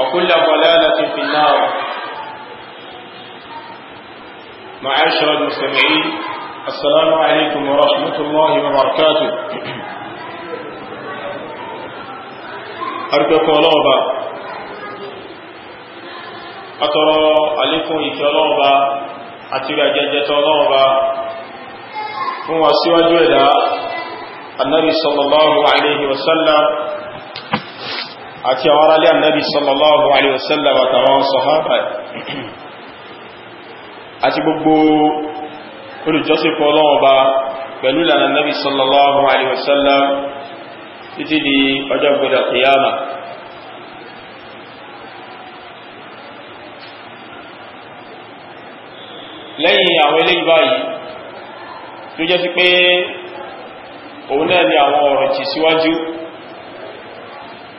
وكل ضلالة في النار معاشر المستمعين السلام عليكم ورحمة الله وبركاته أرجوك ولوبا أترى عليكم إكلوبا أترى ججة ولوبا هو سوى جولا النبي صلى الله عليه وسلم àti àwọn aráalé annabi sallallahu alaihi wasallam àtàwọn sahaba àti gbogbo olùjọ́sìnkọ́ ọlọ́wọ́ bá pẹ̀lú lànà annabi sallallahu alaihi wasallam títí di ọjọ́ gbọdọ̀ kìyàmà lẹ́yìn àwọn eléyìí báyìí tó jẹ́ sí pé òun náà ni àwọn ọ̀rọ̀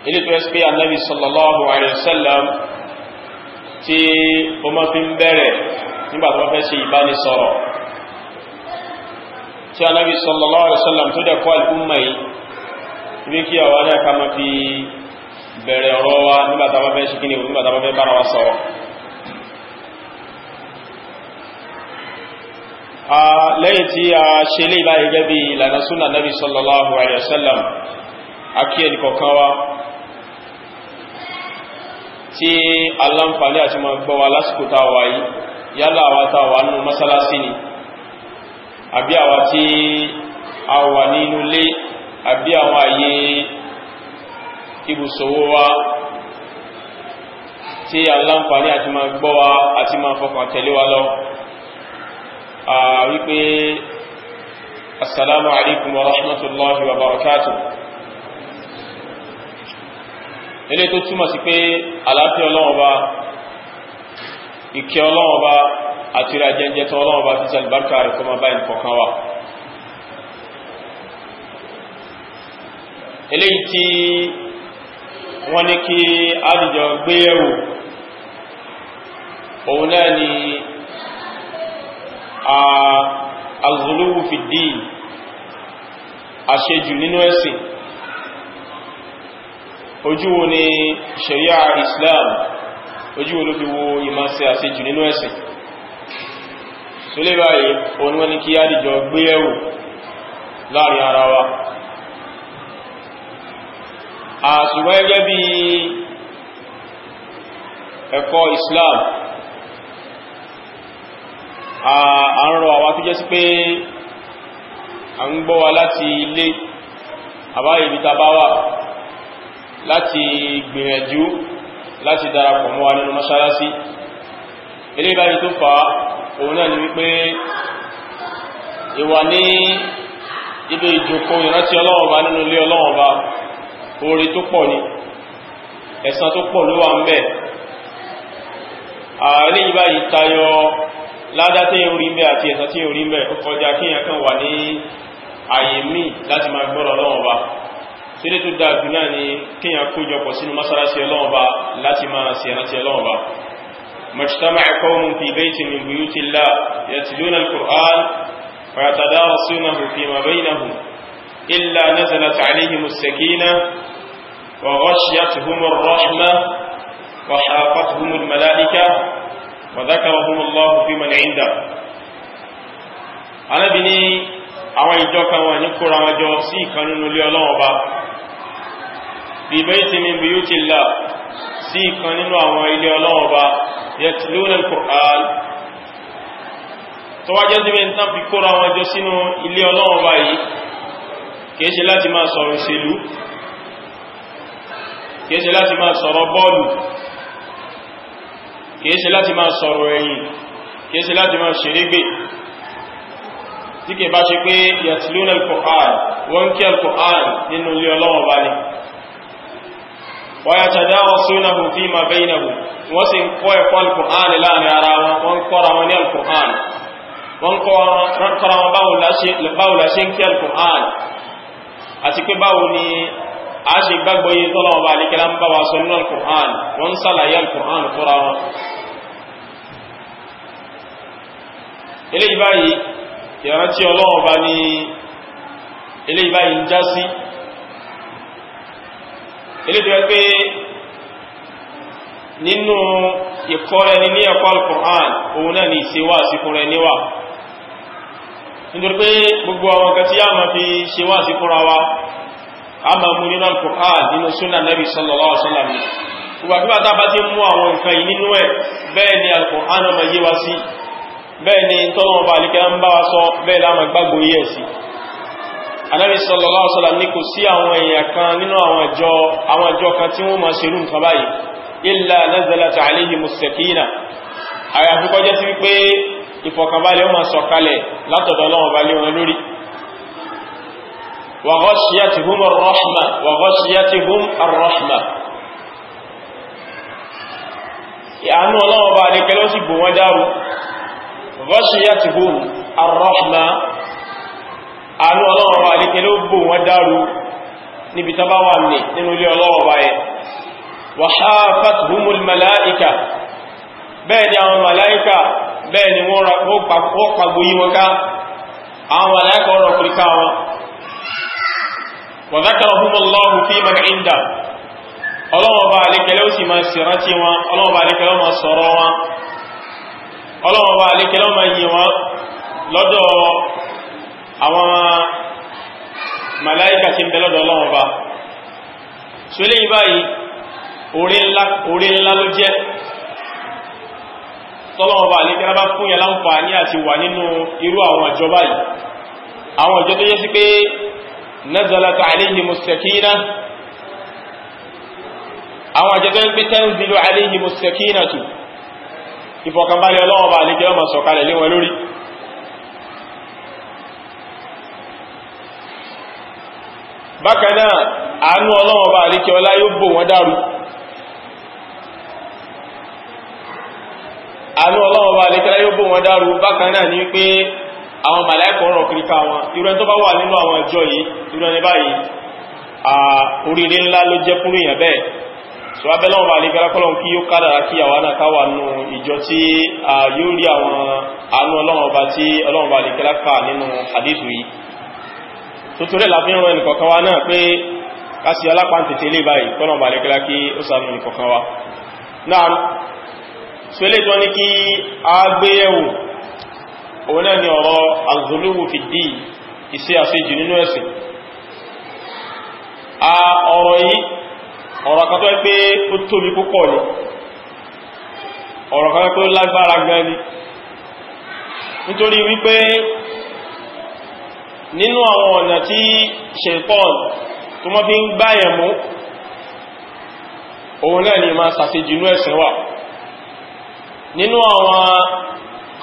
ilé tó ẹ́sì pé annabi sallallahu alaihi wasallam tí ó máa fi ń bẹ̀rẹ̀ nígbà tó fẹ́ ṣe ìbánisọ̀rọ̀ tí annabi sallallahu alaihi wasallam tó dẹ̀kọ́ al'umma yìí ibi kí àwọn náà ká máa fi bẹ̀rẹ̀ ọ̀rọ̀ wa nígbà tó fẹ́ ṣe kíni nígbà tó fẹ́ bára wa sọ̀rọ̀ lẹ́yìn tí a ṣe lè báyìí gẹ́bí ìlànà súnà nabi sallallahu alaihi wasallam akí ẹnìkọ̀kan wa tí aláǹfààní àti máa gbọ́ wa lásìkò tá a wà yìí yálà àwa tá a wà nínú mọ́sálásí ni àbí àwa tí a wà nínú ilé àbí àwọn àyè ibùsòwò wa tí aláǹfààní àti máa gbọ́ wa àti máa fọkàn tẹ̀lé wa lọ a wípé assalamu alaikum wa rahmatullahi wa barakatuh ilé tó túmọ̀ sí pé àlàáfíà ọlọ́ọ̀ba ìkẹ́ ọlọ́ọ̀ba àti ìrà jẹjẹ tó ọlọ́ọ̀ba ti sẹ àlùbáríkà rẹ̀ kọ́ máa bá ìkọ̀kan wà eléyìí tí wọ́n ní kí àdìjọ gbé ẹ̀wò òun náà ni al-ghuluw fi ddin àṣejù nínú ẹ̀sìn ojú wo ni sharia islam ojú wo ló fi wo ìmá sí àṣejù nínú ẹ̀sìn tó lè báyìí òun wọ́n ni kí àdìjọ gbé ẹ̀wò láàrin ara wa àṣùgbọ́n gẹ́gẹ́ bí ẹ̀kọ́ islam àárọ̀ àwa tó jẹ́ sí pé a ń gbọ́ wa láti ilé àbáyìí bí ta bá wà láti gbìyànjú láti darapọ̀ mọ́ wa nínú mọ́ṣálásí ilé ìbáyìí tó fa òun náà ni wípé ìwà ní ibi ìjòkó ìrántí ọlọ́wọ̀ba nínú ilé ọlọ́wọ̀ba orí tó pọ̀ ni ẹ̀san tó pọ̀ ló wà ń bẹ̀ ààrẹ ìbáyìí tayọ ládá tí ń rí mẹ́ àti ẹ̀san tí ń mẹ́ kọjá kíyàn kan wà ní àyè láti máa gbọ́rọ̀ ọlọ́wọ̀ba sílé tó dáa jù náà ni kíyàn kójọpọ̀ sínú masarasi ọlọ́ọ̀ba láti máa sẹ̀rántí ọlọ́ọ̀ba مجتمع قوم في بيت من بيوت الله يتلون القرآن ويتدارسونه فيما بينهم إلا نزلت عليهم السكينة وغشيتهم الرحمة وحافتهم الملائكة وذكرهم الله في من عنده أنا بني àwọn ìjọ kan wà ní kóra wọn jọ sí ìkan nínú ilé ọlọ́wọ́ bá fi bayti min buyutillah sí ìkan nínú àwọn ilé Ọlọ́run ba yatluna al-Qur'an tó wájẹ́ sí bẹ́ẹ̀ tán fi kóra wọn jọ sínú ilé Ọlọ́run ba yìí kìí ṣe láti máa sọ̀rọ̀ ìṣèlú kìí ṣe láti máa sọ̀rọ̀ bọ́ọ̀lù kìí ṣe láti máa sọ̀rọ̀ ẹ̀yìn kìí ṣe láti máa ṣerégbè tí kìí bá ṣe pé yàtìlúnà al-Qur'an wọ́n kí al-Qur'an nínú ilé ويتدارسونه فيما بينهم وسن قوي قوى القرآن لا نرى وانقرى من القرآن وانقرى باولا شنك القرآن أتكي باولي أشي بقبو يطلع بالك لم بواسلون القرآن وانصلى القرآن قرى إليه باي يرتي الله بني إليه باي انجاسي eléyìí tó yẹ pé nínú ìkọ́ ẹni ní ẹ̀kọ́ alukur'an òun náà ní ìṣewà sí fúnra ẹni wà nítorí pé gbogbo àwọn nǹkan tí a máa fi ṣewà sí fúnra wa a máa mú nínú alukur'an nínú súnà nàbì sallallahu alaihi wasallam ìgbàgbà tá a bá ti mú àwọn nǹkan yìí nínú ẹ̀ bẹ́ẹ̀ ni alukur'an máa yé wa sí bẹ́ẹ̀ ni tọ́lọ́mọba àlíkẹ́ ń bá wa sọ bẹ́ẹ̀ láwọn gbàgbọ́ yẹ̀ sí i anábì sallallahu alaihi wasallam ní kò sí àwọn èèyàn kan nínú àwọn àjọ àwọn àjọ kan tí wọ́n máa ṣerú nǹkan báyìí illa nazalat alaihimus sakina àyàfi kó jẹ́ sí wípé ìfọ̀kànbalẹ̀ máa sọ̀kalẹ̀ látọ̀dọ̀ Ọlọ́run àánú ọlọ́run ọba àdíkẹ́ ló bò wọ́n dárú níbi tán bá wà ní nínú ilé ọlọ́run ọba yẹn wa hafathumul màláìkà bẹ́ẹ̀ ni àwọn màláìkà bẹ́ẹ̀ ni wọ́n pàgbò yí wọn ká àwọn màláìkà ọ̀rọ̀ kúrí ká wọn wa zakarahumullahu àwọn màláíkà tí ń bẹ lọ́dọ̀ Ọlọ́run Ọba so lè báyìí orí ńlá ló jẹ́ tọ́lọ́wọ́ bá lè kẹ́rẹ́ bá fún yẹ láǹfààní àti wà nínú irú àwọn ìjọ báyìí àwọn ìjọ tó yẹ sí pé nazalat alayhimus sakinah àwọn ìjọ tó ń pé tanzilu alayhimus sakinah tù ìfọ̀kànbalẹ̀ Ọlọ́run bá lè kẹ́rẹ́ bákan náà àánú ọlọ́wọ́ bá àríkẹ́ ọlá yóò bò wọ́n dàrú àánú ọlọ́wọ́ bá àríkẹ́ ọlá yóò bò wọ́n dàrú bákan náà ní pé àwọn màláìkọ̀ ọ̀rọ̀ kìríkà wọn irú ẹni tó bá wà nínú àwọn ìjọ yìí irú ẹni báyìí oríire ńlá ló jẹ́ fún èèyàn bẹ́ẹ̀ so abẹ́lọ́wọ́ bá àríkẹ́ ọlọ́wọ́ kí yóò kádàrá kí àwọn anákáwà nù ìjọ tí yóò rí àwọn àánú ọlọ́wọ́ bá tí ọlọ́wọ́ bá àríkẹ́ lápá nínú hadith yìí tuntun la fi ń rọ ẹnìkọ̀kan wa náà pé kásì alápàntètè lè báyìí kọ́nà bà lẹ́kẹ́lá kí ó sàánú ẹnìkọ̀kan wa náà sọ́lé ní kí a òun náà ni ọ̀rọ̀ alzuluwu fi dì iṣẹ́ àṣejù nínú ẹ̀sìn a ọ̀rọ̀ yìí ọ̀rọ̀ kan tó ẹ pé ó tóbi púpọ̀ ni ọ̀rọ̀ nítorí wípé nínú àwọn ọ̀nà tí ṣètọ́n tó mọ́ fi ń gbáyẹ̀ mú òun náà ni ma sàfijìnú ẹ̀sìn wà nínú àwọn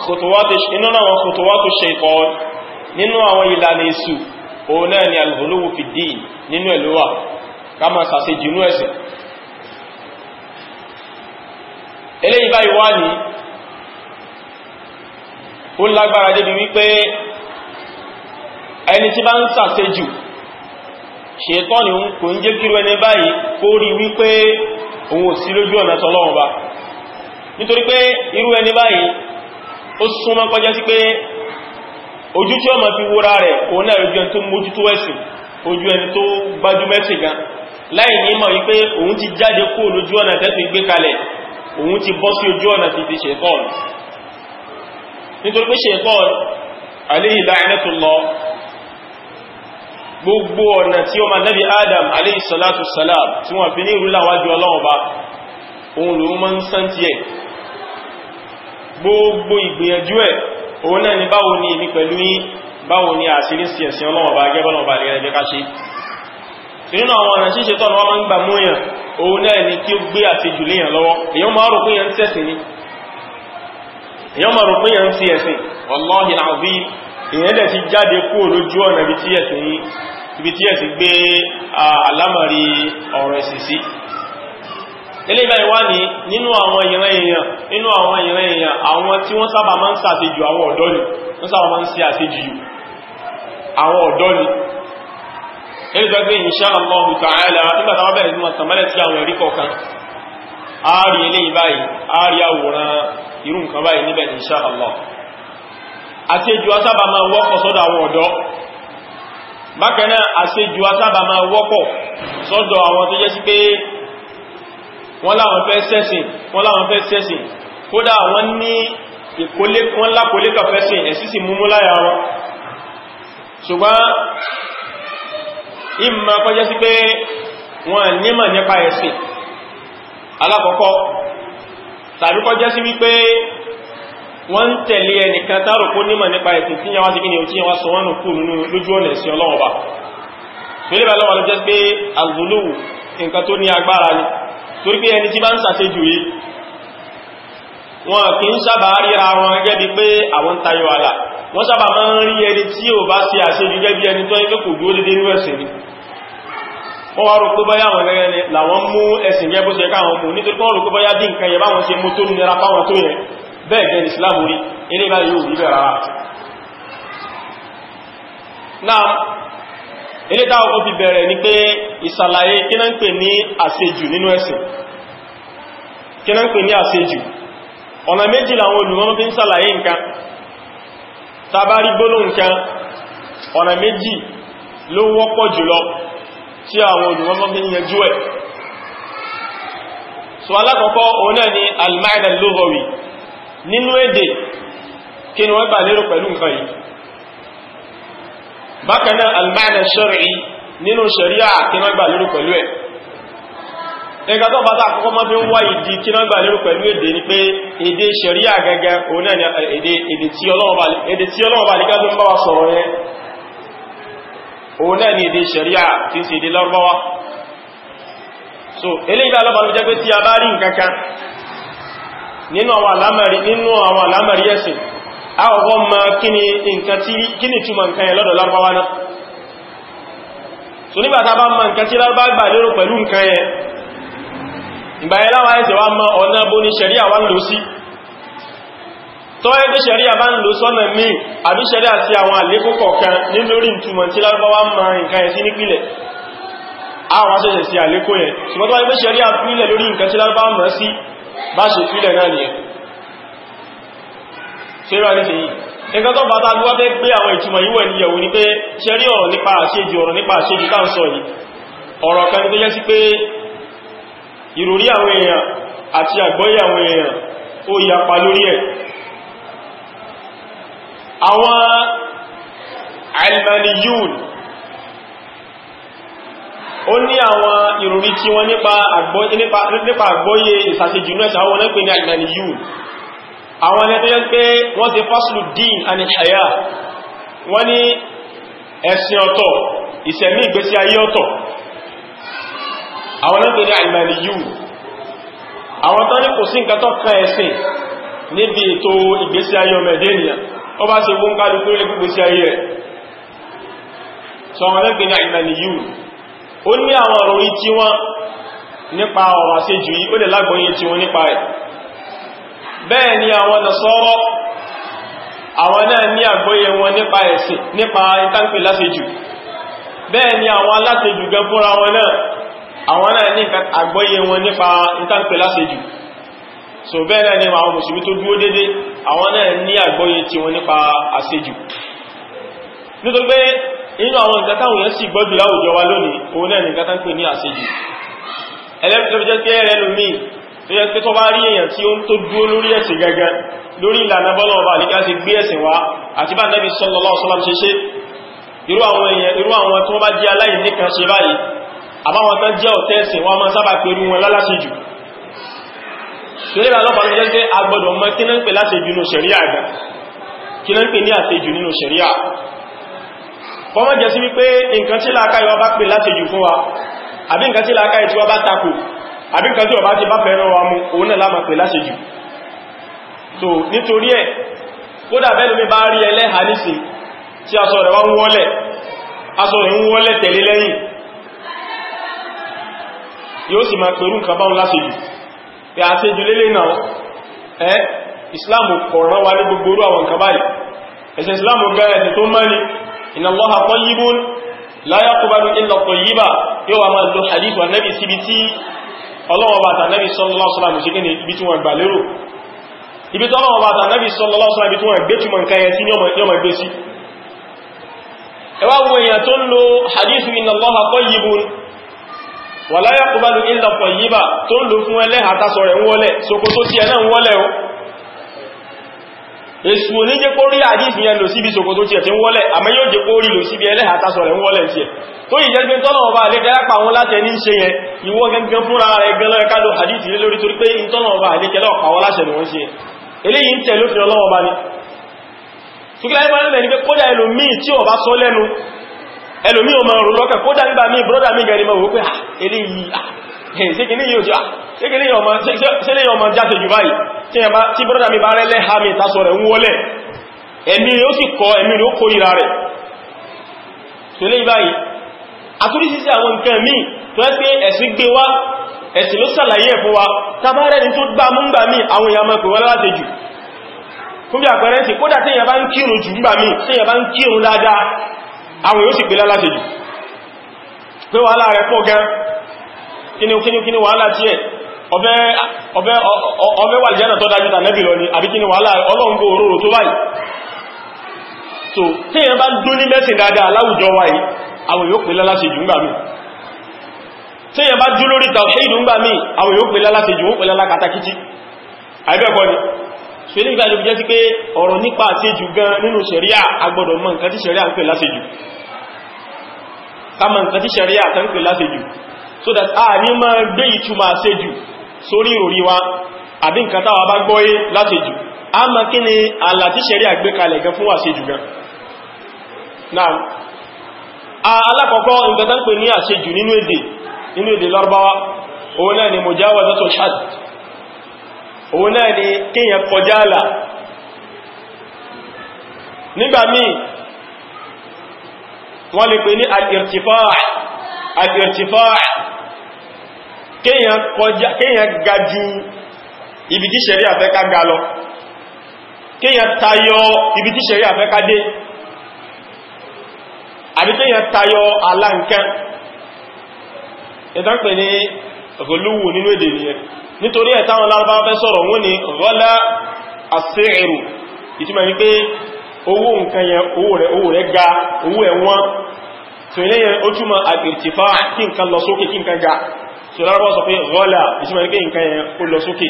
kòtòwátò ṣètọ́n nínú àwọn ìlànà èsù òun náà ni alhulúwù fi dìí nínú ẹ̀lúwà ká ma sàfijìnú ẹ̀sìn eléyìí báyìí wá ní ó lágbára débi wípé ẹni tí bá ń sàṣejù ṣètọ́ni kò ń jẹ́ kírò ẹni báyìí kó rí wípé òun sí lójú ọ̀nà tọ́lọ́run bá nítorí pé irú ẹni báyìí ó súnmọ́ kọjá sí pé ojú tí ọmọ fi wúra rẹ̀ òun náà ojú tó mójú tó ẹ̀sìn ojú ẹni tó gbájú mẹ́sì gan láì ní mọ̀ wípé òun ti jáde kó lójú ọ̀nà gbé kalẹ̀ òun ti bọ́ sí ojú ọ̀nà ti fi ṣètọ́n nítorí gbogbo ọ̀nà tí ọmọ nẹ́bí adam alayhi salatu salam tí wọ́n fi ní ìrúláwájú ọlọ́run bá ohun ló mọ́ ń sán tí ẹ̀ gbogbo ìgbìyànjú ẹ̀ òun náà ni báwo ni èmi pẹ̀lú yín báwo ni àṣírí sí ẹ̀sìn ọlọ́run bá gẹ́bọ́n ọba lè rẹ̀ ká ni kí ó gbé àṣejù léyàn lọ́wọ́ èyàn máa rò pé yẹn ń èyàn dẹ̀ ti jáde kúrò lójú ọ̀nà ibi tí ẹ̀sìn gbé alámàrí ọ̀rọ̀ ẹ̀sìn sí ilé ìbáyìí wá ní nínú àwọn ìran èèyàn nínú àwọn ìran èèyàn àwọn tí wọ́n sábà máa ń ṣàṣejù àwọn ọ̀dọ́ ni wọ́n sábà máa ń ṣe àṣejù àwọn ọ̀dọ́ ni ẹgbẹ́ pé insha Allah ta'ala nígbàtà wọ́n bẹ̀rẹ̀ àṣejù asábà máa wọ́pọ̀ sọ́dọ̀ àwọn ọ̀dọ́ bákan náà àṣejù asábà máa wọ́pọ̀ sọ́dọ̀ àwọn tó jẹ́ sí pé wọ́n láwọn fẹ́ sẹ́sìn wọ́n láwọn fẹ́ sẹ́sìn kódà wọ́n ní ìkólé wọ́n lákòólé kàfẹ́ sí ẹ̀sí sì múmú láyà wọn ṣùgbọ́n ìmọ̀ kọjẹ́ sí pé wọ́n nímọ̀ nípa ẹ̀sìn alákọ̀ọ́kọ́ tàbí kọjẹ́ sí wípé wọ́n ń tẹ̀lé ẹnìkan tárò kó nímọ̀ nípa ẹ̀sìn tí yẹn sí kí ni o tí yẹn sọ wọ́n kú nínú lójú ọ̀nà ẹ̀sìn ọlọ́run ọba fílẹ̀ lọ́wọ́ ló jẹ́ pé àgbòlówù nǹkan tó ní agbára ni torí pé ẹni tí bá ń ṣàṣejù yìí wọn kì ń sábà ríra wọn gẹ́gẹ́ bí pé àwọn tayọ àlà wọ́n sábà máa ń rí ẹni tí ò bá ṣe àṣejù gẹ́gẹ́ bí ẹni tó ń pé kò dúró dédé nínú ẹ̀sìn ni wọ́n wá rò pé bọ́yá àwọn gẹ́gẹ́ ni làwọn mú ẹ̀sìn gẹ́gẹ́ bó ṣe káwọn mú nítorí wọ́n rò pé bọ́yá bí nǹkan yẹn báwọn ṣe mú tó nira fáwọn tó yẹn bẹ́ẹ̀ jẹ́ islam orí ilé bá yóò rí bẹ̀rẹ̀ rárá náà ilé dáa ó fi bẹ̀rẹ̀ ní pé ìsàlàyé kí náà ń pè ní àṣejù nínú ẹ̀sìn kí náà ń pè ní àṣejù ọ̀nà méjì làwọn olùmọ́ fi ń sàlàyé nǹkan tàbárí so alákọ̀ọ́kọ́ òun náà ni al-ma'na al nínú èdè kí ni wọ́n gbà lérò pẹ̀lú nǹkan yìí bákan náà al-ma'na shar'i nínú sharia kí ni wọ́n gbà lérò pẹ̀lú ẹ̀ ẹgbẹ́ tó bá tàkọ́kọ́ mọ́ bí ń wá ìdí kí wọ́n gbà lérò pẹ̀lú èdè ni pé èdè sharia gẹ́gẹ́ òun náà ni èdè tí Ọlọ́run bá lè ká sọ̀rọ̀ yẹn òun nínú àwọn alámàrí nínú àwọn alámàrí ẹ̀sìn àwọ̀kọ́ ma kíni nǹkan tí kíni túnmọ̀ nǹkan yẹn lọ́dọ̀ lárúbáwá náà so nígbàtà bá ma nǹkan tí lárúbá gbà lérò pẹ̀lú nǹkan yẹn ìgbà yẹn láwọn ẹ̀sẹ̀ wá ma ọ̀nà bó ní ṣẹ̀ríà wá ń lò sí tọ́ ẹgbẹ́ ṣẹ̀ríà bá ń lò sọ́nà míì àbí ṣẹ̀ríà sí àwọn àlékún kọ̀ọ̀kan ní lórí ìtumọ̀ tí lárúbáwá ma nǹkan yẹn sí nípìlẹ̀ àwọn aṣẹ́ṣẹ̀ sí àlékún yẹn ṣùgbọ́n tọ́ ẹgbẹ́ ṣẹ̀ríà fílẹ̀ lórí nǹkan tí lárúbáwá mọ̀ sí bá ṣe fílẹ̀ náà nìyẹn ṣe rà ní ṣèyí nǹkan tó bàtà bí wọ́n fẹ́ gbé àwọn ìtumọ̀ yíwọ̀ níyẹ̀wò ni pé ṣe rí ọ̀rọ̀ nípa àṣejì ọ̀rọ̀ nípa àṣejì tá ń sọ yìí ọ̀rọ̀ kan tó yẹ́ sí pé ìròrí àwọn èèyàn àti àgbọ́yé àwọn èèyàn ó yapa lórí ẹ̀ àwọn almaniyun ó ní àwọn ìròrí tí wọ́n nípa àgbọ́yé ìsàṣejìnú ẹ̀sà àwọn onípe ní àgbàni yìí àwọn ẹni tó yẹ pé wọ́n ti fásùlù dín àni ṣàyà wọ́n ní ẹ̀sìn ọ̀tọ̀ ìṣẹ̀mí ìgbésí ayé ọ̀tọ̀ àwọn onípe ní àgbàni yìí àwọn tó ní kò sí nǹkan tó kan ẹ̀sìn níbi ètò ìgbésí ayé yìí ó ní àwọn ọ̀rọ̀ orí tí wọ́n nípa ọ̀rọ̀ àṣejù yìí ó lè tí wọ́n bẹ́ẹ̀ ni àwọn Nasara àwọn náà ní àgbóyé wọn nípa ẹ̀sìn nípa bẹ́ẹ̀ ni àwọn aláṣejù gan fúnra wọn náà àwọn náà ní àgbóyé wọn nípa so bẹ́ẹ̀ ni inú àwọn nǹkan táwọn èèyàn sì gbọ́jù láwùjọ wa lónìí òun náà nǹkan tán pè ní àṣejù ẹlẹ́pẹ̀tọ́jẹ́ pé ẹ̀rẹ́ lómi tó yẹ pé tó bá rí èèyàn tí ó ń tó dúó lórí ẹ̀sìn gẹ́gẹ́ lórí ìlànà bọ́lọ̀ ọba àlíká ti gbé ẹ̀sìn wá àti bá Nábì sallallahu alaihi wasallam ṣe ṣe irú àwọn èèyàn irú àwọn tó bá jẹ́ aláìní kan ṣe báyìí àbáwọn tán jẹ́ ọ̀tẹ́ ẹ̀sìn wọn máa sábà ní àṣejù kọmọ jẹ́ sí wípé nǹkan tí làákàyè wa bá pè láti jù fún wa àbí nǹkan tí làákàyè tí bá takò àbí nǹkan tí ọba ti bá fẹ́ràn wa mú òun náà láàmà pè láti jù so nítorí ẹ̀ kódà bẹ́ẹ̀ lómi bá rí ẹlẹ́hà nísìn tí aṣọ rẹ̀ wá ń wọ́lẹ̀ aṣọ rẹ̀ ń wọ́lẹ̀ tẹ̀lé lẹ́yìn yóò sì máa pẹ̀rú nǹkan báhùn láti jù pé a Islam kọ̀ràn wa ní gbogbo orú àwọn nǹkan ẹ̀sẹ̀ Islam gẹ́rẹ̀ ẹ̀sẹ̀ tó mọ́ ni inna الله tayyibun لا يقبل illa tayyiba yóò wà máa lo hadith wa الله síbi tí ọlọ́wọ́ bàtà nabi sallallahu alaihi wasallam ṣe kí ni ibi tí wọ́n gbà lérò ibi tí ọlọ́wọ́ bàtà nabi sallallahu alaihi wasallam ibi tí wọ́n gbé túnmọ̀ nǹkan yẹn sí ní ọmọ ìgbésí ẹwà wo èèyàn tó ń lo hadith inna Allaha tayyibun wa la yaqbalu illa tayyiba tó ń lo fún ẹlẹ́hàtásọ rẹ̀ ń wọlẹ̀ sokoto sí ẹ náà ń wọlẹ̀ o èsù ò ní jẹ́ kó rí àdífì yẹn lò síbi ṣòkòtò tí ẹ̀ tí ń wọ́lẹ̀ àmọ́ yóò jẹ́ kó rí lò síbi ẹlẹ́ àtàṣọ rẹ̀ ń wọ́lẹ̀ tí ẹ̀ tó yìí jẹ́ pé tọ́nà ọba àlékẹ́lápà wọn láti ẹni ṣe yẹn ìwọ gẹ́gẹ́ fúnra rẹ̀ gẹ́lọ́ ẹ̀ká lò àdífì lé lórí torí pé tọ́nà ọba àlékẹ́lápà wọn láṣẹ ni wọ́n ṣe eléyìí ń tẹ̀ lófin sílẹ̀yàn ọmọ jáde jù báyìí tí brọ́dà mi bá rẹ́lẹ́ ha mi ìtasọ rẹ̀ ń wọlẹ̀ ẹ̀mí rẹ̀ ó sì kọ ẹ̀mí rẹ̀ ó kó ìra rẹ̀ sílẹ̀ báyìí àtúrísísí àwọn nǹkan míì tó ẹ́ pé ẹ̀sìn gbé wá ẹ̀sìn ló sàlàyé ẹ̀ fún wa tàbárẹ́ ni tó gbá mú gbà míì àwọn èèyàn mọ̀ pé wọ́n láti jù fún bí àpẹẹrẹ sí kódà tí èèyàn bá ẹ̀ ọbẹ́ wà jẹ́nà tó dájú tànẹ́bì lọ ni àbí kí ni wàhálà ọlọ́ngbò òróró tó báyìí so tí èyàn bá dún ní mẹ́sìn dáadáa láwùjọ wa yìí àwọn yóò pè lálá ṣejù ńgbà mí tí èyàn bá dún lórí tàwíìdù ńgbà mí àwọn yóò pè lálá ṣejù ó pè lálá katakítí àìbẹ́ẹ̀kọ́ so that a ní máa gbé ìtumọ̀ àṣejù sórí ìròrí wa àbí nǹkan táwa bá gbọ́yé látẹjù a ma kí ni àlà tí ṣẹ̀rí àgbékalẹ̀ gan fún àṣejù gan náà alákọ̀ọ́kọ́ nǹkan tán pè ní nínú èdè nínú èdè Lárúbáwá òun náà ni mujawazatul hadd òun náà ni kíyàn kọjá àlà nígbà míì wọ́n lè kéèyàn ga ju ibi tí ṣẹ̀rí àfẹ́ká ga lọ kéèyàn tayọ ibi tí ṣẹ̀rí àfẹ́ká dé àbí kéèyàn tayọ aláǹkan ìdánpẹ̀ ní rọlúwò nínú èdè nìyẹn nítorí ẹ̀ táwọn lábá fẹ́ sọ̀rọ̀ wọ́n ni rọ́lá àṣírìrù ìtumọ̀ ní owó nǹkan yẹn owó rẹ̀ ga owó ẹ̀wọ́n kí nǹkan lọ sókè kí ga so lárọ́ sọ pé rọ́lá ìṣúmọ̀ ní pé nǹkan yẹn ó lọ sókè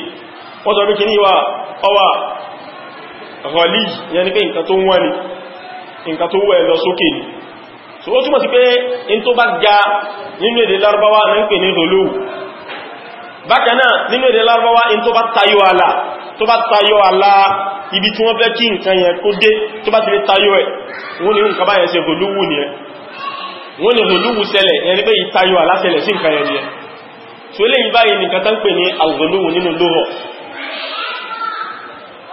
wọ́n ni pé nǹkan tó wọ́n ni nǹkan tó wọ́ so ó túnmọ̀ sí pé in tó bá ga nínú èdè lárúbáwá ní pè ní rọ̀lú bákan náà nínú èdè lárúbáwá in tó bá tayọ àlà tó bá tayọ àlà ibi tí wọ́n fẹ́ kí nǹkan yẹn kó dé tó bá ti lè tayọ ẹ̀ wọ́n ni nǹkan báyẹn yẹn ni pé so lè yìí báyìí nìkan tán pè ní alghuluw nínú lóhọ̀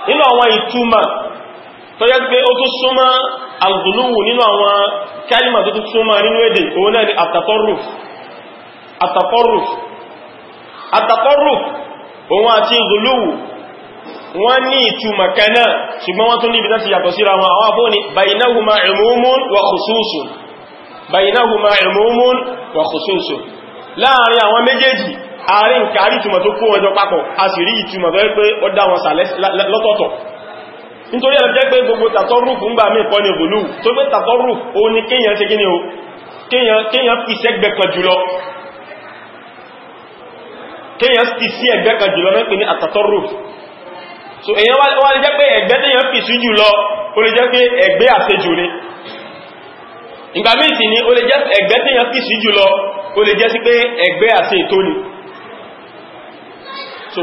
nínú àwọn ìtumà tó yẹ́ pé ó tún súnmọ́ alghuluw nínú àwọn kálímà tó tún súnmọ́ nínú èdè òun náà ni at-tatarruf at-tatarruf at-tatarruf òun àti alghuluw wọ́n ní ìtumà kanáà ṣùgbọ́n wọ́n tún níbi láti yàtọ̀ síra wọn àwọn àbọ́ ni bainahuma umumun wa khususun bainahuma umumun wa khususun láàrin àwọn méjèèjì àárín kàrí ìtumọ̀ tó kó wọn jọ papọ̀ a sì rí ìtumọ̀ tó pé ó dá wọn sàlẹ̀ lọ́tọ̀ọ̀tọ̀ nítorí ẹ̀rọ jẹ́ pé gbogbo tàtọ́rùf ń gbà mí kọ́ ní òbòlú tó pé tàtọ́rùf ó ní kéèyàn ṣe kíni o so èyàn wá lè jẹ́ pé ẹgbẹ́ tẹ́yàn fi sí jùlọ ó ìgbà míì sì ni ó lè jẹ́ ẹgbẹ́ tí yàn kì sí jùlọ ó lè jẹ́ sí pé ẹgbẹ́ àti ètò ni so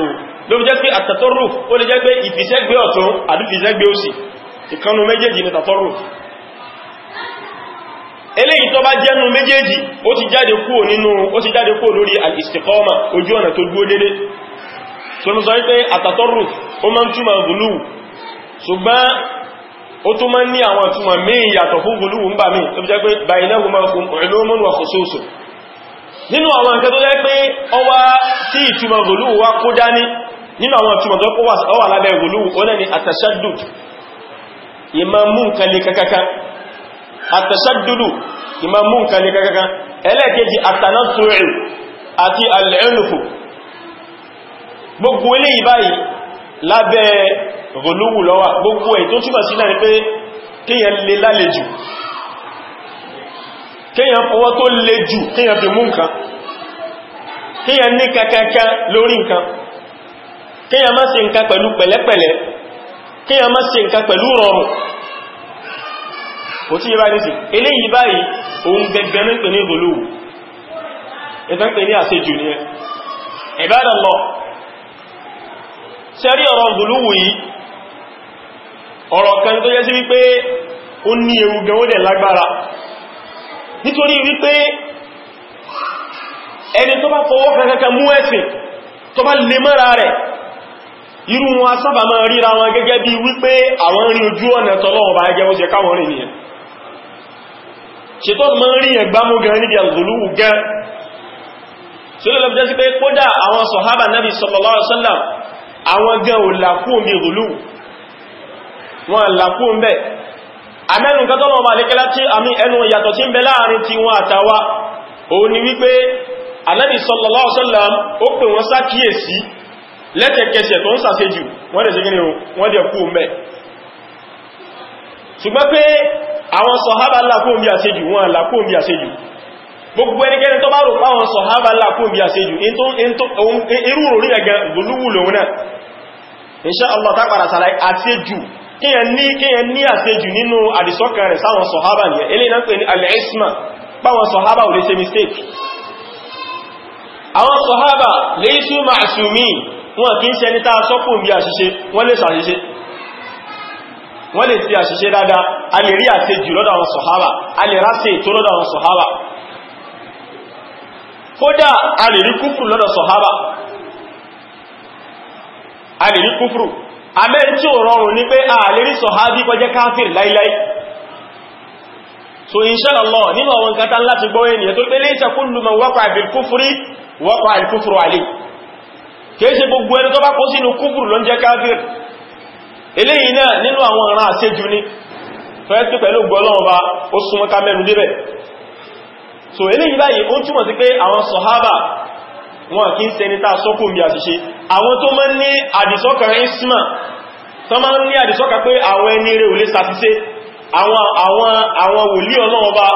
ló fi jẹ́ pé àtàtọ́rù ó lè jẹ́ pé ìfìṣẹ́gbé ọ̀tún àbí ìfìṣẹ́gbé òsì ìkanu méjèèjì ni tàtọ́rù eléyìí tó bá jẹ́nu méjèèjì ó ti jáde kúrò nínú ó ti jáde kúrò lórí al-istiqama ojú ọ̀nà tó dúó dédé so mo sọ wípé àtàtọ́rù ó máa ń túmọ̀ gùlù ṣùgbọ́n ó tó máa ń ní àwọn àtúnmà méyìn yàtọ̀ fún gúlúwù ń bà mí tó jẹ́ pé bàìnáhù máa fún ìlúmọ́n wà kòsóòsò nínú àwọn nǹkan tó jẹ́ pé ọwá tí ìtumà gúlúwù wá kó dání nínú àwọn àtúnmà tó wà lábẹ́ gúlúwù ó náà lábẹ́ gòlúwù lọ́wà gbogbo ẹ̀ tó túnmọ̀ sí náà ni pé kíyàn lè lálẹ́ jù kíyàn fọwọ́ tó lè jù kíyàn fi mú nǹkan kíyàn ní kankankan lórí nǹkan kíyàn má ṣe nǹkan pẹ̀lú pẹ̀lẹ́pẹ̀lẹ́ kíyàn má ṣe nǹkan pẹ̀lú rọrùn kò tí sẹ́rí ọ̀rọ̀ gùlúwù yìí ọ̀rọ̀ kan tó yẹ sí wípé ó ní ewu gan ó dẹ̀ lágbára nítorí wípé ẹni tó bá fọwọ́ kankankan mú ẹ̀sìn tó bá lè mọ́ra rẹ̀ irú wọn sábà máa ríra wọn gẹ́gẹ́ bí wípé àwọn rí ojú ọ̀nà tọ́lọ́wọ́ sallallahu alaihi àwọn gan ò làkún bí ìrùlù wọn làkún bẹ́ amẹ́nu kátọ́lọ̀ ọba alékẹ́lá tí àmì ẹnu yàtọ̀ tí ń bẹ láàrin ti wọn àtàwà òun ni wípé Ànábì sallallahu alaihi wasallam ó pè wọ́n sákíyèsí lẹ́tẹ̀kẹsẹ̀ tó ń sàṣejù wọ́n gbogbo ẹnikẹ́ni tó bá rò páwọn sọ̀hábà lákún bí àṣejù irú orí ẹ̀gẹ́ gbogbo lòun náà Insha Allah tápàdà sàlàyé àṣejù kíyàn ní àṣejù nínú àdìsọ́kàn rẹ̀ sáwọn sọ̀hábà nìyẹn eléyìí náà pè ní al-isma páwọn sọ̀hábà ò ní táa sọ́kùn bí àṣìṣe wọ́n sọ̀hábà kódà a lè rí kúfùrù lọ́dọ̀ sọ̀hábà a lè rí kúfùrù amẹ́ tí ó rọrùn ní pé a sọ̀hábí kọjẹ́ káfíìr láíláí so inṣẹ́lọ́lọ́ nínú àwọn kata láti gbọ́ ènìyàn tó pé laysa kullu man waqa'a bil kufri waqa'a al kufru alayhi kéèṣe gbogbo ẹni tó bá kó sínú kúfùrù ló ń jẹ́ káfíìr eléyìí náà nínú so eléyìí báyìí ó túmọ̀ sí pé àwọn sọ̀hábà wọn kí ń sẹnita sọ́kùn bí àṣìṣe àwọn tó mọ́ ní àdìsọ́kà ìsìmà tó mọ́ ní àdìsọ́kà pé àwọn ẹni rẹ̀ ò lè sàtíṣe àwọn wòlí ọlọ́ọba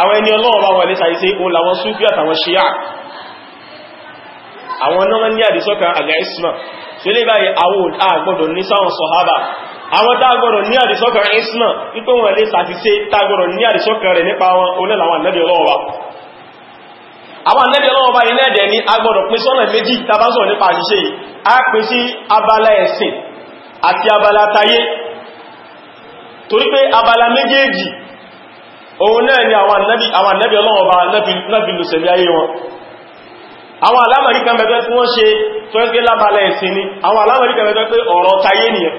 àwọn ẹni ọlọ́ọba wọn lè sàtíṣe òun làwọn súfí àtàwọn ṣíyà àwọn náà ní àdìsọ́kà àgbà ìsìmà àwọn tágbọ̀rọ̀ ní àdìsọ́kàn isma wípé wọn lè sàfisé tágbọ̀rọ̀ ní àdìsọ́kàn rẹ̀ nípa wọn onílàwọn ànẹ́bì ọlọ́wọ́ àwọn ànẹ́bì ọlọ́wọ́ bá iná ẹ̀dẹ̀ ní agbọ̀rọ̀ pín sọ́nà méjì tabásọ̀ nípa àṣìṣe a pín abala ẹ̀sìn àti abala tayé torí abala méjèèjì òun ni àwọn ànẹ́bì ọlọ́wọ́ bá nábi lùsẹ̀lẹ̀ ayé wọn àwọn alámàríkà mẹ́fẹ́ tí wọ́n ṣe tó ẹ́sẹ́ lábala ẹ̀sìn àwọn alámàríkà mẹ́fẹ́ pé ọ̀rọ̀ tayé nìyẹn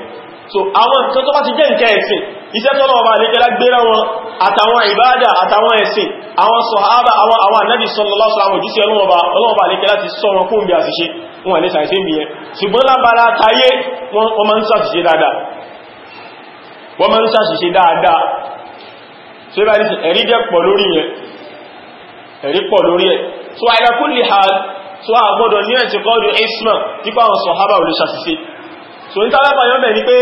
so àwọn nǹkan tó bá ti jẹ́ nǹkan ẹ̀sìn iṣẹ́ tó lọ́wọ́ bá lẹ́kẹ́lá gbéra wọn àtàwọn ìbáadà àtàwọn ẹ̀sìn àwọn sọ̀hábà àwọn àwọn ànábì sallallahu alaihi wasallam òjíṣẹ́ ọlọ́wọ́ bá lẹ́kẹ́lá ti sọ wọn fún bí a ṣiṣẹ́ wọn lè ṣàìṣẹ́ mi yẹn ṣùgbọ́n lábára tayé wọn máa ń ṣàṣìṣe dáadáa wọ́n máa ń ṣàṣìṣe dáadáa so ibá nìsí ẹ̀rí jẹ́ pọ̀ lórí yẹn ẹ̀rí pọ̀ lórí ẹ̀ so ala kulli hal so àgbọ́dọ̀ ní ẹ̀ ti kọ́ ọdún isma nípa àwọn sọ̀hábà olùṣàṣìṣe so ní tàbí àyọ́ bẹ̀ ni pé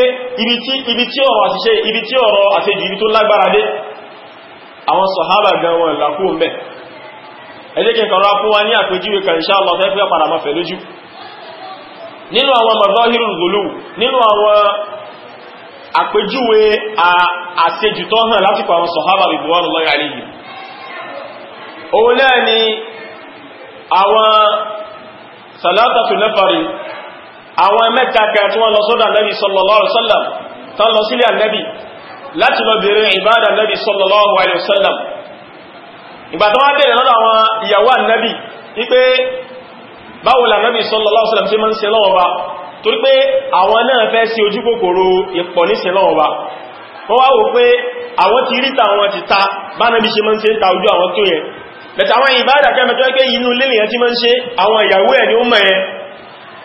ibi tí ọ̀rọ̀ àṣìṣe ibi tí ọ̀rọ̀ àṣejù ibi tó lágbára dé àwọn sọ̀hábà gan wọn làkú mẹ́ ẹ jẹ́ kí n kọ̀rọ̀ fún wa ní àpèjúwe kan insha Allah fẹ́ fẹ́ padà mọ́fẹ́ lójú nínú àwọn mazahirul zulu nínú àwọn àpèjúwe àṣejù tó hàn lásìkò àwọn sọ̀hábà ridwanullahi alaihim òun náà ni àwọn sàlátàtù nẹ́fàrin àwọn mẹ́ta kan tí wọ́n lọ sọ́dọ̀ Ànábì sallallahu alaihi wasallam tán lọ sílé Ànábì láti lọ bèèrè ìbádà Ànábì sallallahu alaihi wasallam ìgbà tó wá bèèrè lọ́dọ̀ àwọn ìyàwó Ànábì wípé báwo l'Ànábì sallallahu alaihi wasallam ṣe máa ń ṣe lọ́wọ́ba torí pé àwọn náà fẹ́ sí ojú kòkòrò ìpọ̀ ní ṣe lọ́wọ́ba wọ́n wá wò pé àwọn ti rí tàwọn ti ta inú lélèyàn ti máa ń ṣe àwọn ìyàwó ẹ̀ ni ó mọ̀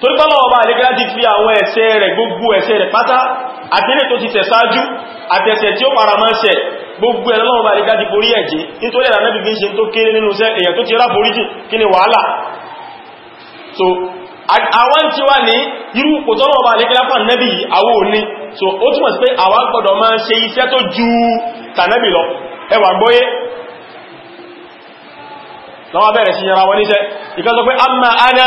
tó ìpọ́lọ̀ ọba àríkẹ́lá ti fi àwọn ẹ̀ṣẹ̀ rẹ̀ gbogbo ẹ̀ṣẹ̀ rẹ̀ pátá àtẹ́lẹ̀ tó ti tẹ̀ sáájú àtẹ̀ṣẹ̀ tí ó para mọ́ ṣẹ̀ gbogbo ẹ̀lọ́wọ́ bá àríkẹ́lá ti borí ẹ̀jẹ́ nítorí ẹ̀rà náà bí ṣe tó kéré nínú iṣẹ́ èyàn tó ti rá so àwọn tí wá ní irú òtọ́lọ̀ ọba àríkẹ́lá fún ànẹ́bì àwọn so ó túnmọ̀ sí pé àwa gbọ́dọ̀ máa ju tànẹ́bì lọ ẹwà gbọ́yé lọ́wọ́ bẹ̀rẹ̀ sí yẹra wọn níṣẹ́ ìkan sọ pé amma ana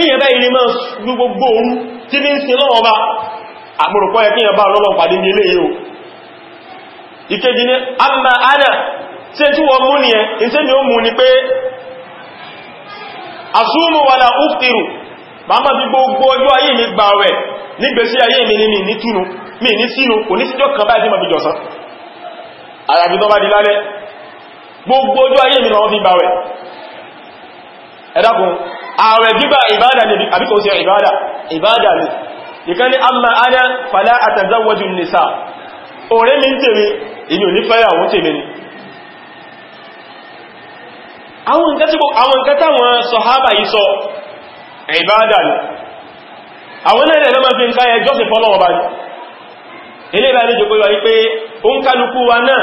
kíyàn ebe ilé máa rú gbogbo ohun tí ní sin lọ́wọ́ bá àmúrùkọ́ ẹ bá lọ́wọ́ pàdé ní ilé yóò ìkejì ní amma tí tí wọ́n mú ní ẹ ìsẹ́ ni ó mú ní pé asúmù wala bí gbogbo ọjọ́ ayé mi gbà wẹ̀ nígbèsí ayé mi ní mi túnu mi ní kò ní ààrẹ gbígbà ìbádà lè àbí kò sí ìbádà ìbádà lè ìkan ní amma ana fala àtàzáwọ́jú nìsà ọ̀rẹ́ mi tèmi èyí ò ní fẹ́yàwó tèmi ni àwọn nǹkan táwọn sọ̀hábà yìí sọ ìbádà lè àwọn náà lẹ́lọ́ máa fi ń káyẹ jọ́sìn fọ́lọ́wọ́ bá ní ilé ìbá ní jẹ́ pé ó ń kálukú wa náà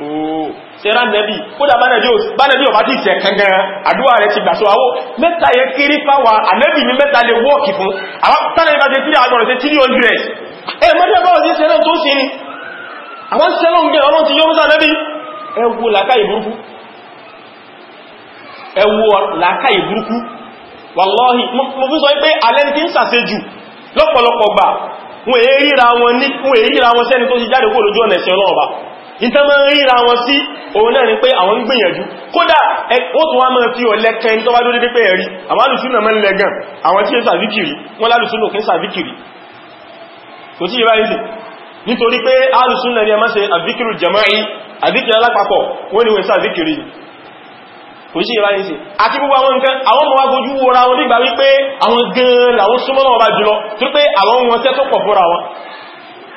ooo sẹ́rà nẹ́bí kódà bánẹ́bí ọba tí ìṣẹ́ kankan àdúwà rẹ̀ ti gbà so àwọ́ mẹ́ta yẹ kéré fáwà ànẹ́bí ní mẹ́ta lè wọ́ọ̀kì fún àwọn tánàbí bá ti tí àgbọ̀rọ̀ sí 300 ẹ mẹ́ta bá wọ́n sí sẹ́rà tó sí ni àwọn sẹ́lọ́ ń gẹ́ ọlọ́n ti yọ́ mọ́sá nẹ́bí ẹ wo làákàyè burúkú ẹ wo làákàyè burúkú wàlọ́hì mo fi sọ pé alẹ́ ti ń sàṣejù lọ́pọ̀lọpọ̀ gbà wọ́n èyí ra wọn sẹ́ni tó ti jáde kó lójú ọ̀nà ẹ̀sìn ọlọ́ọ̀bá ìta máa ń ríra wọn sí òun náà ni pé àwọn ń gbìyànjú kódà ó tún wá máa fi ọ̀lẹ́ kẹni tó bá dúdé pé ẹ̀rí àwọn alùsúnà máa ń lẹ́gàn àwọn tí ó sàvíkìrí wọ́n lálùsúnà kí sàvíkìrí kò tí ìbá ìsìn nítorí pé alùsúnà ni a máa ṣe àvíkìrù jama'i àvíkìrì alápapọ̀ wọ́n ni wọ́n sàvíkìrí kò sí ìbá ìsìn àti gbogbo àwọn nǹkan àwọn ọmọ agojú wọra wọn nígbà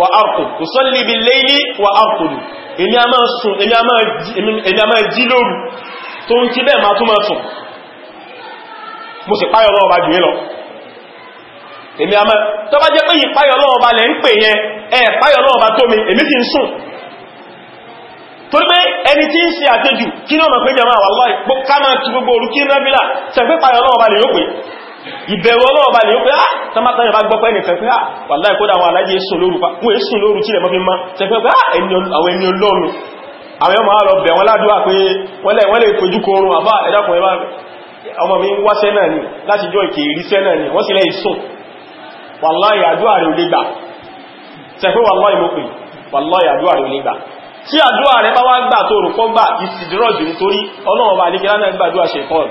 wa arqud usalli bil layli wa arqud èmi a máa sùn èmi a máa jí lóru tó ń kí bẹ́ẹ̀ máa tún máa sùn mo sì páyọ̀ lọ́wọ́ bá jùlọ èmi a máa tó bá jẹ́ pé yìí páyọ̀ lọ́wọ́ bá lẹ̀ ń pè yẹn ẹ páyọ̀ lọ́wọ́ bá tó mi èmi ti ń sùn torí pé ẹni tí ń ṣe àtẹ́jù kí ní ọmọ pé jẹ́ máa wà láì ká máa ti gbogbo orú lọ́wọ́ ìbẹ̀rù ọlọ́wọ́ bá lè ó pé á ah! tọ́mátọ́yìn bá gbọ́pẹ́ nìkan pé á ah! wàláhì kódà àwọn aláàjì èsùn lóru pa wọ́n èsùn lóru tí lẹ́mọ́ fi má tẹ́fẹ́ pé á ah! àwọn ẹni ọlọ́run àwọn ọmọ àrọ̀ bẹ̀ wọ́n ládúwà pé wọ́n lè fojú kó oorun àbá ẹ̀dàkùnrin bá ọmọ mi ń wáṣẹ́ náà ni láti jọ ìkè ìrísẹ́ náà ni wọ́n sì lẹ́yìn sùn wàláhì àdúwà rẹ̀ ò lè gbà tẹ́fẹ́ wàláhì mo pè wàláhì àdúwà rẹ̀ ò lè gbà tí àdúwà rẹ̀ bá wá gbà tó rùpọ́ gbà ìsìdírọ̀jù nítorí ọlọ́run bá àlékẹ́lá náà gbàdúwà ṣe kọ́ọ̀lù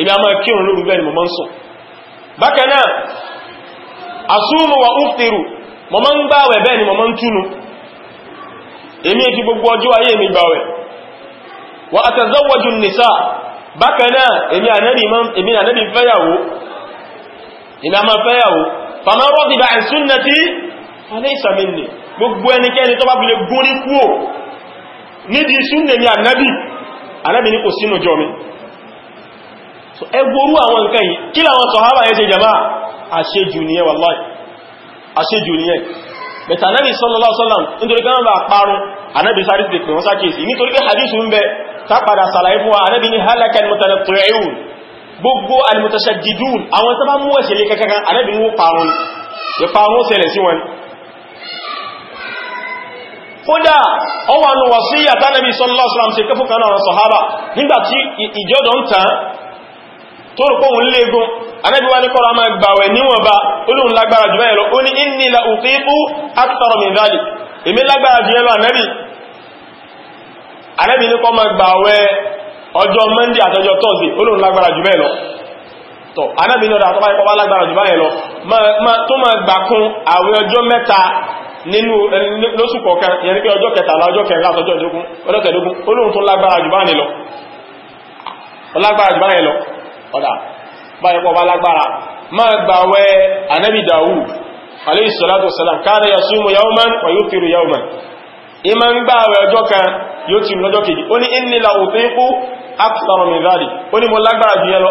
èmi a máa kírun lóru bẹ́ẹ̀ ni mo máa ń sùn bákan náà asúmù wà uftiru mo máa ń gbààwẹ̀ bẹ́ẹ̀ ni mo máa ń túnu èmi èkì gbogbo ọjọ́ ayé mi gbààwẹ̀ wà àtàzọ́wọ́jú nìsá bákan náà èmi ànẹ́bì fẹ́yàwó èmi a máa fẹ́yàwó fàmọ́ rọ́dì bá ìsúnnà tí falaysa minni gbogbo ẹnikẹ́ni tó bá fi lè gún ní kúò ẹgbòrú àwọn nǹkan yìí kí láwọn sọ̀hábà yẹ́ ṣe jama àṣejù ní ẹ wallahi àṣejù ní ẹ bẹ̀tà anábì sallallahu alaihi wasallam nítorí kan bá parun anábì sáré ti pè wọ́n sákèsì nítorí pé hadith ń bẹ tápadà sàlàyé fún wa anábì ní halaka almutanatti'un gbogbo almutashaddidun àwọn tó bá mú ẹ̀ṣẹ̀ lé kankan anábì wó parun ya parun ṣẹlẹ̀ sí wọn kódà ọwọ́ àwọn wàsíyà tánàbí sallallahu tó rò pọ̀hùn léegun anẹ́bíwá ní kọ́rọ máa gbàwẹ̀ níwọ̀nba olóhun lágbára jù báyẹ̀ lọ ó ní inni la uqiqu akthara min dhalik èmi lágbára jù yẹn lọ anẹ́bí anẹ́bí ní kọ́ máa gbàwẹ̀ ọjọ́ mọ́ndí àtọjọ́ tọ́sí olóhun lágbára jù báyẹ̀ lọ tọ́ anẹ́bí ní ọjọ́ mẹ́ta nínú lóṣù kọ̀ọ̀kan yẹn ni pé ọjọ́ kẹtàlá ọjọ́ kẹrìnlá àtọjọ́ ìdógún ọjọ́ kẹdógún olóhun tó lágbára jù báyẹ̀ lọ ọ̀dà báyẹ̀pọ̀ bá lágbára máa gbàwẹ̀ anábì Dawud alayhi salatu wassalam kana yasumu yawman wa yutiru yawman ìmá ń gbàwẹ̀ ọjọ́ kan yóò ti lọ́jọ́ kejì ó ní inni la utiqu akthar min dhalik ó ní mo lágbára jù yẹn lọ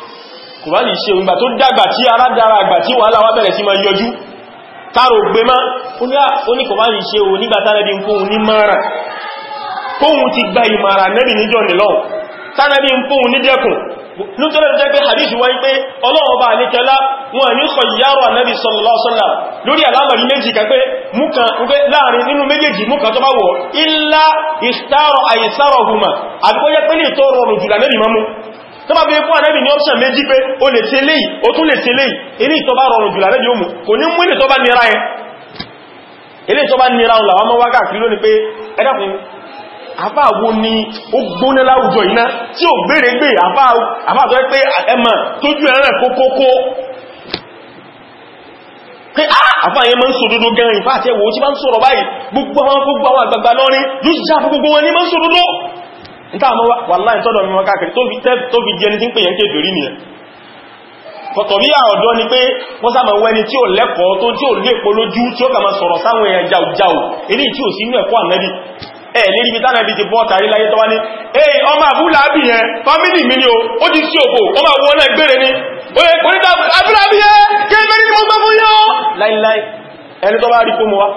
kò bá lè ṣe ìgbà tó dàgbà tí ara dára àgbà tí wàhálà wá bẹ̀rẹ̀ sí ma yọjú tààrò gbé má ó ní kò bá lè ṣe o nígbà tánàbí fóhun ní mara fóhun ti gba ìmara nẹ́bì níjọ́ nìlọ́un tánàbí fóhun ní dẹ́kùn lótọ́lẹ̀ tó jẹ́ pé hadith wáyé pé ọlọ́run bá ní tẹ́lá wọn ní sọ yàrọ̀ ànẹ́bì sallallahu alaihi wasallam lórí illa ikhtara aysarahuma àbíkọ́ yẹ́ pé lè tó rọrùn tó bá bèèrè fún ànábì ní option méjì pé o lè ṣe léyìí o tún lè ṣe léyìí ilé ìtọ́ bá rọrùn jùlọ lẹ́bí òmù kò ní mú ilé tó bá nira ẹ ilé tó bá nira ọ̀la wọ́n wá káàkiri lónìí pé ẹ̀dàkùn àfáàwò ni ó gbóná láwùjọ iná tí ó gbére gbé àfáàtọ́ pé ẹmà tójú ẹ̀rẹ̀ kókókó pé àfáàyẹ mọ́ ń sọ dúdú gan ìfáàtẹ́wò tí bá ń sọ̀rọ̀ báyìí gbogbo àwọn gbogbo àwọn àgbàgbà lọ́rin ló jà gbogbo wọn ní mọ́ ń sọ dúdú tọ̀tọ̀bí àọ̀dọ́ ni pé wọ́n sáàmà wẹni tí ó lẹ́kọ̀ọ́ tó tí ó lè pọ̀ lójú tí ó kà máa sọ̀rọ̀ sáwọn èèyàn jàújáù èdè tí ó sí inú ẹ̀kọ́ ànẹ́bí ẹ̀ lérí bí tánàbí ti bọ́ tàrí láyé tọ́wá ní èyí ọmọ àbúláàbì yẹn fámílì mi ni o ó ti sí òkò ọmọ àwọn ọ̀nà oye kò níta àbúláàbì yẹn kéèkéé ní mo gbọ́ fún yọ́ láìláì ẹni tó bá rí kó mọ́ wá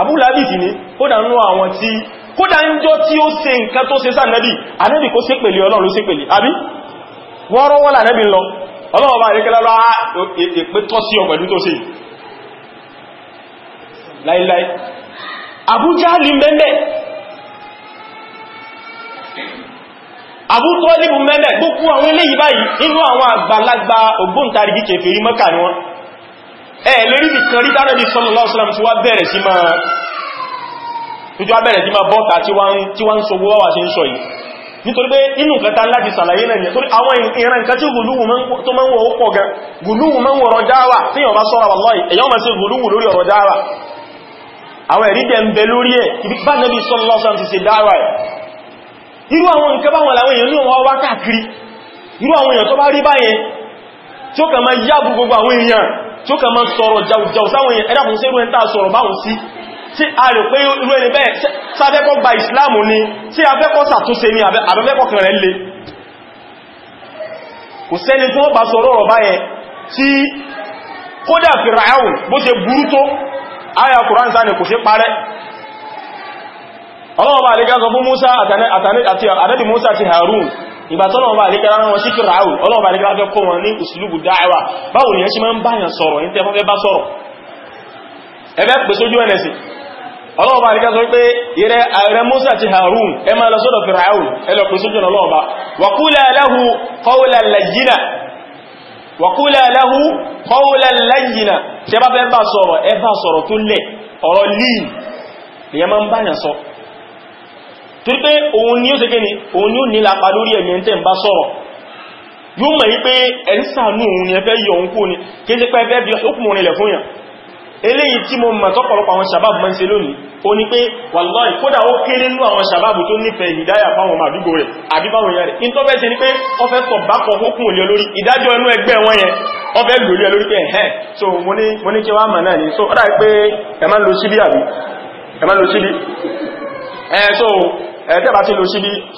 àbúláàbì sì ní kó dànú àwọn tí kódà ń jọ tí ó ṣe nǹkan tó ṣe sáànẹ́bì anẹ́bì kó ṣe pẹ̀lẹ̀ ọlọ́run ṣe pẹ̀lẹ̀ àbí wọ́n rọ́wọ́ lànẹ́bì lọ ọlọ́wọ́ bá ìrékẹ́lá lọ èpé tọ́ sí ọgbẹ̀lú tó ṣe láíláí àbújá lè mẹ́lẹ̀ àbútọ́ níbu mẹ́lẹ̀ gbókú àwọn eléyìí báyìí inú àwọn àgbàlagbà ògbóǹtarìgì kèfèrí Mẹ́kà ni wọ́n ẹ̀ẹ̀lérí nìkan rí tánàbí sallallahu alaihi wasallam ti wá bẹ̀rẹ̀ sí máa ìjọ abẹ́rẹ̀ tí ma bọ́ta tí wá ń sọ wọ́wà wà sí ń sọ yìí nítorí pé inú kẹta láti sàlàyé náà torí àwọn ìran nǹkan ma tó máa ń wọ pọ̀ gan gùlúwù máa ń wọ̀rọ̀ dáwà tí yọ̀ bá sọ́ra wallahi èyàn máa ṣe gùlúwù lórí ọ̀rọ̀ dáwà àwọn ẹ̀rí jẹ́ ń bẹ bá nẹ́bí sọ́lọ́sàn ti tí a rò pé irú ẹni bẹ́ẹ̀ tí a fẹ́kọ́ gba ìsìláàmù ni tí a sa sàtúnṣe ni àbẹ́fẹ́kọ́ kan rẹ̀ lè kò sẹ́ni tí wọ́n bá sọ rọrọ̀ báyẹ tí kódà fìràáhùn bó ṣe burú tó ayà kùrán kò ṣe parẹ́ wọn sí wọn ní ìsìlúgbù dáẹwà báwo máa ń báyàn sọ̀rọ̀ ní tẹ́fọ́fẹ́ bá sọ̀rọ̀ ẹgbẹ́ ọlọ́wọ́ bá rígá sọ pé ìrẹ ààrẹ Musa ti Harun ẹ máa lọ sọ́dọ̀ Fir'aun ẹlọ́pin sójú ọlọ́wọ́ bá wa qula lahu qawlan layyina wa qula lahu qawlan layyina tí ẹ bá fẹ́ bá sọ̀rọ̀ ẹ bá sọ̀rọ̀ tó lẹ̀ ọ̀rọ̀ líìn ni ẹ máa ń bá eléyìí tí mo mọ̀ tọ́pọ̀lọpọ̀ àwọn sàbábù mọ́ sí lónìí o ní pé wàlláhì kódà ó kéré nínú àwọn sàbábù tó nífẹ̀ẹ́ ìdáyà fáwọn ọmọ àdúgbò rẹ̀ àbíbáwọn yẹn rẹ̀ in tó fẹ́ ṣe ni pé ó fẹ́ tọ̀ bá kọ̀ so mo ní kí wá so ó dá pé ẹ má lo síbí so ẹ̀ẹ́tẹ́bà tí lo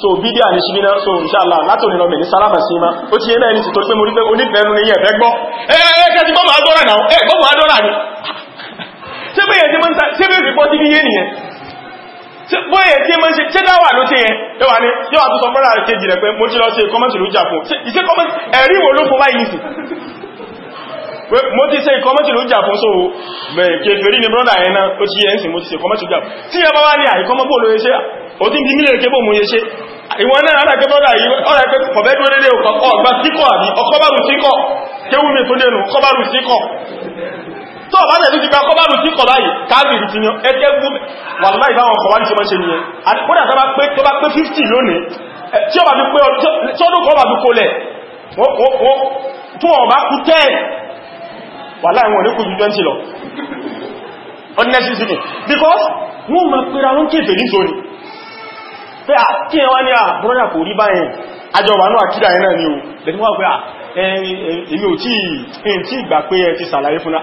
so bídíà ní síbí so ìṣàlá látòrí lọ mẹ́rin sálámà sí ma ó ti yẹ́ mẹ́rin sí tó pé mo rí pé onífẹ́ẹ̀nú ní ẹ̀fẹ́ gbọ́ ẹ̀ẹ́kẹ́ ti gbọ́mọ̀ adọ́rà ṣé bẹ́ẹ̀ tí máa ń ta ṣé bẹ́ẹ̀ tí pọ́ sí yé nìyẹn bóyẹ̀ tí máa ń ṣe ṣé dáwà ló ṣe yẹn yóò wà ní yóò mo ti lọ ṣe kọ́mọ̀tì ló jà fún ìṣe kọ́mọ̀tì ẹ̀rí wo ló mo ti ṣe ìkọ́mọ̀tì ló jà so kèfèrí ni brọ́dà yẹn náà ó ti yẹn sì mo ti ṣe kọ́mọ̀tì ló jà fún tí ẹ bá wá ní àìkọ́mọ́bò ló ṣe ó ti ń bí mílẹ̀ kébò mú ṣe ìwọ̀n náà alákẹ́ brọ́dà yìí ọ̀rẹ́ pé kọ̀bẹ́ dúró dédé ọgbà síkọ̀ àbí ọkọ́bàrù síkọ̀ kéwú mi tó dénú kọ́bàrù síkọ̀ tó bá tẹ̀lú ti ká kọ́bàrù tí kọ̀ báyìí káàbìrì ti yan ẹgbẹ́ gúnmí wà láì báwọn kọ̀wá ní ṣe mọ́ ṣe ní ẹ àdíkọ́dà tó bá pé 50 lónìí tí ó bá fi pé ọdún kọ́ bá fi kólẹ̀ tó wọ́n bá kú tẹ́ wà láì wọn ní kú ju 20 lọ honestly speaking because wọ́n mọ̀ pé ra wọ́n kéfè ní sóní pé à kí ẹ wá ní à brọ́dà kò rí báyẹn àjọba náà kíra ẹ̀ náà ni o lẹ́tí wọ́n pé à èmi ò tí ìgbà pé ẹ ti sàlàyé fún náà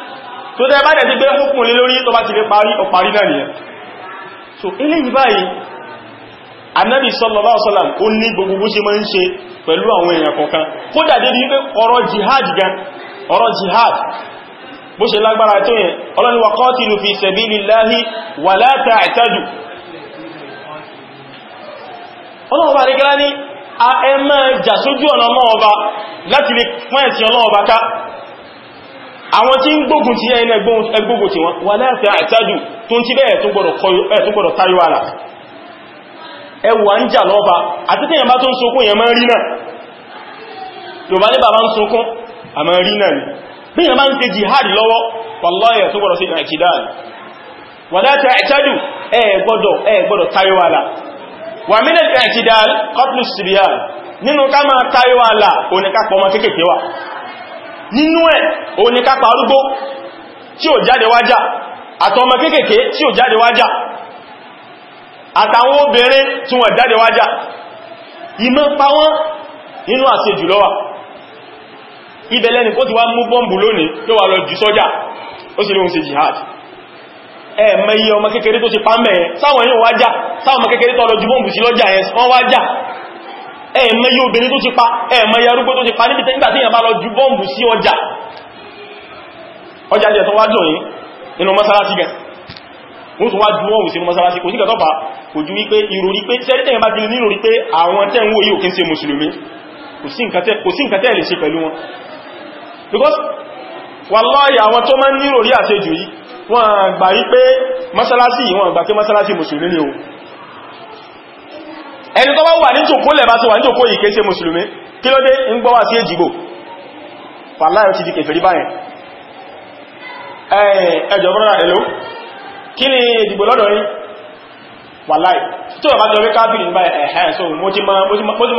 so tẹ́ bá dẹ̀ ti gbé hukun lé lórí tó so ilé yìí báyìí Ànábì sallallahu alaihi wasallam ó ní gbogbo bó ṣe máa ń ṣe pẹ̀lú àwọn èèyàn kọ̀ọ̀kan kó dàdé ní pé ọ̀rọ̀ jihad gan ọ̀rọ̀ jihad bó ṣe lágbára tó yẹn Ọlọ́run ní wa qatilu fi sabilillahi wa la ta'tadu ọlọ́wọ́ bá ríkẹ́lá ní a ẹ máa jà sójú ọ̀nà ọlọ́wọ́ bá láti lè pẹ́ ọlọ́wọ́ bá ká àwọn tí ń gbógun ti ẹni ẹgbógun ti wọn wà láti àtàjù tó ń ti bẹ́ẹ̀ tó gbọ́dọ̀ tayọ àlà ẹwà ń jà lọ́ba àti tí ìyàmbá tó ń sunkún ìyàmbá rí náà Yorùbá ní bàbá ń sunkún àmà rí náà ni bí ìyàmbá ń ṣe jihad lọ́wọ́ wà láti àtàjù gbọ́dọ̀ nínú ẹ̀ òun ni kápa arúgbó tí ò jáde wájá àtọmọ kéèkèé tí ò jáde wájá àtàwọn obìnrin tí wọ́n jáde wájá ìmọ̀ pa wọ́n nínú àṣejù ló wà ibẹ̀lẹ́ni kó ti wá mú bọ́m̀bù lónìí tó wà lọ jù sọ́jà jihad ẹ̀mẹ́ iye ọmọ kékeré tó ti pa mẹ́ẹ̀ sáwọn yóò wájá sáwọn ọmọ kékeré tó lọ jù bọ́m̀bù ẹ̀mẹ́ yóò bèèrè tó ti pa ẹ̀mẹ́ yarúgbó tó ti pa níbi tẹ́gbà tí ìyàn bá lọ ju bọ́m̀bù sí ọjà ọjà jẹ́ tó wá jọ yìí inú mọ́sálásí gan ó tún wá ju bọ́m̀bù sí mọ́sálásí kò síkà tọ́pa kò ju wípé ìròrí pé sẹ́rítẹ̀yàn bá ti ní ìròrí pé àwọn tẹ́ ń wò yìí òkín ṣe mùsùlùmí kò sí nǹkan tẹ́ lè ṣe pẹ̀lú wọn because wallahi àwọn tó máa ń níròrí àṣejù yìí wọ́n gbà yí pé mọ́sálásí wọ́n gbà pé mọ́sálásí mùsùlùmí ni o ẹni tó bá wà ní jòkó lẹ́bá sí wà ní jòkó yìí kìí ṣe mùsùlùmí kí ló dé ń gbọ́wà sí èjìgbò pàláyọ̀ ti di kèfèrí báyẹn ẹjọ̀ brọ́nà ẹ̀lú kí ni èjìgbò lọ́dọ̀ yìí wàláì tí ó bá jọ wé káàbìrì ní báyẹ̀ ẹ̀hẹ́ so mo ti ma bí tẹ́wà mo ti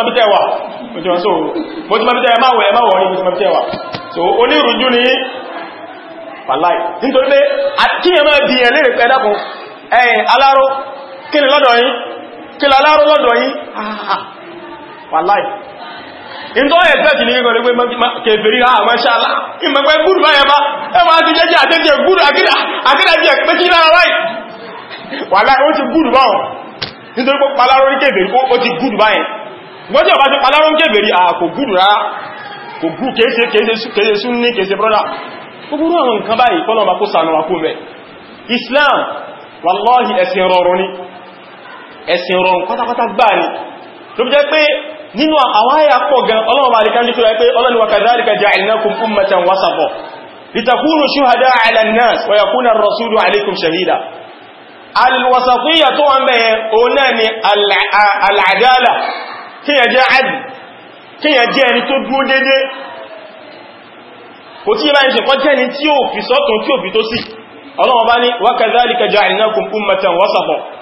ma bí tẹ́wà so onírùjú ni wàláì nítorí pé àkíyàn náà di ẹ̀lẹ́rẹ̀ pẹ́dàkùn ẹ̀yìn aláró kí ni Ah, kí lálárọ́ lọ́dọ̀ yìí wàláì ìntọ́ ẹ̀fẹ́ ti ní ìgbẹ̀rẹ̀ kèfèrí àmọ́ṣálá ìmọ̀pẹ́ gúrù báyẹ̀ bá ẹwà ti jẹ́ jẹ́ àtẹ́jẹ́ gúrù àkídàjí ẹ̀pẹ́ kí lára láì wàláì ó ti gúrù báwọn nítorí pọ́ paláró ní kèfèrí ó ti gúrù báyẹ̀ wọ́n tí ọba ti paláró ní kèfèrí àkò ah, gúrù rárá kò gú kéèsè kéèsè sún ní kéèsè brọ́dà gbogbo àwọn nǹkan báyìí ẹ̀sìn rọrùn pátápátá gbáà ni ló jẹ́ pé nínú àwọn àyà pọ̀ gan ọlọ́run àríkà ní kíra pé ọlọ́run wa kadhalika ja'alnakum ummatan wasatan litakunu shuhada'a 'ala an-nas wa yakuna ar-rasulu 'alaykum shahida alwasatiyya tó wọ́n bẹ̀yẹ òun náà ni al'adala kí yẹ jẹ́ adì kí yẹ jẹ́ ẹni tó dúró dédé kò ọlọ́wọ́ bá ní wa kadhalika ja'alnakum ummatan wasatan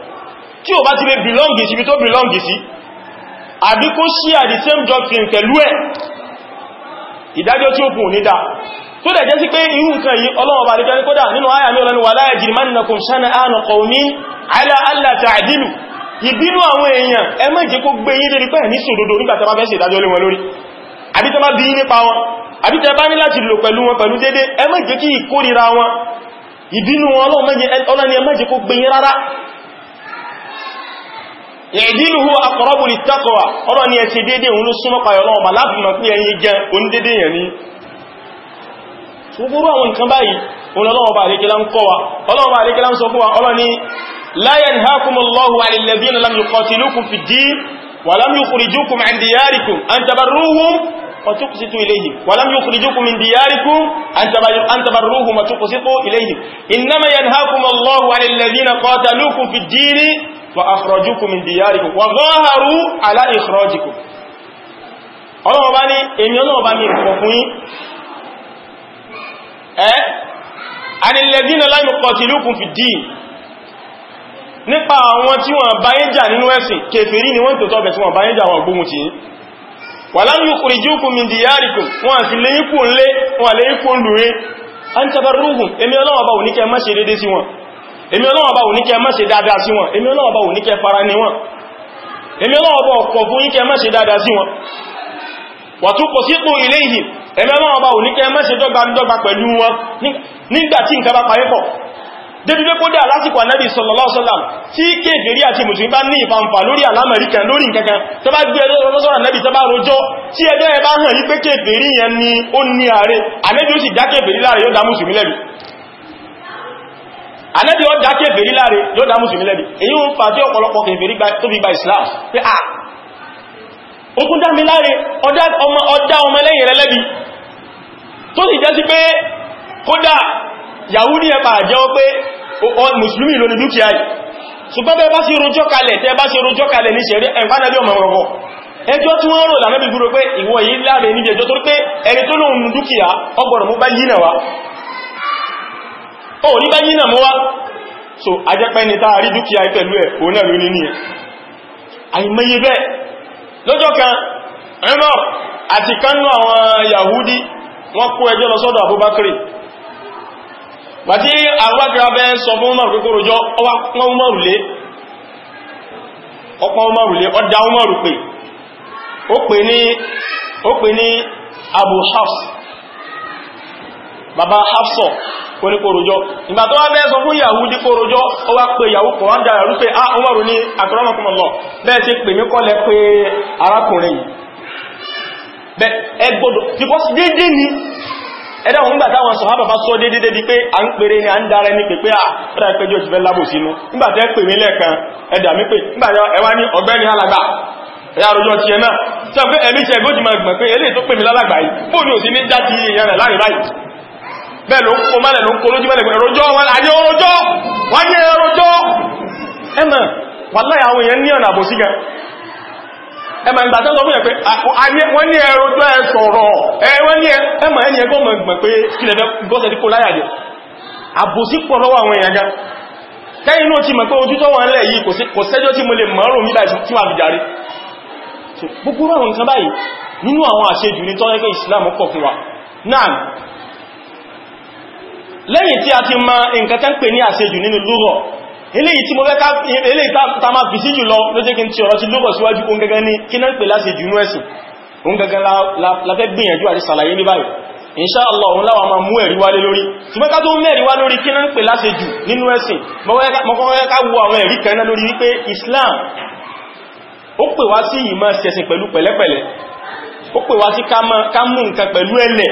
tí ó bá ti lè bìlọ́ǹgì sí ibi tó bìlọ́ǹgì sí àbí kó sí àdì same doctrine pẹ̀lú ẹ̀ ìdájọ́ tí ó kù nídá tó dẹ̀ jẹ́ sí pé irú nǹkan yìí Ọlọ́run bá nìkan kódà nínú àyà mi ọlọ́ni wala alla ta'dilu ìbínú àwọn èèyàn ẹ má jẹ́ kó gbé yín débi pé ní sòdodo nígbà tẹ́ bá fẹ́ ṣe ìdájọ́ lé wọn lórí àbí tẹ́ bá bí nípa wọn àbí ni ẹ má jẹ́ kó ìdílù hù akọ̀rọ̀bù lè taqwa ọ̀rọ̀ ni ẹ̀ṣẹ̀ dédé òun ló súnmọ́ pàyọ̀ lọ́wọ́ bà láti mọ̀ pé ẹ̀yìn jẹ́ onídédé yẹn ni gbogbo àwọn nǹkan báyìí òun ọlọ́wọ́ bà àríkẹ́lá ń kọ́ wa ọlọ́wọ́ bà وأخرجوكم من دياركم وظاهروا على إخراجكم ọlọ́wọ́ bá ní èmi ọlọ́wọ́ bá ní ìpọ̀ fún yín ẹ́ alìlẹ̀dínà láìmù pọ̀tìlúkùn fi dìí nípa àwọn tí wọ́n nínú ẹ̀sìn kèfèrí ni wọ́n bẹ̀ tí wọ́n wọn gbóhun tí wà láyé kùrìjúkùn èmi Ọlọ́run bá òní kẹ má ṣe dáadáa sí wọn èmi Ọlọ́run bá òní kẹ fara ní wọn èmi Ọlọ́run bá ọ̀pọ̀ fún yín kẹ má ṣe dáadáa sí wọn wà tún kò sí pò ilé ìhì èmi Ọlọ́run bá òní kẹ má ṣe pẹ̀lú wọn nígbàtí sallallahu alaihi wasallam tí kéfèrí àti mùsùlùmí bá ní ìfàǹfà lórí àlámọ̀ríkà lórí nǹkankan tó bá gbé ẹlọ́sọ́rọ̀ ànábì tó bá ni ó ní ààrẹ ànábì ó sì dá anẹ́bí ọ dákẹ́ ìbèrí láre yóò dá mùsùlùmí lẹ́bí èyí ń fà tí ọ̀pọ̀lọpọ̀ ìbèrí tó fi gba Islam pé à okun dá mi láre ọdá ọmọ lẹ́yìn rẹ lẹ́bí tó sì jẹ́ sí pé kódà yàwú ní ẹpa àjẹ́ ọ pé mùsùlùmí ló ní dúkìá yìí ṣùgbọ́n bẹ́ẹ̀ bá sí rojọ́ kalẹ̀ tẹ́ bá sí rojọ́ kalẹ̀ ní ṣẹ̀rí ẹ̀fánàbí ọmọ ọ̀rọ̀ ẹjọ́ tí wọ́n rò lànàbí gúrò pé ìwọ̀ o ní bá na mọ́ wá so ajẹ́pẹ́ taa táà rí dúkìá pẹ̀lú ẹ̀ òun náà ló ní ní ẹ̀ àìmọye bẹ́ẹ̀ lọ́jọ́ kan Umar àti kánú àwọn Yahudi wọ́n kó ẹjọ́ lọ sọ́dọ̀ Abubakari wàtí Abubakari abẹ́ sọ Abu bàbá hafsọ kò ní kòròjọ́ ìgbà tó wá bẹ́ẹ̀ sọ fún ìyàwó ní kòròjọ́ ó wá ìyàwó wọ́n dára a ọmọrù ní àkọ́rọ̀mọ̀kọ́mọ̀lọ́ bẹ́ẹ̀ ti pè mí kọ́lẹ̀ pé arákùnrin ẹgbọ́dọ̀ because dédé ni ẹ̀dá sọ pé a ń pèrè ní a ń dára ní lábò sínú pè mí lẹ́ẹ̀kan ẹ̀dà mi pé nígbàtẹ́ ẹwà ní ọgbẹ́ni alàgbà ẹ̀yà pé ẹ̀mí pé eléyìí tó pè mí lálàgbà yìí ní òsì ní jáde èèyàn rẹ̀ bẹ́ẹ̀ ló ń kó mẹ́lẹ̀ ló ń kó lójúmẹ́lẹ̀ ẹ̀rọjọ́ wọn ayé ọrọjọ́ wọ́n ẹrọjọ́ ẹmà wàláyà àwọn èèyàn ní ọ̀nà àbòsí gan ẹmà ìgbà tán pé ah, ní ẹrọjọ́ ẹ ẹmà ẹni ẹgbọ́ mọ̀ pé tí kó láyà jẹ àwọn èèyàn ní ìsìlámù pọ̀ fún wa lẹ́yìn tí a ti ma nǹkan tán pè ní àṣejù nínú lúrọ̀ eléyìí tí mo fẹ́ ta ma fi sí jù lọ ló jẹ́ kí n ti ọ̀rọ̀ ti lúrọ̀ síwájú oún gẹ́gẹ́ ní kí náà pè láṣejù inú ẹ̀sìn oún gẹ́gẹ́ láfẹ́ gbìyànjú àti sàlàyé ní báyìí inṣáàlá òun láwà máa mú ẹ̀rí wá lé lórí ṣùgbọ́n ká pè láṣejù nínú ẹ̀sìn mọ́kànlẹ́ ká Islam ó pè wá sí ìmọ̀ ṣẹ̀sìn pẹ̀lú pẹ̀lẹ́pẹ̀lẹ́ ó pè wá sí ká mú nǹkan pẹ̀lú ẹlẹ̀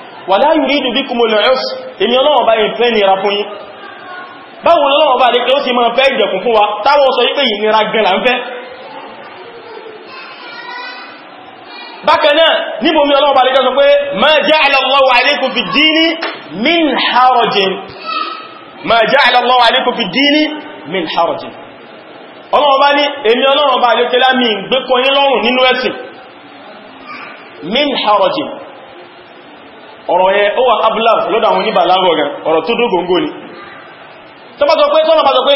wàlá yùrídù bí kùmù lọ́ọ̀s èmi ọlọ́wọ̀ bá yìí fẹ́ nira fún yín báwo lọ́wọ̀ bá lè kí ó sì máa fẹ́ ìdẹ̀kùn fún wa táwọn sọ yí pé yìí nira gan la ń fẹ́ bákanáà níbo mi ọlọ́wọ̀ bá lè kẹ́sọ pé ma ja'ala Allahu alaykum fi dini min min harajin ọ̀rọ̀ yẹ ó wà abúláw lọ́dọ̀ àwọn oníbàlágọ̀ gan ọ̀rọ̀ tó dógóngó ni tó bá sọ pé tọ́nà bá sọ pé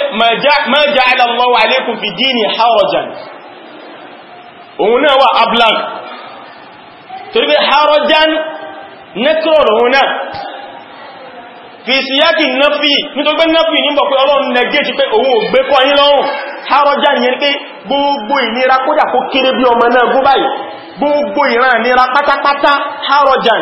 ma ja'ala Allahu alaykum fi dini harajan òun náà wà abúláw torí pé harajan nẹ́kọ̀ọ̀rọ̀ òun náà fi síyákì náfí nítorí pé náfí ní bọ̀ pé ọlọ́run nẹgẹ́jì pé òun ò gbé kọ́ gbogbo ìnira kódà kó kéré bí ọmọ náà gúbáyìí gbogbo ìran ìnira pátápátá harajan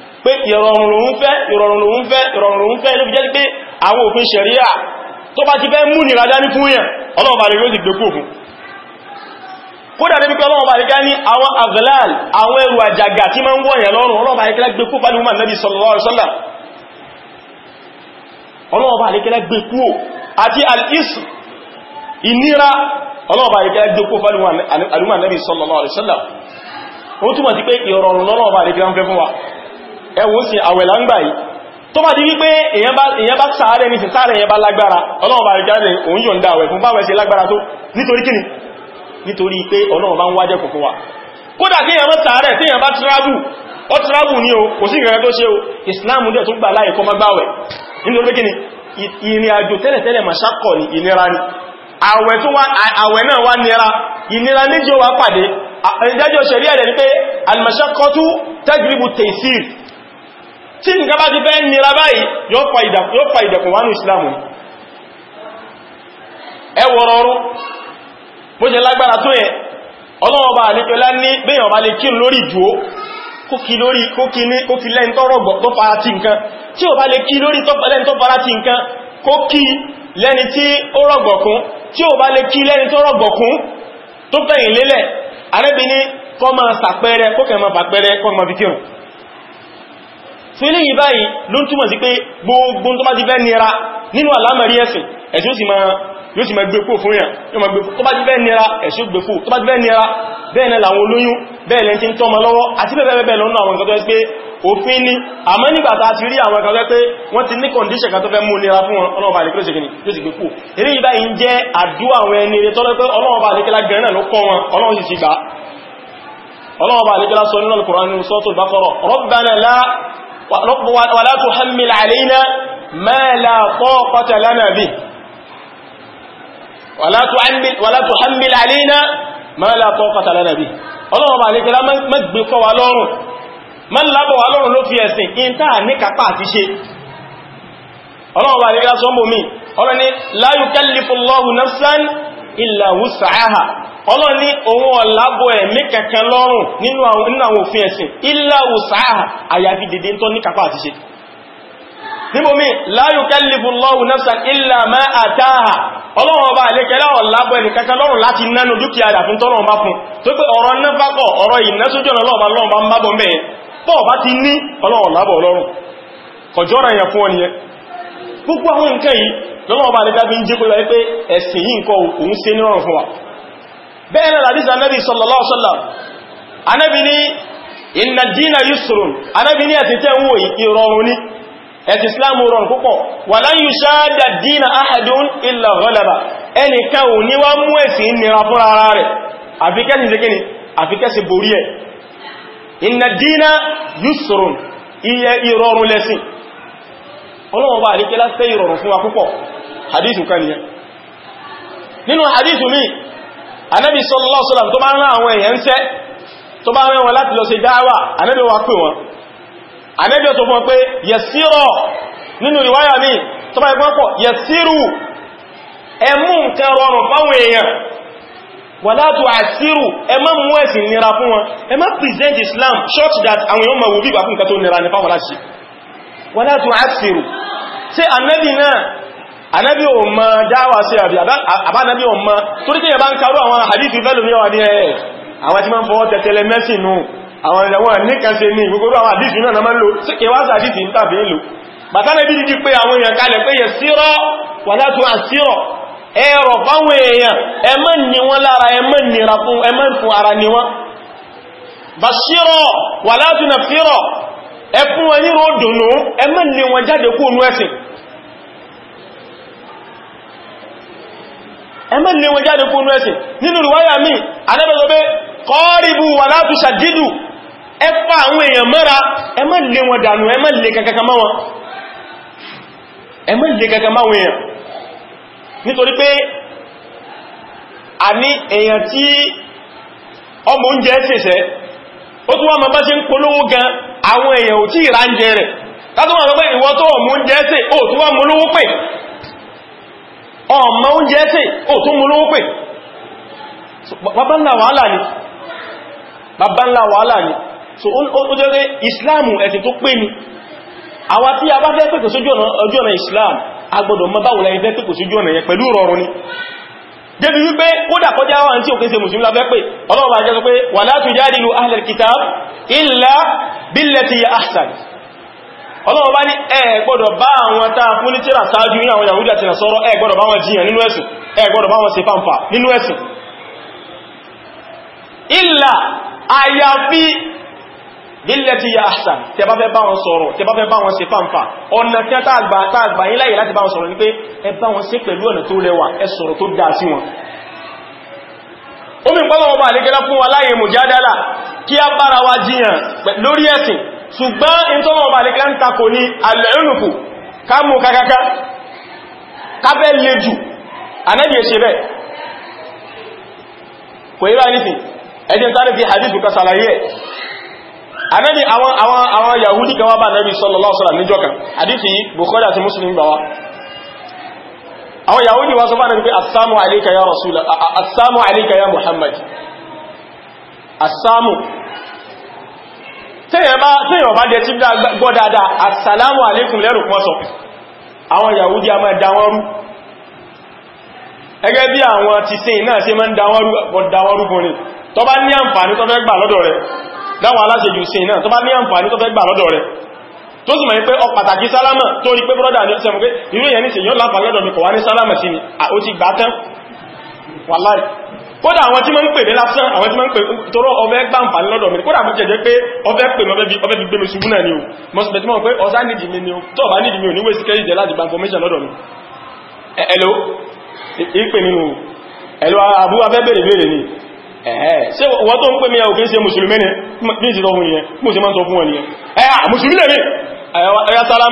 pé ìrọ̀rùn lòun fẹ́ ìrọ̀rùn lòun fẹ́ ìrọ̀rùn lòun fẹ́ ló fi jẹ́ pé àwọn òfin ṣẹ̀ríà tó bá ti fẹ́ mú nìra dání fún yẹn ọlọ́ọ̀bà lè yóò sì gbé kóòfún kódà débi pé ọlọ́ọ̀bà lè ká ní àwọn azlal àwọn ẹrù àjàgà tí máa ń wọ̀nyẹ̀ lọ́rùn ọlọ́ọ̀bà lè kẹ́lá gbé kó pálí wọ́n nẹ́bí sallallahu alaihi wasallam ọlọ́ọ̀bà lè kẹ́lá gbé kó àti al-isr ìnira ọlọ́ọ̀bà lè kẹ́lá gbé kó pálí wọ́n nẹ́bí sallallahu alaihi wasallam ó túmọ̀ sí pé ìrọ̀rùn lọ́rọ̀ ọba àríkẹ́ ń fẹ́ fún wa ẹwù sí àwẹ̀lá ń gbà yìí tó bá di wípé èyàn bá sàárẹ̀ ní sàárẹ̀ èyàn bá lágbára ọlọ́run bá rígbára òun yóò ń dá àwẹ̀ fún báwẹ̀ sí lágbára tó nítorí kíni nítorí pé ọlọ́run bá ń wájẹ́ kòkó wa kódà kí èyàn bá o kò sí ìrẹ́ tó ṣe o ìsìláàmù dẹ̀ tó gbà láì kọ́ mọ́gbàwẹ̀ nítorí pé kíni ìrìn àjò tẹ́lẹ̀tẹ́lẹ̀ ni ìnira ni àwẹ̀ náà wá nira ìnira méjì ó wá pàdé ìdájọ́ ẹ̀rẹ̀ ní pé alìmọ̀ṣákọ́tú tajribu taysir tí nǹkan bá ti fẹ́ nira báyìí yóò fa ìdẹ̀kùn wánú ìsìlámù ẹwọ̀rọ̀ ọrún bó jẹ lágbára tó yẹ ọlọ́ọ̀bá àníkẹ́lá ní bíyàn bá lè kí lórí ìdúó kó kí lórí kó kí lẹ́n tọ́rọ̀ tó fara ti nǹkan tí ó bá lè kí lórí lẹ́n tó fara ti nǹkan kó kí lẹ́ni tí ó rọ̀gbọ̀kún tí ó bá lè kí lẹ́ni tó rọ̀gbọ̀kún tó tẹ̀yìn lélẹ̀ arẹ́bìnrin kọ́ máa sàpẹẹrẹ kó kẹ́ so ilé yìí báyìí ló ń túmọ̀ sí pé gbogbo tó bá ti fẹ́ nira nínú àlámọ̀rí ẹ̀sìn ẹ̀sìn ó sì máa yóò sì máa gbé kó fún yàn tó bá ti fẹ́ nira ẹ̀sìn ó gbé kó tó bá ti fẹ́ nira bẹ́ẹ̀ náà làwọn olóyún bẹ́ẹ̀ lẹ́ntí ń tọ́mọ lọ́wọ́ àti bẹ́ẹ̀ lọ́nà àwọn nǹkan tó ẹ́ pé òfin ni àmọ́ nígbà tá ti rí àwọn nǹkan náà quran nínú Suratul Baqarah la ولا تحمل علينا ما لا طاقة لنا به ولا تحمل ولا تحمل علينا ما لا طاقة لنا به Ọlọ́run bá lè kẹ́lá mẹ́gbẹ̀ fọ́ wa lọ́rùn mẹ́ lábọ̀ wa lọ́rùn ló fi ẹ̀sìn in táà ní kàpá àti ṣe Ọlọ́run bá lè ọlọ́run ní òun ọ̀lábọ̀ ẹ̀mí kẹ̀kẹ́ lọ́rùn nínú àwọn òfin ẹ̀sìn illa usaha àyàfi dìde tó ní kàpá àti ṣe níbòmí la yukallifu Allahu ma a ọlọ́run ọba àlékẹ́lá ọ̀lábọ̀ ẹ̀mí kẹ̀kẹ́ lọ́rùn láti nánú dúkìá àdàfún tọ́lọ́run bá fún tó pé ọ̀rọ̀ náfàkọ̀ ọ̀rọ̀ gbogbo àwọn yìí ọba ń jẹ́ pé ẹ̀sìn yìí nǹkan bẹ́ẹ̀ náà hadith anábì sallallahu alaihi wasallam anábì ní inna dina yusrun anábì ní ẹ̀sìn tẹ́ ń wò ìrọ̀rùn ní ẹ̀sìn islam rọrùn púpọ̀ walan yushadda dina ahadun illa ghalaba ẹnìkan ò ní wá mú ẹ̀sìn nira fún hadithu kan nìyẹn nínú hadithu míì anábì sallallahu alaihi wasallam tó bá rán àwọn èèyàn ṣẹ́ tó bá rán wọn láti lọ sí dáwà anábì wa pè wọn anábì tó fún pé yẹ̀sírọ̀ nínú ìwáyà mi tó bá ẹgbọ́n pọ̀ yẹ̀sírù ẹmú nǹkan rọrùn fáwọn èèyàn wà látò àṣírù ẹmá mú ẹ̀sìn nira present Islam short that àwọn èèyàn mọ̀wò bí ìgbà fún nǹkan tó nira ní fáwọn láti wà látò àṣírù ṣe anábì náà anábí o mọ dáwà sí àbí àbánábí o mọ torí tí yẹn bá ń karú àwọn àdífì fẹ́lú ní ọwàdí ẹ̀ àwọn tí máa ń fọwọ́ tẹ̀tẹ̀lẹ̀ mẹ́sìn nù àwọn ìrẹ̀wọ̀n níkanṣe ní gbogbo àwọn àdífì náà máa ń lò sí kẹwàásà àdífì ń tàbí ń lò bàtánà bí dídí pé àwọn èèyàn kalẹ̀ pé yẹ sírọ́ wà látún àsírọ̀ ẹ̀rọ fáwọn èèyàn ẹmọ́ ni wọ́n lára ẹmọ́ nìra fún ẹmọ́ fún ara ní wọ́n bà sírọ̀ wà látún àfírọ̀ ẹkún wọn nírò dùnú ẹmọ́ ní wọn jáde kú nú ẹ̀sìn ẹmẹ́ lè wọ́n jáde kúrò ẹ̀sìn nínú ìwáyà mi anẹ́bẹ̀lọ́bẹ̀ kọ́ọ̀rìbù wà látù ṣàdídù ẹfà àwọn èèyàn mẹ́ra ẹmẹ́ lè wọ́n dànù ẹmẹ́ lè kankan máa ẹmẹ́ lè kankan máa èèyàn a ní èèyàn tí ọmọ oúnjẹ ṣẹ̀ṣẹ̀ ó ma gan ọmọ oúnjẹ ẹ̀sìn ò tó mú lówó pè babanla wàhálà ni wàhálà ni so ó jẹ́ islamu ẹ̀sìn tó pè ni àwa tí a bá fẹ́ pẹ̀kẹ̀ sójú islam a gbọ́dọ̀ mọ̀ báwo la pẹ̀kẹ̀ sójú ọ̀nà yẹn pẹ̀lú rọrùn ni débi wípé ó dàkọjá wà tí òkèsè musulmi lábẹ́ pé ọlọ́wọ́ bá jẹ́ sọ pé ọlọ́wọ́ bá ní ẹ gbọ́dọ̀ bá àwọn táa fún ní tíra sáájú ní àwọn Yahudi àti Nasara ẹ gbọ́dọ̀ bá wọn jiyàn nínú ẹ̀sìn ẹ gbọ́dọ̀ bá wọn ṣe fàǹfà nínú ẹ̀sìn illa àyàfi billati ya ahsan tẹ bá fẹ́ bá wọn sọ̀rọ̀ tẹ bá fẹ́ bá wọn ṣe fàǹfà ọ̀nà tí a tàgbà tàgbà yín láyè láti bá wọn sọ̀rọ̀ ní pé ẹ bá wọn ṣe pẹ̀lú ọ̀nà tó lẹ́wà ẹ sọ̀rọ̀ tó dáa sí wọn ṣùgbọ́n in tó mọ̀ bàlẹ̀ kan takò ní alẹ́rùnùkù ká mú kakaka kábẹ́ lè jù anẹ́bì ẹ̀ṣẹ́ bẹ́ kò yíra nìsìn ẹjẹ́ tàbí fi hadith ka sàlàyé ẹ̀ anẹ́bì àwọn yahudi kan wá bá anẹ́bì sallallahu alaihi wasallam hadith yìí Bukhari àti Muslim bá wá àwọn yahudi wá sọ bá anẹ́bì assalamu alayka ya Rasulullah Muhammad assalamu tẹ́yàn bá jẹ tí gbọ́ dáadáa assalamu alaikum lẹ́rù pọ́ sọ àwọn Yahudi a máa dáwọ́rú ẹgẹ́ bí àwọn ti sin náà ṣe máa ń dáwọ́rú gúnrin tó bá ní àǹfààní tó fẹ́ gbà lọ́dọ̀ rẹ̀ dáwọn aláṣejù sin náà tó bá ní àǹfààní tó fẹ́ gbà lọ́dọ̀ rẹ̀ tó sì mọ̀ ní pé ọ pàtàkì sálámà tó rí mi kò wá ní sálámà sí mi à kódà àwọn tí ma ń pè ní lásán àwọn tí ma ń pè tọrọ ọfẹ́ gbàǹfà lọ́dọ̀ mi kódà mú jẹjẹ pé ọfẹ́ pè mọ́ ọfẹ́ fi gbé mi ṣubú náà ni o mọ́sùlẹ̀ tí mọ́ pé ọ̀sá nìdí mi ni o tọ́ bá nìdí mi ò níwé síkẹ́ ìjẹ láti gbàǹfọ̀mẹ́ṣẹ̀ mi ẹ̀lò ìpè nínú ẹ̀lò àbúwá fẹ́ bèèrè bèèrè ni ṣe wọ́n tó ń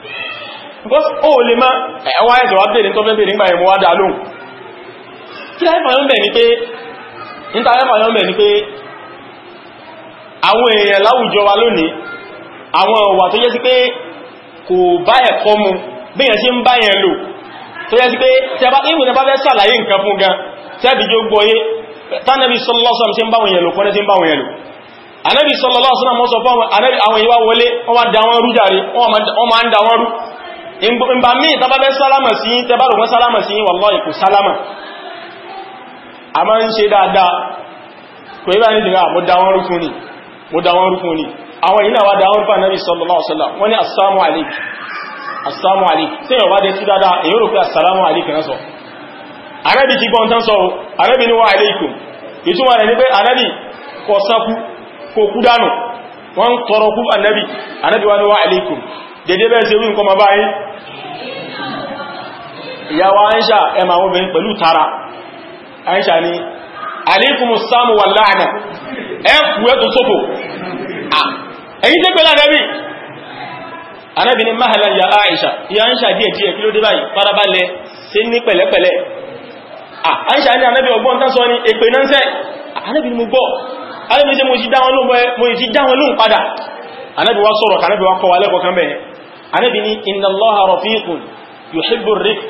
because ó lè má ẹwà ẹ̀sọ̀ wá bèèrè tó fẹ́ bèèrè nígbà ẹ̀mọ́ wá dá lóhùn kí láìfàyán bẹ̀ ni pé ìtàlẹ́fàyán bẹ̀ ni pé àwọn èèyàn láwùjọ wa lónìí àwọn ọ̀wà tó jẹ́ sí pé kò bá ẹ̀kọ́ mu bíyàn sí ń bá yẹn lò tó jẹ́ sí pé ìwò tẹbá fẹ́ sàlàyé nǹkan fún gan tẹ́bì jó gbọ́yé tánàbí sọlọ́sọ́m sí ń báwọn yẹn lò kọ́nẹ́ sí ń báwọn yẹn lò anábì sọlọ́sọ́m sọ fún àwọn ìwá wọlé wọ́n máa ń da wọ́n rú ìgbà míì tàbá bẹ́ sálámà sí tẹbàrù wọn sálámà sí wallahi kò sálámà a máa ń ṣe dáadáa kò ibá ní jìnà mo dá wọn rúkún ni mo dá wọn rúkún ni àwọn ìyìn àwádá wọn fà náà sallallahu alaihi wasallam wọ́n ní assalamu alaikum assalamu alaikum tí yàn wá dé sí dáadáa èyí rò pé wọ́n ni wa alaikum dédé bẹ́ẹ̀ ṣe rú nǹkan ma báyìí ìyàwó àìṣà ẹmà obìnrin pẹ̀lú tara àìṣà ni alíkùnmù sáàmù wà láàrín ẹkù ẹ̀tù sófò èyí tí pẹ̀lá rẹ̀ bí anábi ni mahala ya àìṣà ya àìṣà díẹ̀ díẹ̀ kí ló dé báyìí farabalẹ̀ sí ní pẹ̀lẹ́pẹ̀lẹ́ àìṣà ni anábi ọgbọ́n tán sọ ni èpè náà sẹ́ anábi ni mo mu isi sọ̀rọ̀ kanábi wa lẹ́kọ̀ọ́ kan bẹ̀yẹn Ànábì ní inna Allaha rafiqun yuhibbu ar-rifq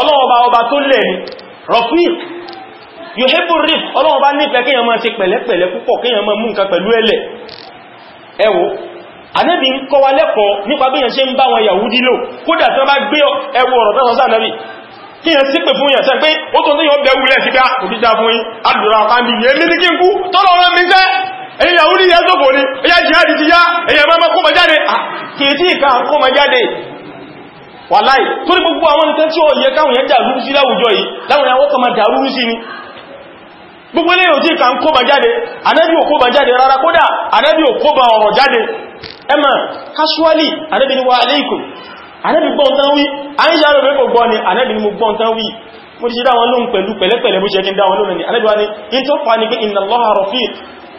ọlọ́ọ̀bá ọba tó lẹ̀ ní rafiq yuhibbu ar-rifq ọlọ́ọ̀bá nífẹ̀ẹ́ kíyàn máa ṣe pẹ̀lẹ́pẹ̀lẹ́ púpọ̀ kíyàn máa mú nǹkan pẹ̀lú ẹlẹ̀ ẹwọ Ànábì ń kọ́ wa lẹ́kọ̀ọ́ nípa bí yẹn ṣe ń bá wọn Yahudi lò kódà tí wọ́n bá gbé ẹwọ ọ̀rọ̀ tẹ́sọ sáà Ànábì kí yẹn sí pè fún yẹn sẹ́ pé ó tó ah, ní yọ bẹ̀wù lẹ́sìká kò fi dá fún yí adùnrà pàndì yẹn ní kí n kú mi jẹ́ ẹ̀yìn ìyàwó ya ìyá zọ́gbò ní ẹ̀yà jihadi ti yá ẹ̀yà máa kó ma jáde ah, kìí tí ìka kó ma jáde wà láì tó ní gbogbo àwọn nǹkan tí ó yẹ káwọn yẹn dà rúrú sí láwùjọ yìí láwọn àwọn kan ma dà rúrú ni gbogbo ilé ò tí ìka kó ma jáde anẹ́bí ò kó ma jáde rárá kódà anẹ́bí ò kó ba ọ̀rọ̀ jáde ẹmà kásúwálì anẹ́bí ni wà aléìkò anẹ́bí gbọ́n tán wí a rẹ̀ gbọ́ ni anẹ́bí ni mo gbọ́n tán wí mo ti ṣe dáwọn lóhun pẹ̀lú pẹ̀lẹ́pẹ̀lẹ́ bó ṣe kí dáwọn lóhun ni wa ni in tó fa pé inna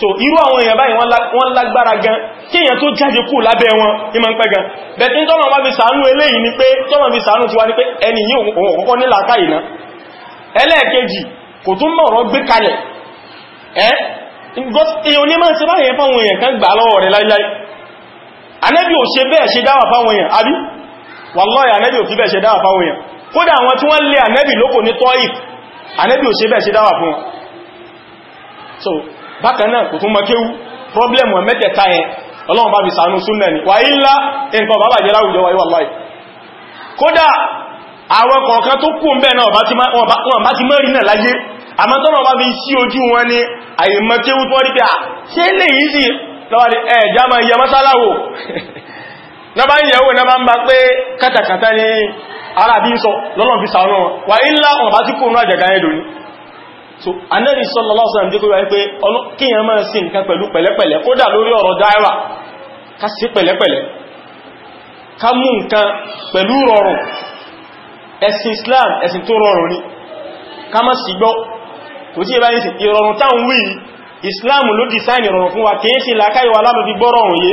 so irú àwọn èèyàn báyìí wọ́n lágbára gan kí èèyàn tó jáde kú lábẹ́ wọn ní ma ń pẹ́ gan bẹ̀tí tọ́mọ̀ wá fi sàánú eléyìí ni pé tọ́mọ̀ fi sàánú ti wá ní pé ẹni yíò kọ́kọ́ ní làákàyè náà ẹlẹ́ẹ̀kejì kò tún mọ̀rọ̀ gbé kalẹ̀ ẹ́ èèyàn ní máa ń ṣe báyìí fáwọn èèyàn kan gbà lọ́wọ́ rẹ̀ láíláí Ànábì ò ṣe bẹ́ẹ̀ ṣe dáwà fáwọn èèyàn àbí wàlláhì Ànábì ò fi bẹ́ẹ̀ ṣe dáwà fáwọn èèyàn kódà àwọn tí bákan náà kò tún kéwú problem we mẹ́tẹ̀ẹ̀ta yẹn ọlọ́run bá fi sànú súnnà ní wà ílá nǹkan bàbà jẹ́ láwùjọ wà ìwà láì kódà àwọn kọ̀ọ̀kan tó kú mẹ́ náà wọ́n bá ti mẹ́rin náà láyé àmọ́ tọ́nà bá wọn ni ayi tó rí pé à ṣe lè yí sí lọ́wọ́dé ma yẹ mọ́sáláwò náà bá ń yẹ̀wò náà bá ń bá pé kátàkátà ń sọ fi sàánú wọn wà bá so anẹ́rì sallallahu alaihi wasallam jẹ́ kó wáyé pé kíyàn máa sí nǹkan pẹ̀lú pẹ̀lẹ́pẹ̀lẹ́ kódà lórí ọ̀rọ̀ dáẹ́wà ká sí pẹ̀lẹ́pẹ̀lẹ́ ká mú nǹkan pẹ̀lú rọrùn ẹ̀sìn Islam ẹ̀sìn tó rọrùn ni ká má sì gbọ́ kò tí ẹbá ìrọ̀rùn táwọn wí Islam ló dìsáìn ìrọ̀rùn fún wa kìí sí làkáyíwa lábẹ́ bí gbọ́rọ̀rùn yìí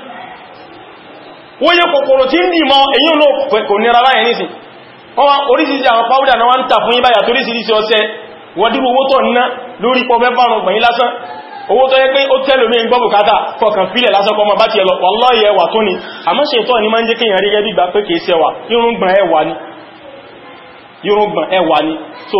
wọ́n yẹ kòkòrò tí ń dì mọ́ èyí ló kò nira báyẹ̀ nísìn wọ́n wá orísìírísìí àwọn pàwùdà náà wá ń tà fún yín báyà torísìírísìí ọṣẹ wọ́dírú owó tọ̀ ná lórí pọ̀ mẹ́fà ọ̀rùn gbẹ̀yìn lásán owó tó yẹ pé ó tẹ́lò mí gbọ́ bùkátà kọkàn fílẹ̀ lásán kọmọ bá ti ẹlọ wàlọ́yẹ ẹwà tó ni àmọ́ ṣe so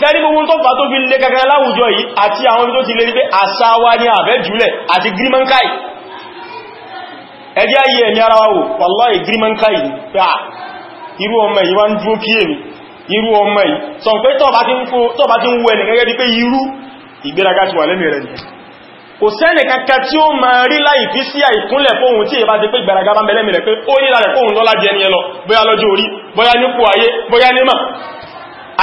ṣẹ́rí gbogbo tó fà tó fi lè kẹkẹrẹ láwùjọ yìí àti àwọn tó ti lè rí pé àṣà wa ní àbẹ́jùlẹ̀ àti grímọ́nkáì ẹjẹ́ ayé ẹ̀mí ara wáwò wallahi grímọ́nkáì pé à irú ọmọ yìí wá ń dúó kí èmì irú ọmọ yìí sọ pé ti ń wọ ẹnì gẹ́gẹ́ pé irú ìgbéraga ti ni kò sẹ́nì kankan tí ó máa rí láì fi sí àìkúnlẹ̀ fóhun tí ìbá ti pé ìgbéraga bá mẹ́lẹ́mì rẹ̀ pé ó nílà rẹ̀ fóhun lọ́lá jẹ́ ni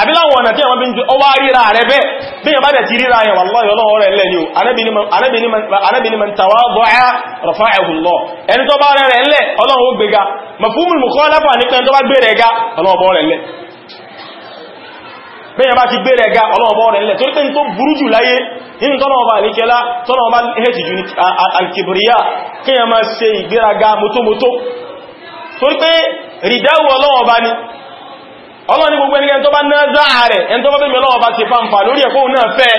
àbíláwọn ọ̀nà tí àwọn bí n jù ọwá ríra rẹ̀ bẹ́ bí yẹn bá dẹ̀ ti ríra yẹn wallahi ọlọ́wọ́ rẹ̀ lẹ́ ni o Ànábì ní man tawadda'a rafa'ahu Allah ẹni tó bá rẹ̀ lẹ́ Ọlọ́run ó gbéga mafhumul mukhalafa ní pé tó bá gbé rẹ̀ ga Ọlọ́run ó rẹ̀ lẹ́ bẹ́yàn bá ti gbé rẹ̀ ga Ọlọ́run ó rẹ̀ lẹ́ torí pé tó ni ọlọ́run ní gbogbo ẹnikẹ́ni tó bá náà záà rẹ̀ ẹni tó bá bí mẹ́lọ́wọ́ ti fàǹfà lórí ẹ̀kọ́ náà fẹ́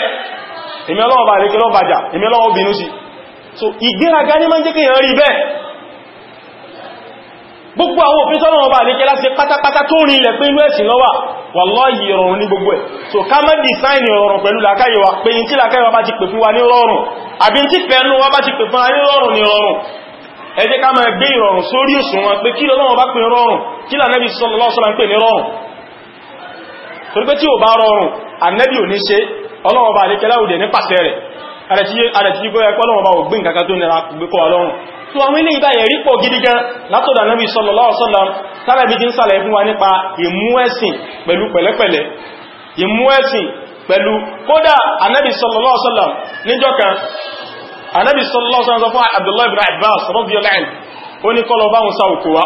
ìmẹ́lọ́wọ́ ọba rí kí bàjá ìmẹ́lọ́wọ́ bínú so ìgbéraga ní máa ń jẹ́ kí gbogbo ọba àríkẹ́ láti pátápátá tó rí ká mọ́ dìsáìnì wa wa fún ìrọ̀rùn sórí òṣùwọ̀n pé kí lọ́wọ́ bá pè rọrùn kí pè ní torí pé tí ò bá rọrùn ànábì ò ní ṣe ọlọ́run bá àríkẹ́lá òdè ní pàṣẹ rẹ̀ àrẹ̀tí yíkọ́ ẹ̀kọ́ ọlọ́run bá ògbín kankan tó nira gbékọ́ ọlọ́run tó àwọn ilé ìbáyẹ̀ rí pọ̀ gidi gan látọ̀dọ̀ ànábì sallallahu alaihi wasallam tára ibi tí ń sàlẹ̀ fún wa nípa ìmú ẹ̀sìn pẹ̀lú pẹ̀lẹ́pẹ̀lẹ́ ìmú ẹ̀sìn pẹ̀lú kódà ànábì sallallahu alaihi wasallam níjọ́ kan ànábì sallallahu alaihi wasallam sọ fún Abdullah ibn Abbas radiyallahu anhu ó ní kọ́lọ báwọn sa òkú wa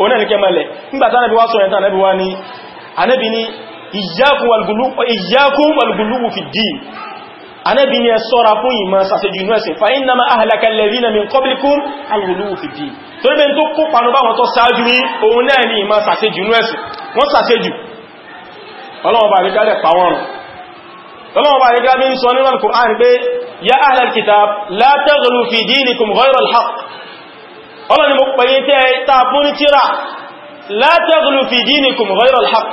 òun náà ní kẹmọ̀lẹ̀ nígbàtà náà bí wá sọ ẹ̀ta náà bí wá ní anẹ́bí ní ìyákún walguluwu fi dìí anẹ́bí ní ẹ ṣọ́ra fún ìmọ̀ sàṣẹ́jù inú ẹ̀sìn fa'inna ma ahalaka lẹ́rìnà min kọ́blikún alguluwu fi dìí torí bẹ́ tó kó panu bá wọn tó sáájú ní òun náà ní ìmọ̀ sàṣẹ́jù inú ẹ̀sìn wọ́n sàṣẹ́jù ọlọ́wọ́ nínú al pé ya ahlal kitab la taghlu fi dinikum ọlọ́ni mo pẹ̀yẹ tẹ́ tààbún ní tíra la taghlu fi dinikum ghayra al-haq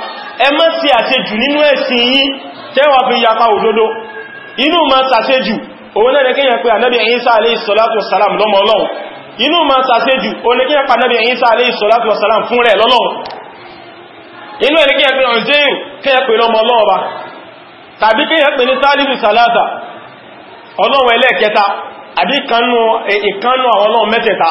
ẹ má sí àṣejù nínú ẹ̀sìn yìí tẹ́wà fi yapa òdodo inú ma sàṣejù òun salatu wassalam lọ́mọ Ọlọ́run ma sàṣejù òun kíyàn pé ànábì Ìsá alayhi salatu wassalam fún rẹ̀ lọ́lọ́run inú ẹ̀rẹ́ kíyàn pé ọ̀nzẹ́rù kíyàn pé lọ́mọ Ọlọ́run ba tàbí kíyàn pé ní sálìsù sàlátà Ọlọ́run ẹlẹ́ẹ̀kẹta àbí ìkannú àwọn Ọlọ́run mẹ́tẹ̀ta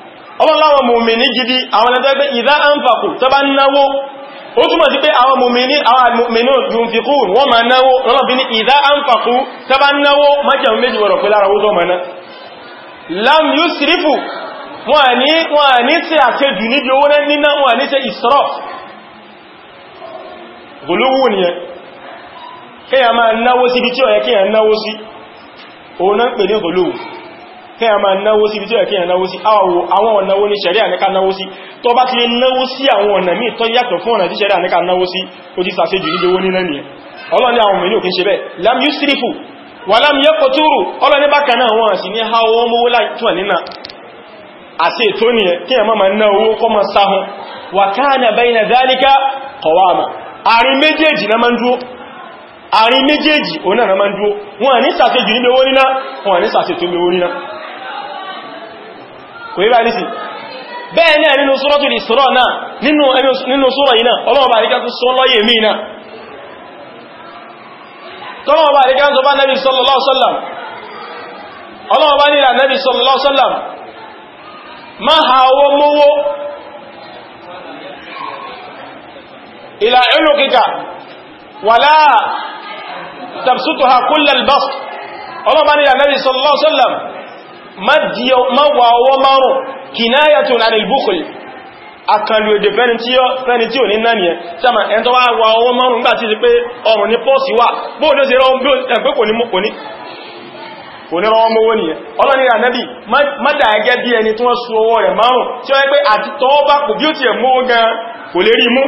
ọlọ́láwọn mùmìnì gidi àwọn ẹgbẹ́gbẹ́ ìdá àǹfàkù tó bá náwó ó túnmọ̀ sí pé àwọn mùmìnì àwọn mùmìnì yunfiqu wọ́n ma náwó lọ́lọ́bí ní ìdá àǹfàkù tó bá náwó májẹ̀mú méjì wọ̀rọ̀ pé lam yusrifu wọ́n ní ṣe àṣejù níbi owó níná wọ́n ní ṣe ìsọ́rọ̀ ni ẹ kéèyàn máa náwó sí ibi tí ó yẹ kéèyàn kí a máa náwó sí ibi tí ó yẹ kí a náwó sí àwọn ọ̀nà wo ni ṣẹ̀ríà ní ká náwó sí tó bá ti lè náwó sí àwọn ọ̀nà míì tó yàtọ̀ fún ọ̀nà tí ṣẹ̀ríà ní ká náwó sí ó ti sàṣejù ní owó níná nìyẹn ọlọ́ni àwọn ọmọ ìlú òkè ṣe bẹ́ẹ̀ lam yusrifu wà lam yaqturu ọlọ́ni bákan nínà àti ètò nìyẹn kí a máa ná owó kọ́ máa sáhun wà kana bayna dhalika qawama àrin méjèèjì na máa ń dúó méjèèjì òun na máa ń dúó wọn ní sàṣejù níbi owó níná wọn ní sàṣejù kò yíba ní sí bẹ́ẹ̀ náà nínú suratul Isra náà nínú sura yìí náà ọlọ́ọ̀bà àríkà tó sọ lọ́yè mí náà tọ́lọ́ọ̀bà àríkà tó bá nẹ́bí sallallahu alaihi wasallam ọlọ́ọ̀bá nílà nẹ́bí sallallahu alaihi wasallam ma ha owó mówó ìlà ìlú kíkà wàlá tabsutuha kullal bast ọlọ́ọ̀bá nílà nẹ́bí má wà ọwọ́ márùn kinayatun anil bukhl akànlù èdè fẹ́ni tí ò ní náà nìyẹn sáàmà ẹni tó wá wà ọwọ́ márùn nígbà tí ti pé ọrùn ní pọ́ọ̀sì wà bóò ní ó sì rọ ẹgbẹ́ kò ní mú kò ní onírànwọ́ mọ́wọ́ nìyẹn ọlọ́ni rà nẹ́bì mọ́dà ẹgẹ́ bí ẹni tí wọ́n sú ọwọ́ rẹ̀ márùn tí ó yẹ pé àti tọwọ́ bá kò bí ó ti ẹ̀ mọ́wọ́ gan kò lè rí mú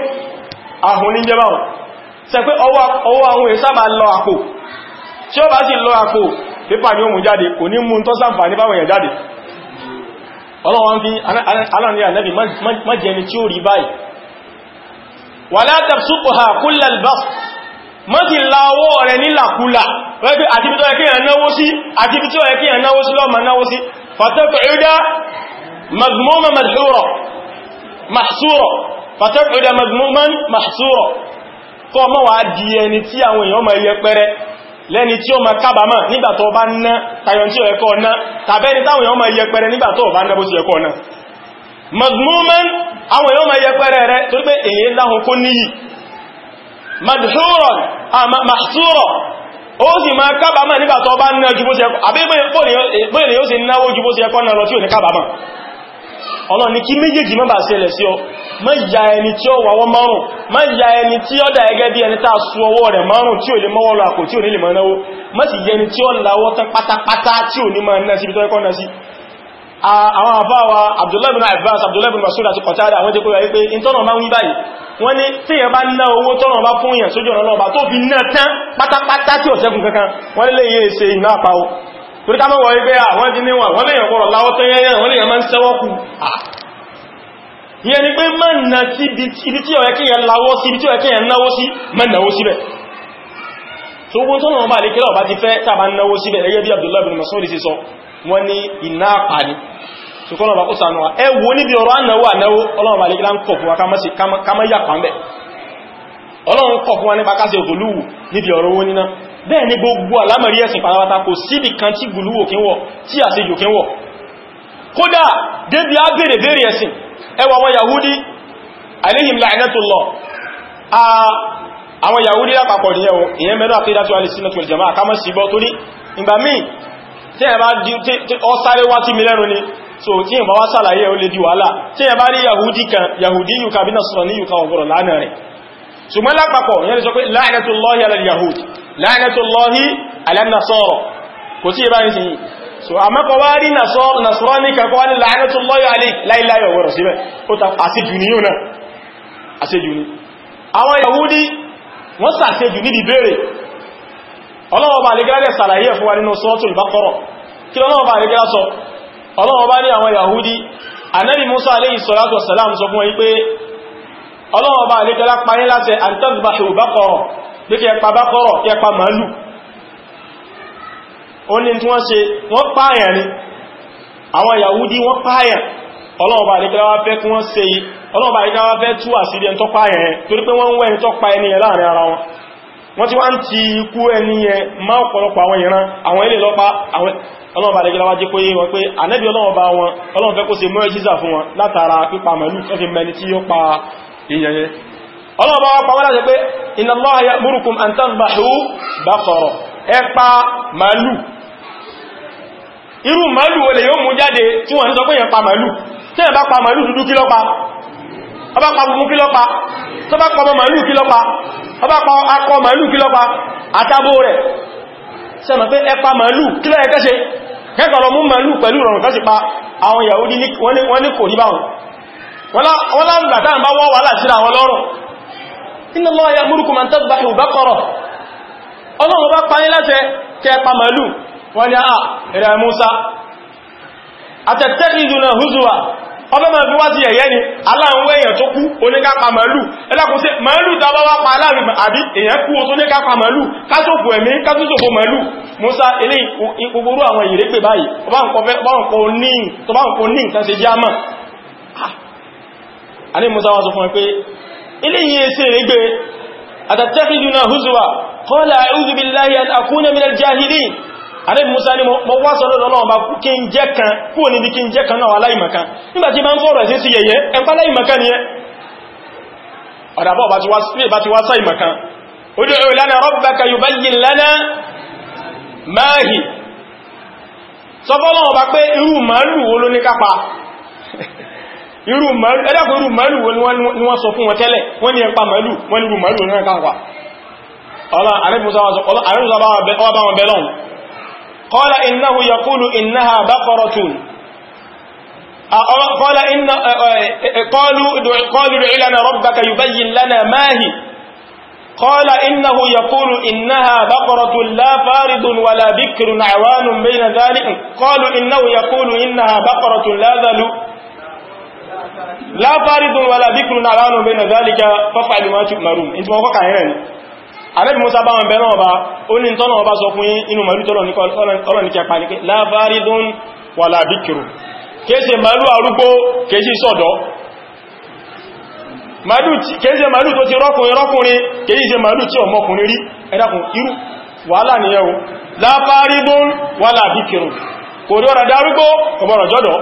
ahùn ní jẹba wọn sẹ pé ọwọ́ àwọn èsábà lọ àpò tí ó bá sì pépà ni ó mú jáde kò ní mú tó sàǹfà ní báwọn èèyàn jáde ọlọ́wọ́n fi aláàrin ànẹ́bì mọ́jẹni tí ó rí báyìí wà látàbsùkò ha kúlẹ̀ bá mọ́ sí láwọ́ rẹ̀ nílàkúlà wẹ́gbẹ́ àtibítọ́ ẹ̀kẹ́ yàn náwó sí àtibítọ́ ẹ̀kẹ́ yàn náwó sí lọ́mà náwó sí fàtẹ́kùrúdá mazmúmà mahsúrọ̀ fàtẹ́kùrúdá mazmúmà lẹ́ni tí ó ma kábàmà nígbà tó bá ná tayọ tí ó ẹ̀kọ́ ọ̀nà tàbẹ́ni táwọn èèyàn ma yẹpẹrẹ nígbà bá ná bó ti ẹ̀kọ́ ọ̀nà mazmuman àwọn èèyàn ma yẹpẹrẹ rẹ tó pé èyí láhun kó níyì madhuran ó sì ma kábàmà nígbà bá ná ju bó ti ẹ̀kọ́ ọlọ́ni kí méjèèjì má bàá ṣẹlẹ̀ sí ọ má ya ẹni tí ó wàwọ́ márùn má ya ẹni tí ó dà ẹgẹ́ bí ẹni tàà sú ọwọ́ rẹ̀ márùn tí ò lè mọ́wọ́ lọ àkò tí ò ní lè mọ́ náwó má sì yẹni tí ó láwọ́ tán pátápátá tí ò ní máa ná sí ibi tó ẹkọ́ ná sí àwọn àfáwà Abdullahi bin Abbas Abdullahi bin Masud àti Qatada àwọn jẹ́kọ́ wáyé pé in tọ́nà máa ń wí torí ká mọ́wọ̀ ibẹ́ àwọn jí dị wọ́n lèyàn kọ́rọ̀ láwọ́ tó yẹ́yẹ́ wọ́n lèyàn máa ń sẹ́wọ́kù ah. yẹn ni pé mọ́nà tí tí na láwọ́ sí ibi tí ọ̀yẹ́ náwó sí mọ́nàwó síbẹ̀ tó gbọ́n tó náà bá lè ti fẹ́ tàbá náwó síbẹ̀ gẹ́gẹ́ bí Abdullahi sọ wọ́n ní iná àpàní na kọ́nà bá kó bẹ́ẹ̀ ni gbogbo alámẹ̀rí ẹ̀sìn parawata kò síbì kan tí gùlúwò kí wọ̀ tí àṣejò kí wọ̀ kódà débi á bèèrè bèèrè ẹ̀sìn ẹwà àwọn yahudi alayhim la'natullah àwọn yahudi lápapọ̀ ní ẹwọ ìyẹn mẹ́lú àkídàtù alìsínàtù ìjẹmà àkámọ́ sí bọ́ torí ìgbà míì tí ẹ bá ọ sáré wá tí mi lẹ́nu ni so tí ìbá wá sàlàyé ó lè di wàhálà tí ẹ bá rí yahudi kan yahudi yùka bí nasọ̀rọ̀ ní yùka ọ̀gọ̀rọ̀ lánàá rẹ̀ ṣùgbọ́n lápapọ̀ yẹn sọ pé la'natullahi ala al-yahud la'natullahi ala an-nasara kò tí ìbá nìsìn yìí so a mẹ́kọ̀ wá rí nasọ́rọ̀ ní kẹ́kọ́ wá ní la'natullahi alayhi láìláyọ̀ wọ́rọ̀ síbẹ̀ ó ta àṣejù ní yóò náà àṣejù ní àwọn yahudi wọ́n sàṣejù ní ìbéèrè ọlọ́wọ́ bá lè gẹ́rẹ́ sàlàyé fún wa nínú suratul Baqara kí lọ́wọ́ bá lè gẹ́rẹ́ sọ ọlọ́wọ́ ọlọ́wọ́ bá lè tẹ́lá parí láti àtọ́gbàṣò bákọ̀rọ̀ bí kí ẹpa bákọ̀rọ̀ kí ẹpa màálù ó ní tí wọ́n ṣe wọ́n pààyàn ni àwọn Yahudi wọ́n pààyàn ọlọ́wọ́ bá lè tẹ́lá wá fẹ́ kí wọ́n ṣe ọlọ́wọ́ bá lè tẹ́lá wá fẹ́ tú àṣírí ẹni tó pààyàn yẹn torí pé wọ́n ń wẹ́ ẹni tó pa ẹni yẹn láàrin ara wọn wọ́n ti wá ń ti ikú ẹni yẹn má ọ̀pọ̀lọpọ̀ àwọn kó ṣe mọ́ ẹjíza fún wọn látara pípa màálù tó fi tí ó pa ìyẹnyẹ ọlọ́ọ̀bá wá pàwọ́lá jẹ pé inna Allaha ya'murukum an tadhbahu baqara ẹpa màálù irú màálù olè yóò mú jáde tí wọ́n ń sọ pé yẹn pa màálù tí yẹn bá pa màálù dúdú kí lọ́pa ọba pa bùbù kí lọ́pa tó bá pa ọmọ màálù kí lọ́pa ọba pa akọ màálù kí lọ́pa àtàbò rẹ̀ sẹ́mọ̀ pé ẹpa màálù màálù wọ́n láwọn gbàtà ń bá wọ́ wà látíra wọn lọ́rùn inna Allah ya'murukum an tadhbahu baqara ọlọ́run bá pa ní láti kẹpa màlúù wọ́n ni a ẹ̀rẹ̀ Musa atattakhiduna huzwa ọbẹ́ ma fi wá ti ẹ̀yẹ́ ni aláwọ̀ èèyàn tó Musa ń kọ ní nǹkan jẹ́ àmà àní Musa wá sọ fún pé eléyìí ẹsẹ̀ rẹ̀ gbé atattakhiduna huzwa qala a'udhu billahi an akuna minal jahilin àní Musa ní mo wá sọ lọ́dọ̀ Ọlọ́run bá kí n jẹ́ kan kúrò níbi kí n jẹ́ kan náà aláìmọ̀kan nígbà tí máa ń fọ́rọ̀ ẹ̀sẹ̀ sí yẹyẹ ẹ̀pá aláìmọ̀kan ni ẹ ọ̀dàbọ̀ bá irú màálù ẹ̀dàkùn irú màálù wo ni wọ́n sọ fún wọn tẹ́lẹ̀ wọ́n ní ẹ̀pà màálù wọ́n ní irú màálù náà káàkwà ọlá àrẹ́bùsáwà bẹ̀lọ́n qala innahu yaqulu innaha baqaratun qala la faridun wala dhikrun alanu bayna dhalika faf'alu ma tu'marun in ti mọ́kọ́ kàyẹ̀ ni àbẹ́bì musa bá wọn bẹ̀rẹ̀ ọba ó ní tọ́nà ọba sọ fún inú màlúù tọ́nà ní kẹpa ní la faridun wala dhikrun kéèsè màlúù arúgbó kéèsì sọ́dọ̀ kéèsè màlúù tó ti rọ́kùnrin rọ́kùnrin kéèsè màlúù tí ọmọkùnrin rí ẹ̀dàkùn irú wàhálà nìyẹn o la faridun wala dhikrun kò rí ọ̀rọ̀ darúgbó ọmọ ọ̀rọ̀ jọ́dọ̀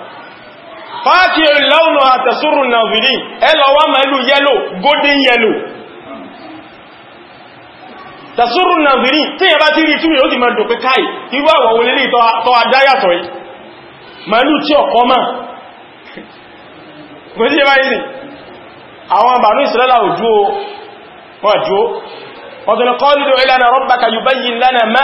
fáàkì lọ́nà àtẹ̀sùrù nàìjírí ẹlọ wá mẹ́lú yẹ́lò golden yẹ́lò tẹ̀sùrù nàìjírí tí yẹ bá ti rí túnmí ó ti mẹ́lú pé káì irú àwọn olélé tọ́ adáyàtọ̀ yìí mẹ́lú tí ọ̀kọ́ mọ́ kò sí ẹbá ìsìn àwọn àbànú ìsìlẹ́lá òjò ọjọ́ kọ́lù ìlànà rabbaka yubayyin lana ma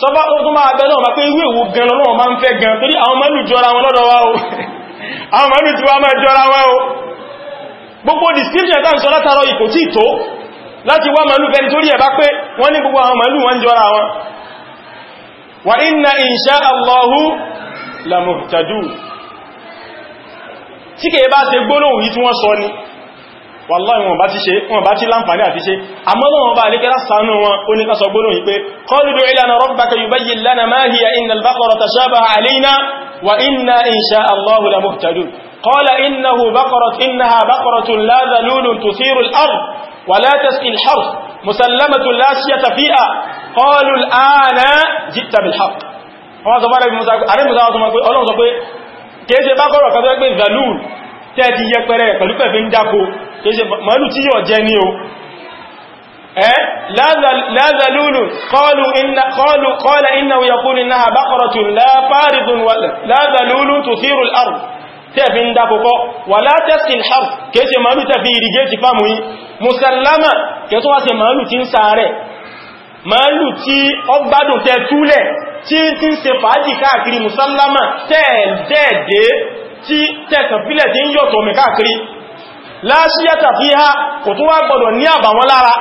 sọba ó tún máa bẹ́ lọ́wọ́ pé irú èwo gan lọ́wọ́ máa ń fẹ́ gan torí àwọn mẹ́lù jọra wọn lọ́dọ̀ wá o àwọn mẹ́lù tí wá máa jọra wọn o gbogbo description tán sọ látàrọ ikò tí tó láti wá mẹ́lù bẹni torí ẹ̀bá pé wọ́n ní gbogbo àwọn mẹ́lù wa inna insha Allahu lamuhtadu tí kèé bá ṣe gbólóhùn wàláì wọn bá ti ṣe wọn bá ti láǹfààní àti ṣe àmọ́lọ́ wọn bá alékẹ́lá sànú wọn ó ní kásọ gbónú wípé qalu lana rabbaka yubayyin lana ma hiya innal baqara tashabaha alayna wa inna insha Allahu lamuhtadun qala innahu baqarat innaha baqaratun la dhalulun tuthiru al-ard wa la tasqi al-harth musallamatun la shiyata fiha qalu al-ana ji'ta bil-haqq wọ́n sọ bá rẹ̀ tẹ́ẹ̀dì yẹpẹrẹ pẹ̀lú pẹ̀fẹ́ ń dákó kéṣe màálù tí yọ jẹ ní o ẹ́ lázàlúlù kọ́lá iná yakúrù náà bákọ̀rọ̀tún láfáàrídùn lázàlúlù tó sírùl arù tẹ́ẹ̀fẹ́ ń dákókọ́ wà látẹ́sìn harf kéṣe màálù tẹ́fẹ́ ìrìgé ti tí tẹ́kàn fílẹ̀ tí ń yọ̀tọ̀ mẹ́ káàkiri láṣíyàtà fi ha kò tún wá gbọdọ̀ ní àbàwọn lára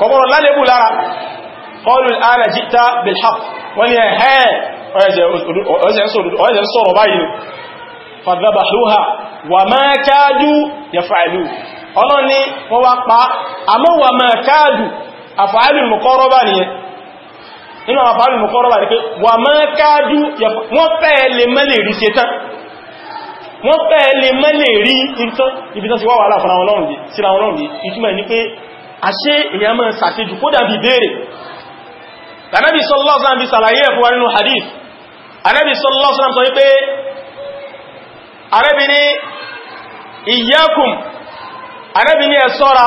kọ̀bọ̀rọ̀ lálébù lára ọlùl ara jíta wani báyìí wa ma wọ́n wá pa wa ma inú àwọn fàálù mọ̀kọ́rọ̀wà ní pé wà máa káájú wọ́n fẹ́ẹ̀ lè mẹ́lẹ̀ rí ṣe tán wọ́n fẹ́ẹ̀ lè mẹ́lẹ̀ rí ibi tán ti wá wàhálà fún àwọn ọlọ́run bí ìtumọ̀ ní pé àṣẹ èyàn máa sàṣejù kó dàbí béèrè Ànábì sallallahu alaihi wasallam ṣàlàyé ẹ̀fún wa nínú hadith Ànábì sallallahu alaihi wasallam sọ wípé Ànábì ní iyyakum Ànábì ní ẹ ṣọ́ra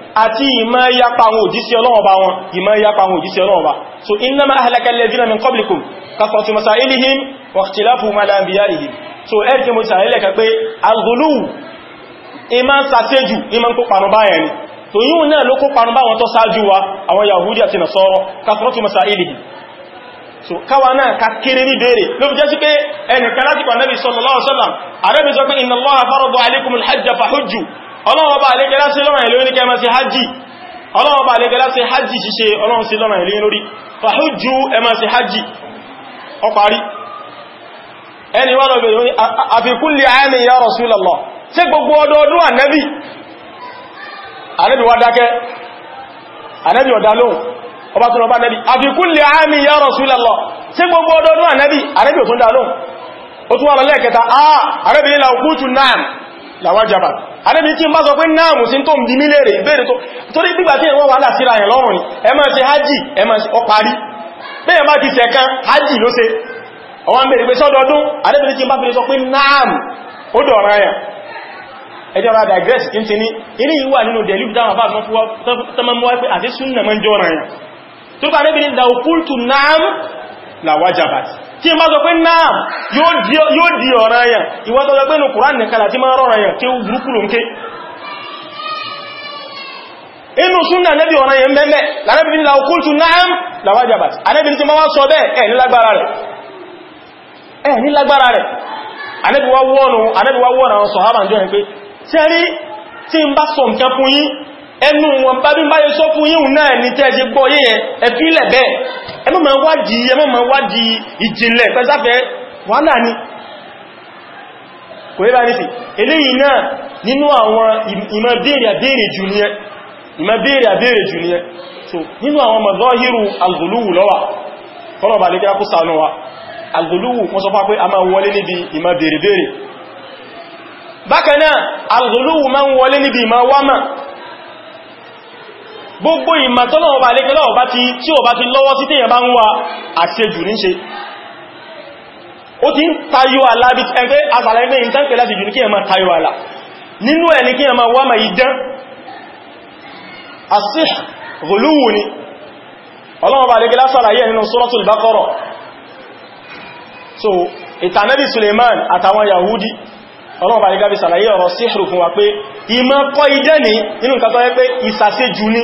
àti ìmọ̀ yapa àwọn òjísí ọlọ́wọ́ bá wọn ìmọ̀ yapa àwọn òjísí ọlọ́wọ́ bá so innama ahlaka alladhina min qablikum kasratu masailihim wa ikhtilafuhum ala anbiya'ihim so ẹ̀kẹ́ mo sàrẹ́lẹ̀ kan pé al-ghulu ìmọ̀ sàtẹ́jù ìmọ̀ kó so yíò náà ló kó panu báwọn tó sáájú wa àwọn yahudi àti nasọ́rọ̀ so káwa náà ká kéré ní bèèrè ló fi jẹ́ sí pé ẹnìkan láti pàdánàbì sallallahu alaihi ọlọ́wọ́ bá alẹ́gẹ́ láti lọ́rọ̀ ìlú ní kẹmọ́ sí hajji ọlọ́wọ́ bá alẹ́gẹ́ láti hajji ṣíṣe ọlọ́run sí lọ́rọ̀ ìlú lórí fàhújú ẹmọ́ sí hajji ọparí ẹni wọ́n lọ́bẹ̀ yóò ní àfikúnlẹ̀ àmì ya Rasulullah ṣé gbogbo ọdọọdún ànẹ́bì ànẹ́bì wá dákẹ́ ànẹ́bì ọ̀dá lóhun ọba tó lọ́bá ànẹ́bì àfikúnlẹ̀ ó tún wà lọ́lẹ́ẹ̀kẹta àà ànẹ́bì ní làwọ́kútù náà làwọ́jàbà àbẹ́bí tí ń bá sọ pé náà mú sí tó ń bí mílẹ̀ rẹ̀ ìbéèrè tó torí gbígbà tí ẹ̀wọ́n wà láàsíra ẹ̀ lọ́rùn ẹ máa ṣe hajji ẹ máa ṣe ọparí bẹ́ẹ̀ máa ti sẹ̀kan hajji ló ṣe ọwọ́n bèèrè pé sọ́dọọdún àbẹ́bí tí ń bá fi sọ pé náà ó dọ̀rọ̀ ayà ẹjọ́ ra digress kí n ti ní ilé ìwà nínú delivery dáwọn bá tán fúwọ́ tánmọ́ mọ́ pé àti súnnà mọ́ jọ́ra yà tó bá níbi ní dáwọ́ kúrtù náà làwájábàtì tí ma sọ pé náà yóò di ọ̀rọ̀ yẹn ìwọ́n tó sọ pé ní Kùránì nìkan àti máa rọrọ̀ yẹn kí ó burúkú ló ń ké inú súnnà nẹ́bí ọ̀rọ̀ yẹn mẹ́mẹ́ lárẹ́bí ní laukúltù náà làwájàbàtì anẹ́bí ní tí ma wá sọ bẹ́ẹ̀ ẹ̀ nílágbára rẹ̀ ẹ̀ nílágbára rẹ̀ anẹ́bí ẹnu wọn bá bí báyé sọ fún yíhùn náà ní tẹ́ ṣe gbọ́ yíyẹn ẹ̀fí ilẹ̀ bẹ́ẹ̀ ẹmọ́ ma wádìí ẹmọ́ ìjìnlẹ̀ pẹ́sáfẹ́ wàhálà ní kò yíba nítì eléyìí náà nínú àwọn ìmọ̀bẹ̀rẹ̀ àbẹ̀rẹ̀ so a bákanáà máa ń wọlé níbi ìmọ̀ wámà gbogbo ìmọ̀tọ́lọ̀ ọba alékẹ́lọ́ ọba tí tí ọba ti lọ́wọ́ sí tèyàn bá ń wá àṣejù ní ṣe ó ti ń tayọ alábi ẹgbẹ́ asàlẹ́gbẹ́ ìtànkẹ́ láti jù ní kíyàn máa tayọ alá nínú ẹ̀ ní kíyàn máa wá ma ìdán àṣí gòlúwù ni ọlọ́ọba alékẹ́lá sàlàyé nínú Suratul Baqara so ìtànẹ́bì Suleiman àtàwọn Yahudi ọlọ́ọ̀bà ní gábi sàlàyé ọ̀rọ̀ síhìrù fún wa pé ìmọ̀ kọ idán ní inú nǹkan tó pé ìsàṣejù ni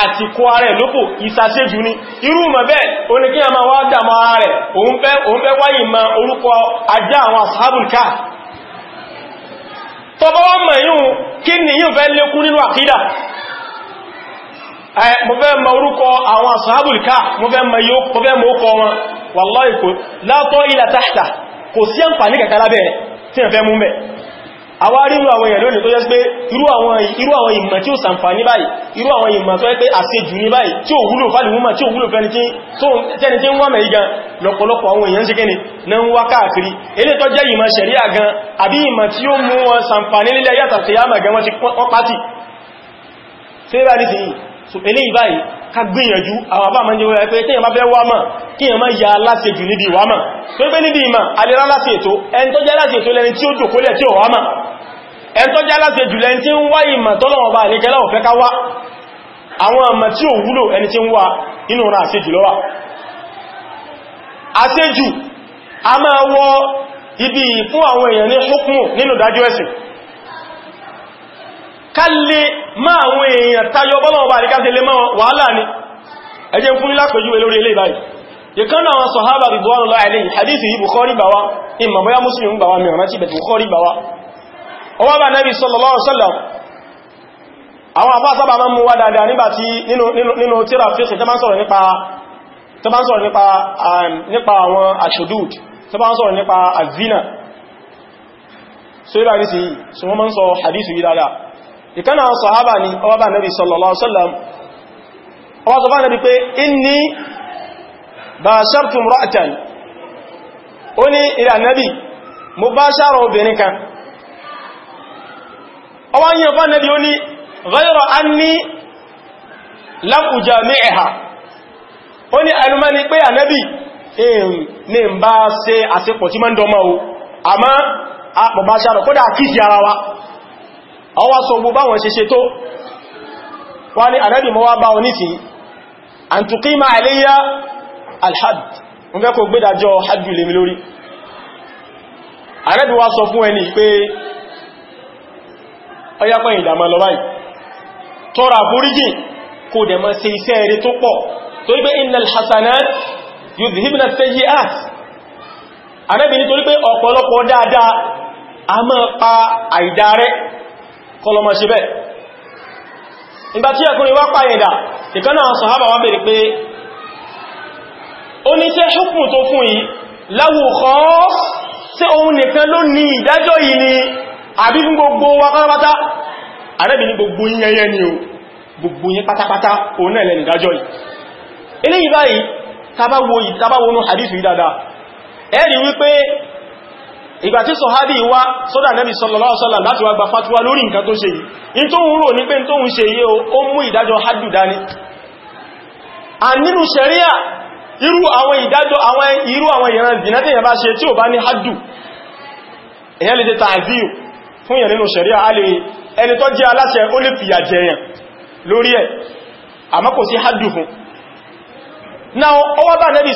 àti kó ara ẹ̀ lópò ìsàṣẹ́jù ni irú mọ̀ bẹ́ẹ̀ oníkíyà máa wá dàmọ́ ara rẹ̀ òun fẹ́ wáyìí ma orúkọ ajá àwọn ashabul kahf tọba wọ́n mọ̀ yíò kí ni yíò fẹ́ lékún nínú àkídà mo fẹ́ mọ̀ orúkọ àwọn ashabul kahf mo fẹ́ mọ̀ yíò mo fẹ́ mọ̀ ókọ wọn wallahi kò látọ́ ilẹ̀ tàhtà kò sí àǹfàní kẹta lábẹ́ tí ẹ fẹ́ mú àwa rí irú àwọn èèyàn lónìí tó yẹ́ pé irú àwọn ìmọ̀ tí ó sàǹfàní báyìí irú àwọn ìmọ̀ tó yẹ́ pé àṣejù ní báyìí tí ó wúlò fàdìmúmà tí ó wúlò fẹ́ni tí ń na ń wá káàkiri ilé tó jẹ́ ìmọ̀ ṣẹ̀ríà gan àbí ìmọ̀ tí ó mú wọn sàǹfàní wọ́n so eléyìí báyìí ká gbìyànjú àwọn àbá ma ń jẹ́ pé tí ìyàmá bẹ́ wá mọ̀ kí ìyàmá ya aláṣẹ jù níbi ìwá mọ̀ tó gbé níbi ìmọ̀ alẹ́rá aláṣẹ ètò ẹn tó jẹ́ aláṣẹ ètò lẹni tí ó jòkólẹ̀ tí ó wá mọ̀ ẹn tó jẹ́ aláṣẹ jù lẹni tí ń wá ìmọ̀ kálé máa àwọn èèyàn tayọ bọ́lọ̀ ọba àríkáṣe lè máa wàhálà ní ẹjẹ́ fún nílápẹ̀jú lórí ilé báyìí ìkan náà sọ̀hábà bìbọn lọ àìlẹ́yìn hadith yìí bukhari bàwá ìmọ̀bọ́yá muslim bàwá mìíràn ti bẹ̀tù bukhari bàwá ọwọ́ bá nẹ́bí sallallahu alaihi wasallam àwọn àfá sábà máa mú wá dáadáa nígbà tí nínú tíra fíṣẹ̀ tó bá ń sọ̀rọ̀ nípa um, àwọn so ibà ní sí so wọ́n máa ń sọ hadith yìí dáadáa ìkánà àwọn sọ̀hábà ni ọwá bá nẹ́bí sallallahu alaihi wasallam ọwá sọ bá nẹ́bí pé inni bashartu imra'atan ó ní ìrà nẹ́bí mo bá ṣàrọ̀ obìnrin kan ọwá yí ọba nẹ́bí ó ní ghayra anni lam ujami'ha ó ní alúmọ́ ọwá sọ gbogbo báwọn ṣe ṣe tó wá ní ànábì mọ́ wá bá wọn ní ti an tuqima alayya alhad ń fẹ́ kó gbédàjọ́ hajjú lèmi lórí ànábì wá sọ fún ẹni pé ọyápẹ́ ìdàmà lọ báyìí tọrọ àforíjì kò dẹ̀ máa a máa pa àìdá rẹ̀ kọlọmọ ṣe bẹ́ẹ̀ ìgbà tí ẹkùnrin wá pàyẹ̀dà ìkan náà sọ̀hábà wá bèèrè pé ó ní ṣe ṣùkùn tó fún yìí láwù sí ohun nìkan ló ní ìdájọ́ yìí ni àbí fún gbogbo wa pátápátá àrẹ́bì ní gbogbo yẹnyẹ ni o gbogbo yẹn pátápátá òun náà lẹ́nu ìdájọ́ yìí eléyìí báyìí tàbá wo ìtàbá wọnú hadith yìí dáadáa ẹ wípé ìgbà tí sọ̀hábì wá sọ́dà nẹ́bì sallallahu alaihi wasallam láti wá gba fatuwa lórí nǹkan tó ṣe yìí in tó ń rò ní pé tó ń ṣe yìí ó mú ìdájọ́ hajjù dání a nínú ṣẹ̀ríà irú àwọn ìdájọ́ àwọn irú àwọn ìran zinatẹ́ yẹn bá ṣe tí ò bá ní hajjù èyàn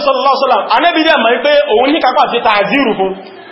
sallallahu alaihi wasallam anẹ́bì dẹ̀ mọ̀ pé òun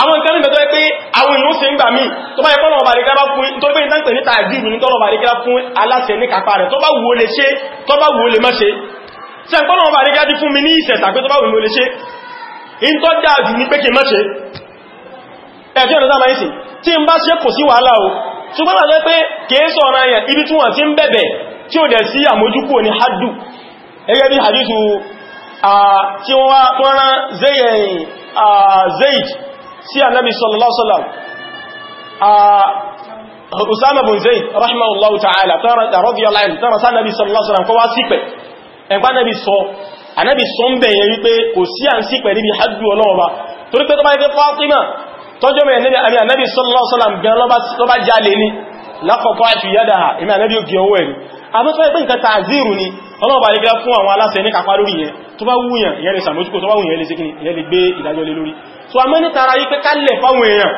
àwọn nǹkan nígbẹ̀ tó yẹ pé àwọn ìlú sí ń gbà mí tó bá yẹ kọ́nà ọba àríkà bá fún tó pé ìtànkì níta àjíjù ní tọ́nà ọba àríkà fún aláṣẹ ní kàpá rẹ̀ tó bá wù ó lè ṣe tó bá wù ó lè má ṣe tí ẹ̀kọ́nà ọba àríkà dí fún mi ní ìṣẹ̀ tàbí tó bá wù ó lè ṣe in tó dáa jù ní pé kí má ṣe ẹ̀jẹ́ ọ̀nà sáà ìsìn tí ń bá ṣe kò sí wàhálà o ṣùgbọ́n àti pé kìí sọ ọ̀rọ̀ ayẹ̀ ibi tí wọ́n ti ń bẹ̀bẹ̀ tí ó dẹ̀ sí àmójúkò ní haddu ẹgẹ́ bí hadithu ah, tí wọ́n wá tọ́rán zayd ah, sí ànábì sallallahu alaihi wasallam Usama bin Zayd rahimahullahu ta'ala radiyallahu anhu tara sa nabi sallallahu alaihi wasallam kò wá sípẹ̀ ẹgbá nabi sọ anabi sọ ń bẹ̀yẹ wípé kò sí à ń sípẹ̀ níbi hajjú Ọlọ́run ba torí pé tó bá yẹ pé Fatima tọ́jọ́ mẹ́ ẹni anabi sallallahu alaihi wasallam gan ló bá jalè ní lákọ̀ọ́kọ́ àti yadaha ìmẹ́ anabi ó gẹ̀ owó ẹ̀rí àmọ́ ọlọ́ọ̀bà lè gẹ́ fún àwọn aláṣẹ ní kàpá lórí yẹn tó bá wúyàn ìyẹn lè sàmójúkò tó bá wúyàn lè síkíní ìyẹn lè gbé ìdájọ́ lé lórí so a mọ́ ní tara yí pé kálẹ̀ fáwọn èèyàn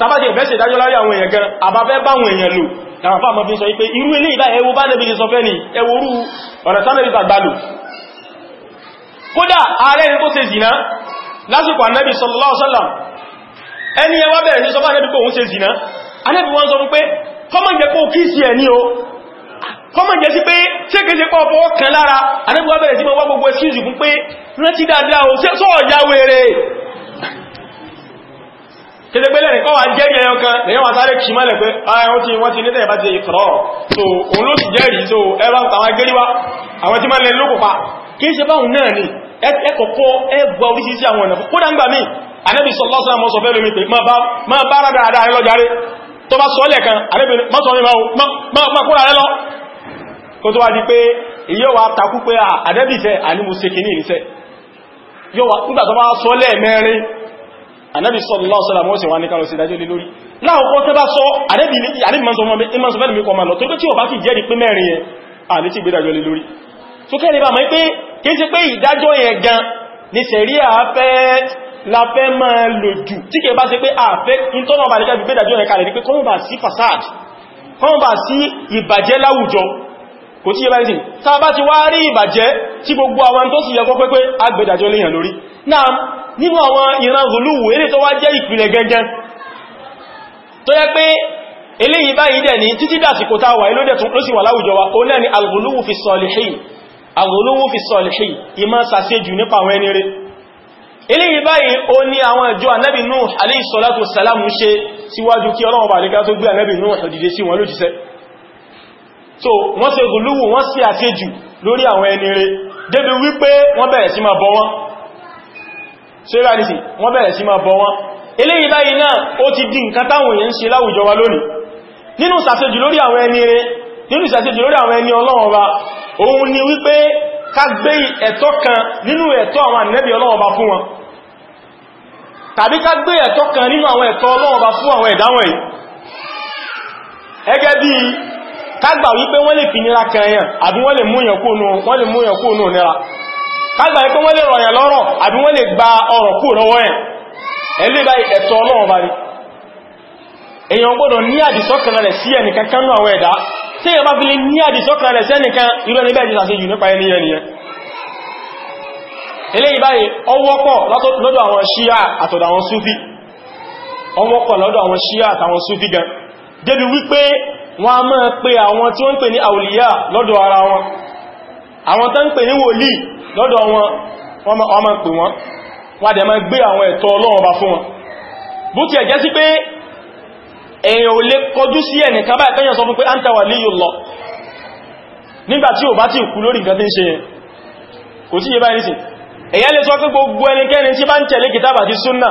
tàbátí ẹ̀fẹ́ sí ìdájọ́ láyé àwọn èèyàn gan àbábẹ́ báwọn èèyàn lò láwọn fáàmọ́ fi sọ wípé irú ilé ìbá ẹwọ bá nẹ́bí sọ fẹ́ ni ẹwọ orú ọ̀nà sánẹ́bí bàgbà lò kódà ààrẹ ni tó ṣe zìná lásìkò ànẹ́bí sallallahu alaihi wasallam ẹni ẹwà bẹ̀rẹ̀ ní sọ bá nẹ́bí kò ń ṣe zìná anẹ́bí wọ́n sọ fún pé kọ́mọ̀ ìgbẹ̀kọ́ kí sí ẹ̀ ní o kọmọ̀ jẹ́ sí pé ṣékèṣe pọ̀ ọ̀pọ̀ ọkàn lára anẹ́gbọ́ bẹ̀rẹ̀ sí mọ́wọ́ gbogbo ẹ̀ṣíjù fún pé rántí dáadáa o sọ́ọ̀ ya wèrè kéde pé lẹ́rìn kọ́ wà jẹ́ ẹyọ kan lèyàn wà sáré kìí mọ́lẹ̀ pé ara ẹ̀hún tí wọ́n ti ní tẹ̀yẹ̀bá ti ìfọ̀rọ̀ so òun ló sì jẹ́rìí so ẹwà àwọn agẹ́ríwá àwọn tí máa lẹ lókòpá kìí ṣe báhùn náà ni ẹkọ̀kọ́ ẹgbà oríṣiríṣi àwọn ọ̀nà kódà ń gbà mí Ànábì sallallahu alaihi wasallam fẹ́ lómi pé máa bá rádàrádà rẹ lọ́jàre tó bá sọ́ọ̀lẹ̀ kan Ànábì mọ́sọ̀rọ̀ mi máa kó kó tó wá di pé èyí wà takú pé àdẹ́bìfẹ́ ànímúsekìní ìníṣẹ́ yóò wà nígbà tó bá sọ lẹ́ẹ̀mẹ́rin ànábì sallallahu alaihi wasallam ó sì wá ní kálọ sí ìdájọ́ lé lórí láàkọ́ tẹ́ bá sọ àdẹ́bì ìmọ̀sọ̀fẹ́lì mi kọ ma lọ tó tí ó bá kì jẹ́ di pé mẹ́rin yẹn àní tí gbédájọ́ lé lórí tó kẹ́ lè bá mọ́ pé kí ṣe pé ìdájọ́ yẹn gan ní sẹ̀ríà fẹ́ la fẹ́ máa lò jù tí kẹ bá ṣe pé àfẹ́ ìtọ́nà bá lẹ́gbẹ̀ẹ́dájọ́ yẹn sí ìbàjẹ́ láwùjọ kò tí yẹ báyìí tá bá ti wá rí ìbàjẹ́ tí gbogbo àwọn tó sì yẹ kó pẹ́pẹ́ agbẹ̀dàjọ́ léyàn lórí náà nínú àwọn ìran gùlúwù eré tó wá jẹ́ ìpìlẹ̀ gẹ́gẹ́ tó yẹ pé eléyìí báyìí dẹ̀ ní títí dàsìkò tá wà ilódẹ̀ tún ló ni al-ghuluwu fi salihin al-ghuluwu fi salihin ìmọ̀ sàṣejù nípa àwọn ẹni rẹ̀ eléyìí báyìí ó ní àwọn so wọ́n ṣe gùlúwù wọ́n ṣe àṣejù lórí àwọn ẹni rẹ̀ débi wípé wọ́n bẹ̀rẹ̀ sí máa bọ wọ́n so ẹ́rà nìsí wọ́n bẹ̀rẹ̀ sí máa bọ wọ́n eléyìí báyìí náà ó ti di nǹkan táwọn èèyàn ń ṣe láwùjọ wa lónìí nínú ṣàṣejù lórí àwọn ẹni rẹ̀ nínú ṣàṣejù lórí àwọn ẹni Ọlọ́run Ọba òun ni wípé ká gbé ẹ̀tọ́ kan nínú ẹ̀tọ́ àwọn ànẹ́bí Ọlọ́run Ọba fún wọn tàbí ká gbé ẹ̀tọ́ kan nínú àwọn ẹ̀tọ́ Ọlọ́run Ọba fún àwọn ẹ̀dáwọn yìí ẹgẹ́ bí kágbà wípé wọ́n lè fi nira kan èèyàn àbí wọ́n lè múyàn kúrò ní nira kágbà wípé wọ́n lè rọ̀yàn lọ́rọ̀ àbí wọ́n lè gba ọ̀rọ̀ kúrò lọ́wọ́ yẹn ẹlé báyìí ẹ̀tọ́ ọlọ́run bá ní èèyàn gbọ́dọ̀ ní àdìsọ́kàn rẹ̀ sí ẹnìkan kánú àwọn ẹ̀dá tí èèyàn bá fi lè ní àdìsọ́kàn rẹ̀ sẹ́nìkan irú ẹni bẹ́ẹ̀ ti sàṣejù nípa ẹni yẹn nìyẹn eléyìí báyìí ọwọ́pọ̀ lọ́dọ̀ àwọn ṣíyà àtọ̀dọ̀ àwọn gan débi wípé wọ́n a máa pe àwọn tí wọ́n ń pè ní àwòlíyà lọ́dọ̀ ara wọn àwọn tó ń pè ní wòlíì lọ́dọ̀ wọn wọ́n máa pè wọ́n wọ́n dẹ̀ máa gbé àwọn ẹ̀tọ́ Ọlọ́run bá fún wọn bó ti ẹ̀jẹ́ sí pé èèyàn ò lè kọjú sí ẹnìkan báyìí kẹ́yàn sọ fún pé anta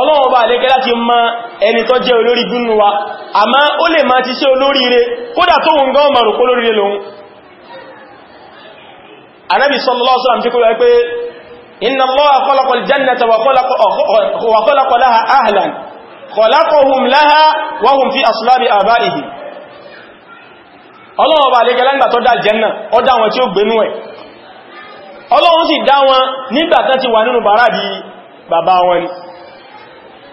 ọlọ́wọ́ bá lẹ́kẹ́ láti mọ ẹni tó jẹ́ olórí gúnnù wa àmá ó lè máa ti ṣe olóríire kódà tó wùn gán mọ̀rùn kólóríire lòun anábi sallallahu alaihi wasallam tí kó rẹ̀ pé inna Allaha khalaqa al-jannata wa khalaqa laha ahlan khalaqahum laha wa hum fi aslabi aba'ihim ọlọ́wọ́ bá lẹ́kẹ́ lágbà tó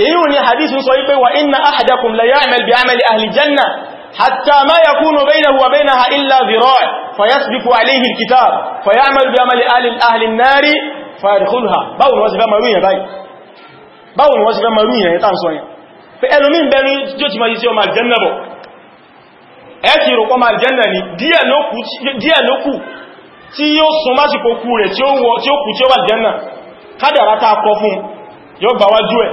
èyí ni hadith ń sọ wípé wa inna ahadakum la ya'mal bi amali ahli janna hatta ma yakunu baynahu wa baynaha illa dhira' fayasbiqu alayhi alkitab fay'amalu bi amali ahli an-nar fayadkhulha báwo ni wọ́n sì fẹ́ maru yẹn báyìí báwo ni wọ́n sì fẹ́ maru yẹn tán sọ yẹn pé ẹlòmí bẹ̀rẹ̀ tí ó ti máa yí sí ọmọ aljanna bọ̀ ẹ díẹ̀ ló kù tí yóò sún lásìkò kú rẹ̀ tí ó kù tí ó wà aljanna kádàrá kọ fún yóò gbà wájú ẹ̀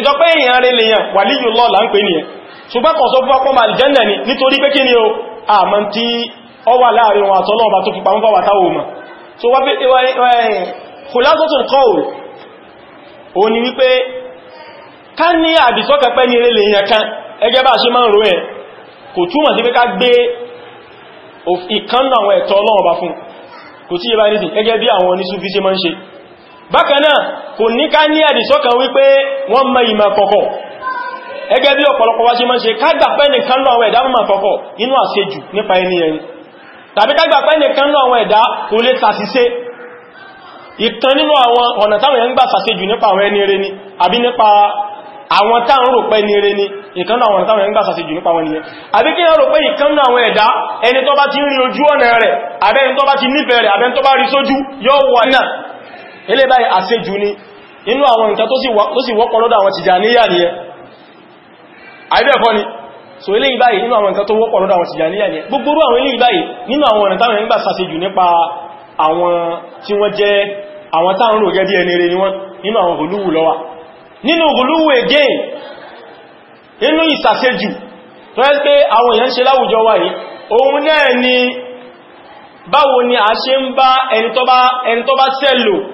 ìtọ́pẹ́ èèyàn rẹ̀ lèyàn wàlíyù lọ́la ń pè ní ẹ̀ ṣùgbọ́n kan sọ fún ọpọ́ màlìjẹ́nà ni nítorí pé kí ni o àmọ́ tí ọ wà láàrin wọn àtọ́lọ́ ọba tó fi pàmọ́ wà táwò mọ̀ so wá pé kòlásọ́tún ni wípé ká ní àdìsọ́kẹ́pẹ́ ní rẹ̀ lèyàn kan ẹgẹ́ bá ṣe máa ń ro ẹ̀ kò túmọ̀ sí pé ká gbé ìkan náà ẹ̀tọ́ ọlọ́run bákanáà kò ní ká ní àdìsọ́kàn wípé wọ́n mọ ìmọ̀ kọ̀kọ̀ ẹgẹ́ bí ọ̀pọ̀lọpọ̀ wá ṣe mọ́ ṣe kágbà pẹ́ni lọ àwọn ẹ̀dá mọ̀ kọ̀kọ̀ inú àṣejù nípa ẹni ẹni tàbí kágbà pẹ́ni lọ àwọn ẹ̀dá kò lè sàṣìṣe ìkan nínú àwọn ọ̀nà táwọn èèyàn gbà sàṣejù nípa àwọn ẹni rere ni àbí nípa àwọn ni ìkan náà àwọn táwọn gbà sàṣejù nípa wọn nìyẹn àbí kí wọ́n rò pé ìkan náà àwọn ẹ̀dá ẹni tó bá ti ń rí ojú ọ̀nà rẹ̀ tó ti ilé báyìí àṣejù ni inú àwọn nǹkan tó sì wọ́pọ̀ lọ́dọ̀ àwọn Tìjàníyà ni ẹ àìbẹ̀kọ́ ni so ilé ìbáyìí nínú àwọn nǹkan tó wọ́pọ̀ lọ́dọ̀ àwọn Tìjàníyà ni gbogbo àwọn ilé ìbáyìí nínú àwọn ọ̀nà táwọn ẹgbà ṣàṣejù nípa àwọn tí wọ́n jẹ́ àwọn táwọn rò ni wọ́n nínú àwọn gòlúwù lọ́wà nínú gòlúwù again inú ìṣàṣejù tó ni báwo ni a ṣe ń bá ẹni tó bá tẹ́lò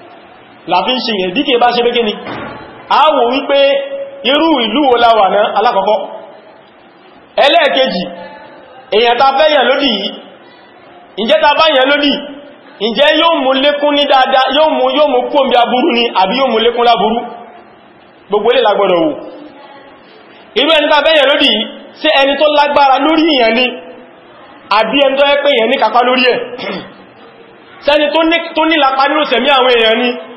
láfí ṣe yẹn díkẹ̀ bá ṣe pékè ní a wò wípé irú ìlú wo la wà náà alákọ̀ọ́kọ́ ẹlẹ́ẹ̀kejì èyàn ta fẹ́ yàn lódì yìí ǹjẹ́ ta bá yàn lódì ǹjẹ́ yóò mú lékún ní dáadáa yóò mú yóò mú kó bí aburú ni àbí yóò mú lékún láburú gbogbo lè lágbọ́dọ̀ wò irú ẹni ta fẹ́ yàn lódì yìí ṣé ẹni tó lágbára lórí ìyàn ni àbí ẹni tó yẹ pé èyàn sẹ́ni tó ní lápá nínú sẹ̀mí àwọn èèyàn ni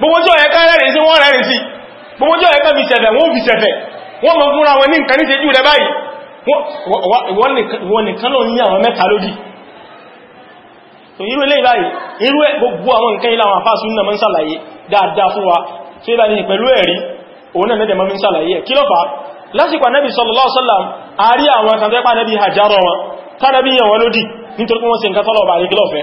gbogbo tí ọ̀yẹ́ká rẹ̀rìn sí wọ́n rẹ̀rìn sí gbogbo tí ọ̀yẹ́ká fi ṣẹ̀fẹ̀ wọ́n fi ṣẹ̀fẹ̀ wọ́n mọ̀ fúnra wọn ní nǹkan ní ṣe jù rẹ̀ báyìí wọ́n nìkan náà ní àwọn mẹ́ta lódì so irú ilé ìbáyìí irú ẹ̀ gbogbo àwọn nǹkan ilá àwọn afásún náà mọ́ ń sàlàyé dáadáa fún wa tí ó bá ní pẹ̀lú ẹ̀rí òun náà nẹ́dẹ̀ mọ́ ń sàlàyé ẹ̀ kí ló fà lásìkò anẹ́bì sallallahu alaihi wasallam a rí àwọn kan tẹ́pà anẹ́bì hajjarọ wọn tánẹ́bì yẹn wọn lódì nítorí pé wọ́n ṣe nǹkan tọ́lọ̀ ọba àríkílọ̀fẹ́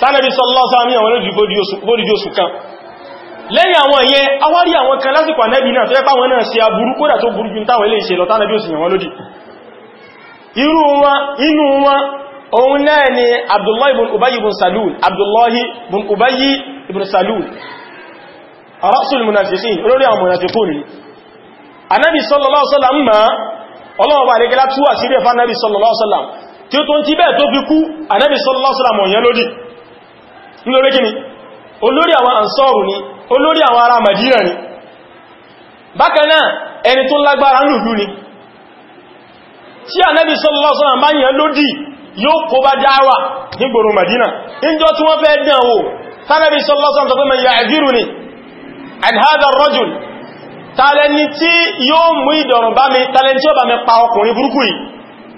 tánàbí sọlọ́sá ní àwọn olóòdìdí oṣù kan lẹ́yìn àwọn ìyẹn awárí àwọn kan lásìkò ànẹ́bì náà tó yẹ páwọn náà ṣe aburú kódà tó burú jù táwọn ilé ìṣẹ̀lọ tánàbí oṣù yẹn wọ́n lódì irú wọn inú wọn òun sallallahu alaihi wasallam ma ọlọ́wọ́ bá rí gẹ́lá túwà sí rẹ̀ fún sallallahu alaihi wasallam tí ó tó ti bẹ́ẹ̀ tó fi kú ànẹ́bì sallallahu alaihi wasallam ọ̀yẹ́ lódì nítorí kí ni olórí àwọn ansọ́rù ni olórí àwọn ará Madina ni bákanáà ẹni tó lágbára ń lùlú ni tí Ànábì sallallahu alaihi bá yẹn lódì yóò kó bá dáwà nígboro Madina níjọ́ tí wọ́n fẹ́ dán wò tánàbí sallallahu alaihi wasallam man ya'ziruni an hadha ar-rajul tàlẹni tí yóò mú ìdọ̀rùn bá mi tàlẹni tí ó bá mi pa ọkùnrin burúkú yìí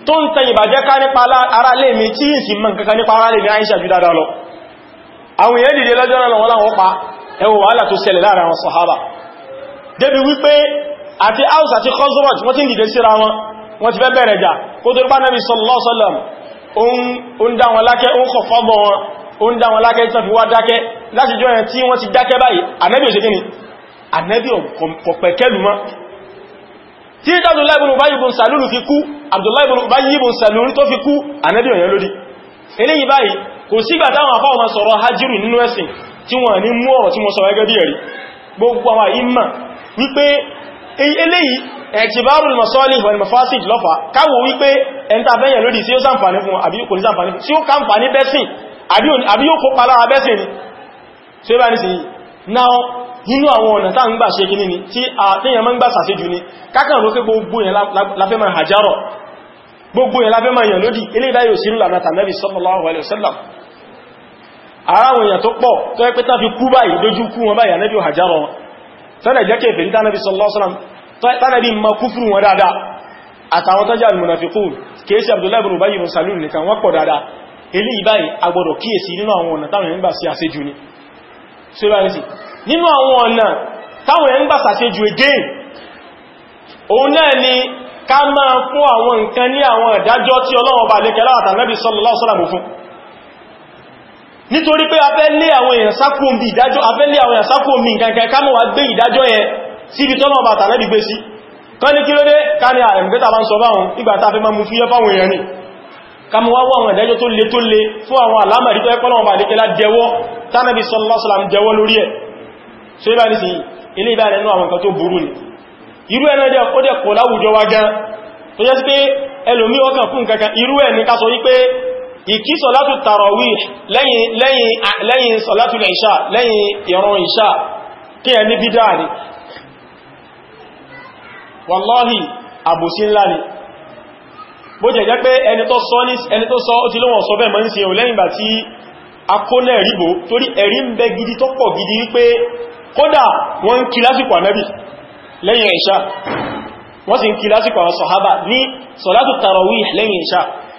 tó ń tẹ̀yìn bàjẹ́ ká nípa ara lè mi tí ìsìn mọ̀ kankan nípa ara lè ní àìṣà jù dáadáa lọ àwọn èèyàn dìde lọ́jọ́ náà wọ́n láwọn pa ẹwọ wàhálà tó ṣẹlẹ̀ láàrin àwọn sàhábà débi wípé àti Aws àti Khazraj wọ́n ti ń dìde síra wọn wọ́n ti fẹ́ bẹ̀rẹ̀ jà kó tó rí bá Nabi sallallahu alaihi wasallam òun dá wọn lákẹ́ òun kọ̀ fọ́gbọ̀ wọn òun dá wọn lákẹ́ tán fi wá dákẹ́ láti jọ ẹ̀ tí wọ́n ti dákẹ́ báyìí Ànábì ò ṣe kíni Ànábì kò pẹ̀kẹ́lù mọ́ tí Abdullahi ibn Ubayy ibn Salul fi kú Abdullahi ibn Ubayy ibn Salul tó fi kú Ànábì ò yẹn lódì eléyìí báyìí kò sígbà táwọn àfá ọmọ sọ̀rọ̀ hajjírù nínú ẹ̀sìn tí wọ́n ní mú ọ̀rọ̀ tí mo sọ̀rọ̀ ẹgẹ́ bí ẹ̀rí gbogbo àwọn ìmà wípé eléyìí ẹ̀tìbárùn masọ́lì wal mafasid lọ́fà káwò wípé ẹntà bẹ́yẹ̀ lódì sí ó sàǹfàní fún àbí kò ní sàǹfàní fún sí ó kàǹfàní bẹ́sìn àbí ó kópa lára bẹ́sìn ni tí ó bá ní sí yìí náà nínú àwọn ọ̀nà tá ń gbà ṣe gíní ni tí àtíyàn mọ́ ń gbà sàṣejù ni kákàn ló pé gbogbo yẹn láfẹ́ máa hàjárọ̀ gbogbo sallallahu alaihi wasallam aráwọn èèyàn tó pọ̀ tó ẹ pé tán fi kú báyìí lójú kú wọn báyìí ànẹ́bí òhàjárọ̀ wọn tọ́lẹ̀ jẹ́ kẹfẹ̀ ní tánàbí sọlọ́sọ́lọ́m tánàbí ma kú fún wọn dáadáa àtàwọn tó jẹ́ almunafiqun kéèsì Abdullahi ibn Ubayy ibn Salul nìkan wọ́n pọ̀ dáadáa ilé ìbáyìí agbọ́dọ̀ kíyèsí nínú àwọn ọ̀nà táwọn ẹ̀ngbà sí àṣejù ni nínú àwọn ọ̀nà nítorí pé a fẹ́ lé àwọn èèyàn sákòm bí ìdájọ́ a fẹ́ lé àwọn èèyàn sákòm bí nǹkan kámọ̀ wá gbé ìdájọ́ yẹn síbi tọ́nà bàtà lẹ́bí gbé sí kọ́ ní kí ló dé ká ní ààrẹ̀ mẹ́ta bá ń sọ báhùn ìgbàta fẹ́ máa mú fíyẹ́ fáwọn èèyàn ni kámọ̀ wá wọ́n ìdájọ́ tó le tó le fún àwọn alámàrí tó ẹ́kọ́nà ọba àdékẹ́lá jẹwọ́ tánàbí sọlọ́sọlám jẹwọ́ lórí ni irú ẹ̀ náà ìkí sọ̀látù tàràwí lẹ́yìn sọ̀látù ìṣà lẹ́yìn ìrun ìṣà kí ẹni bídá ni wallahi àbòsí ńlá ni bó jẹ̀ jẹ́ pé ẹni tó sọ ẹni tó sọ ó ti lọ́wọ́ sọ bẹ́ẹ̀ mọ́ sí ẹ̀hùn lẹ́yìn bà tí a kó náà ríbò torí ẹ̀rí ń bẹ gidi tó pọ̀ gidi wípé kódà wọ́n ń kí lásìkò ànábì lẹ́yìn ìṣà wọ́n sì ń kí lásìkò àwọn sọ̀hábà ní sọ̀látù tàràwí lẹ́yìn ìṣà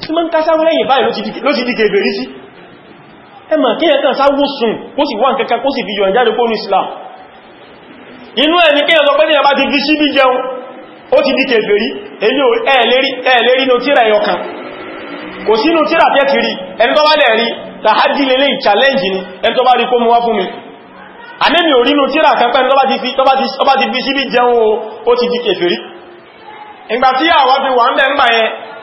tí ma ń kásáwó lẹ́yìn báyìí ló ti dìkẹ̀ ìbẹ̀rí sí ẹmà kí ẹ̀ kàn sáwó sùn kó sì wá nǹkankan kó sì fi yọ ìjáde kó ní Islam inú ẹ̀ ní kíyàn sọ pé níyàn bá ti fi síbí jẹun ó ti dìkẹ̀ ìbẹ̀rí ẹ̀ẹ̀lérí ní tíra ẹyọkan kò sínú tíra tẹ́ ti rí ẹni tó bá lẹ̀ rí tàhájí lélẹ̀ challenge ni ẹni tó bá rí kó mú wá fún mi àmẹ́mì orí inú tíra kan pẹ́ni tó bá ti fi síbí jẹun ó ti dìkẹ̀ ìbẹ̀rí ìgbà tí àwọn fi wà ń bẹ̀ ń gbà yẹn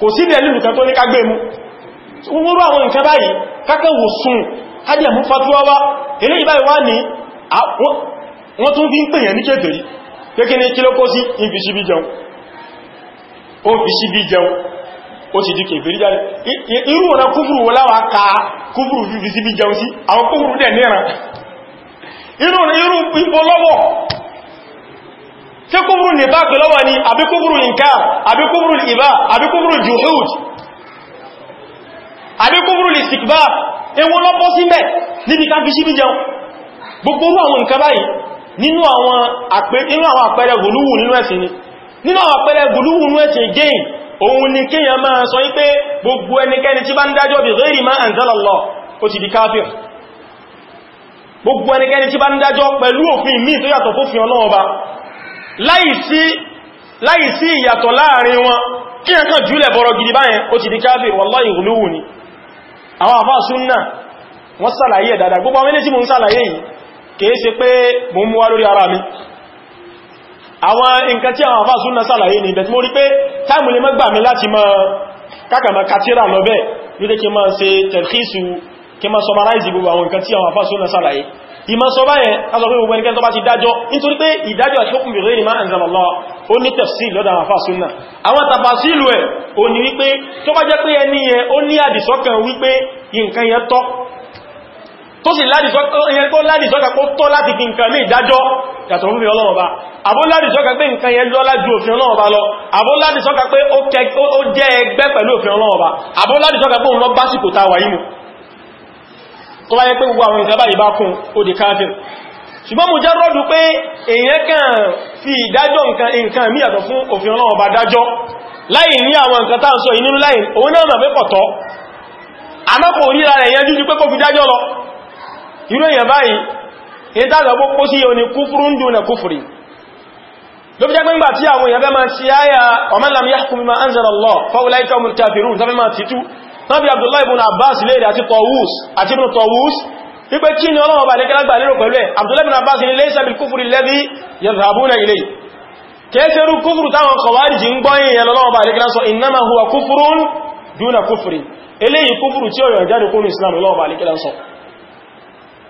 kò sí dẹ̀lìlù kan tó ní kágbé mú wúrú àwọn nǹkan báyìí kákan wò sùn hajjẹ̀ mú fatuwa wá ìbáyìí wá ní wọ́n tún fi ń pèyàn ní kéfèrí kékeré ní kílókó sí ìfìṣíbí jẹun ka A fífìṣíbí ṣe kúbùrù ní bá pẹ̀lọ́ wà ní àbí kúbùrù ìǹkà àbí kúbùrù ìbá àbí kúbùrù juhud àbí kúbùrù ìsìkbá ewu lọ́pọ̀ síbẹ̀ níbi ká fi síbí jẹun gbogbo àwọn nǹkan báyìí nínú àwọn àpẹẹrẹ gùlúwù nínú ẹ̀sìn ni nínú àwọn àpẹẹrẹ gùlúwù nínú ẹ̀sìn gẹ́yìn òun ni kíyàn máa sọ wípé gbogbo ẹnikẹ́ni tí bá ń dájọ́ bí ghairi ma anzalallah ó ti di káfíìr gbogbo ẹnikẹ́ni tí bá ń dájọ́ pẹ̀lú òfin míì tó yàtọ̀ fófin Ọlọ́run láìsí ìyàtọ̀ láàrin wọn kí ẹ kàn jùlẹ̀ bọ̀rọ̀ gidi báyẹn ó ti di káfir wallahi ìhùlúwù ni àwọn àfáà súnnà wọ́n sàlàyé dáadáa gbogbo àwọn tí mo ń sàlàyé yìí kìí ṣe pé mo ń múwá lórí ara mi àwọn nǹkan tí àwọn àfáà súnnà sàlàyé ni bẹ̀tí mo rí pé táìmù lè mọ́gbà mi láti mọ́ kákàmọ́ katira lọ bẹ́ẹ̀ ló dé kí mọ́ ṣe tẹ̀kísù kí mọ́ summarize gbogbo àwọn nǹkan tí àwọn àfáà súnnà sàlàyé ìmọ̀sọ̀bá yẹn kásọ̀ pé gbogbo ẹnikẹ́ni tó bá ti dájọ́ nítorí pé ìdájọ́ àti ni máa ń zàmọ̀lọ́ ó ní tafsil lọ́dà àwọn fásúnnà àwọn tafsil ẹ̀ o ní wípé tó bá jẹ́ pé ẹni yẹn ó ní àdìsọ́kàn wípé nǹkan yẹn tọ́ tó sì ládìsọ́kàn kó tọ́ láti fi nǹkan mí ìdájọ́ yàtọ̀ fún fi ọlọ́wọ́ bá àbó ládìsọ́kàn pé nǹkan yẹn lọ́lá ju òfin ọlọ́wọ́ bá lọ àbó ládìsọ́kàn pé ó jẹ́ tó wáyé pé gbogbo àwọn ìsábà ìbá kún ó di káfir ṣùgbọ́n mo jẹ́rọ́dù pé èyàn kàn fi ìdájọ́ nǹkan mí yàtọ̀ fún òfin Ọlọ́run bá dájọ́ láì ní àwọn nǹkan tá ń sọ ìnínú láì òun náà mà mẹ́pọ̀ tọ́ àmọ́ kò ríra rẹ̀ yẹn jújú pé kò fi dájọ́ lọ irú èyàn báyìí èyí tàbí na kúfúrí ló fi jẹ́ pẹ́ngbà tí àwọn èyàn máa ti áyà tàbí Abdullahi ibn Abbas lè rí àti Tawus àti ibn Tawus wípé kí ni ọlọ́wọ́ bá ní kẹ́lágbà lérò pẹ̀lú ẹ̀ Abdullahi ibn Abbas ní laysa bil kufri alladhi yadhhabuna ilayhi kẹsẹ̀rú kúfùrù táwọn kọwàríjì ń gbọ́yìn yẹn lọ́wọ́ bá lẹ́gbẹ̀rẹ́ sọ innama huwa kúfùrún dúnà kúfùrì eléyìí kúfùrù tí ó yọ̀ jáde kúrò islamu lọ́wọ́ bá lẹ́gbẹ̀rẹ́ sọ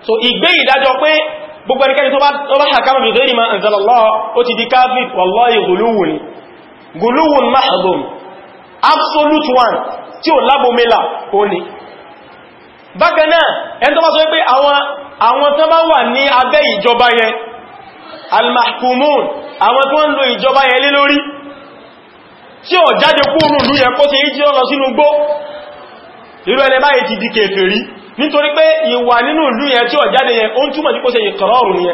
so ìgbé ìdájọ́ pé gbogbo ẹnikẹ́ni tó absolute one tí ò lábòmílà ó ní bákan náà ẹni tó bá sọ pé àwọn tó bá wà ní abẹ́ ìjọba yẹn almahkumun àwọn tó ń lo ìjọba yẹn lé lórí tí ò jáde kúrò lú yẹn kó ṣe ìjí ọ̀nà sínú gbó irú ẹni báyìí ti di kèfèrí nítorí pé ìwà nínú ìlú yẹn tí ò jáde yẹn ó ń túmọ̀ kó ṣe ìkọ̀rọ̀rùn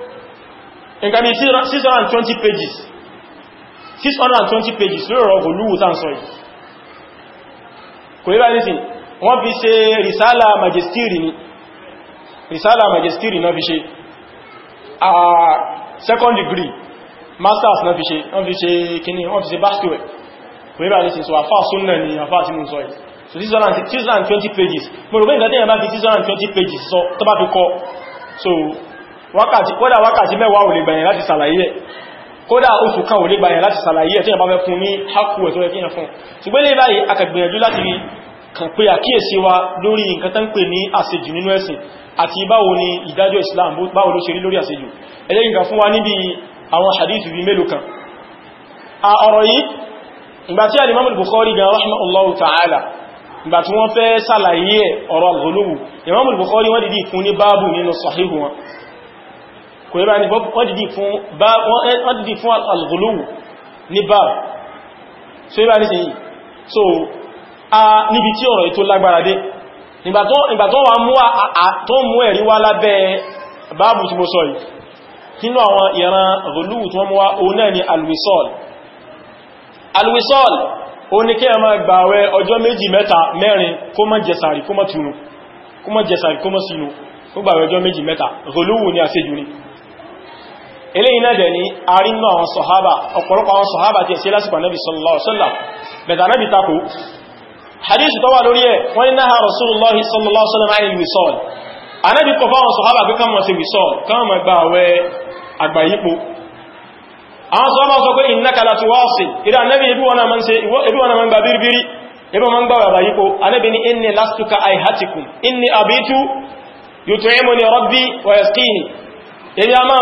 nǹkan bí 620 pages 620 pages lórí ọ̀rọ̀ gòlúwù tàn sọ yìí kò yíba nìsìn wọ́n fi ṣe risala magistiri ni risala magistiri náà fi ṣe a ah, second degree masters náà fi ṣe wọ́n fi ṣe kíní wọ́n fi ṣe basketball kò yíba nìsìn so àfáà súnnà ni àfáà sínú sọ yìí so 620 pages mo rò pé ìgbàtẹ́yàn bá fi 620 pages sọ tó bá fi kọ so wákàtí kódà wákàtí mẹ́wàá ò lè gbàyàn láti sàlàyé ẹ̀ kódà oṣù kan ò lè gbàyàn láti sàlàyé ẹ̀ tí ìyàbá fẹ́ fún ní hákù ẹ̀ tó yẹ kí yẹn fún ṣùgbọ́n lè báyìí akàgbìyànjú láti rí kàn pé àkíyèsí wa lórí nǹkan tán pè ní àṣejù nínú ẹ̀sìn àti báwo ni ìdájọ́ Islam báwo ló ṣe rí lórí àṣejù ẹlẹ́yìn kan fún wa níbi àwọn hadith bí mélòó kan a ọ̀rọ̀ yìí ìgbà tí al bukhari gan rahimahullahu ta'ala ìgbà tí wọ́n fẹ́ sàlàyé ọ̀rọ̀ al Imam bukhari wọ́n dìdí fún ní báàbù nínú sahihu wọn kò yẹ bá ní wọ́n dìdì fún al-ghuluw ní bá so yẹ bá ní sẹ́yìn so a níbi tí ọ̀rọ̀ ètò lágbára dé nígbà tó wà mú àtọ́ mú ẹ̀rí wá lábẹ́ báàbù tí mo sọ yìí nínú àwọn ìran ghuluw tí wọ́n mú wá òun náà ni al-wisal ó ní kí a máa ọjọ́ méjì mẹ́ta mẹ́rin kó má jẹ kó má tunu kó má jẹ sààrì kó má sinu ó gbààwẹ̀ ọjọ́ méjì mẹ́ta ghuluw ni àṣejù ni eléyìn náà dẹ̀ ní àrínú àwọn sọ̀hábà ọ̀pọ̀lọpọ̀ àwọn sọ̀hábà tí ẹ̀ sí lásìkò Ànábì sallallahu alaihi wasallam bẹ̀dà Ànábì tako hadith tó wà lórí ẹ̀ wọ́n ní náà Rasulullah sallallahu alaihi wasallam ayil wisol Ànábì kọ fáwọn sọ̀hábà pé kánmọ̀ sí wisol kánmọ̀ gba àwẹ̀ àgbàyípo àwọn sọ̀hábà sọ pé innaka la tuwasi ìdá Ànábì ibi wọn máa ń gba bírbírí ibi wọn gba àgbàyípo Ànábì ní inni lastuka aihatikum inni abitu yut'imuni rabbi wa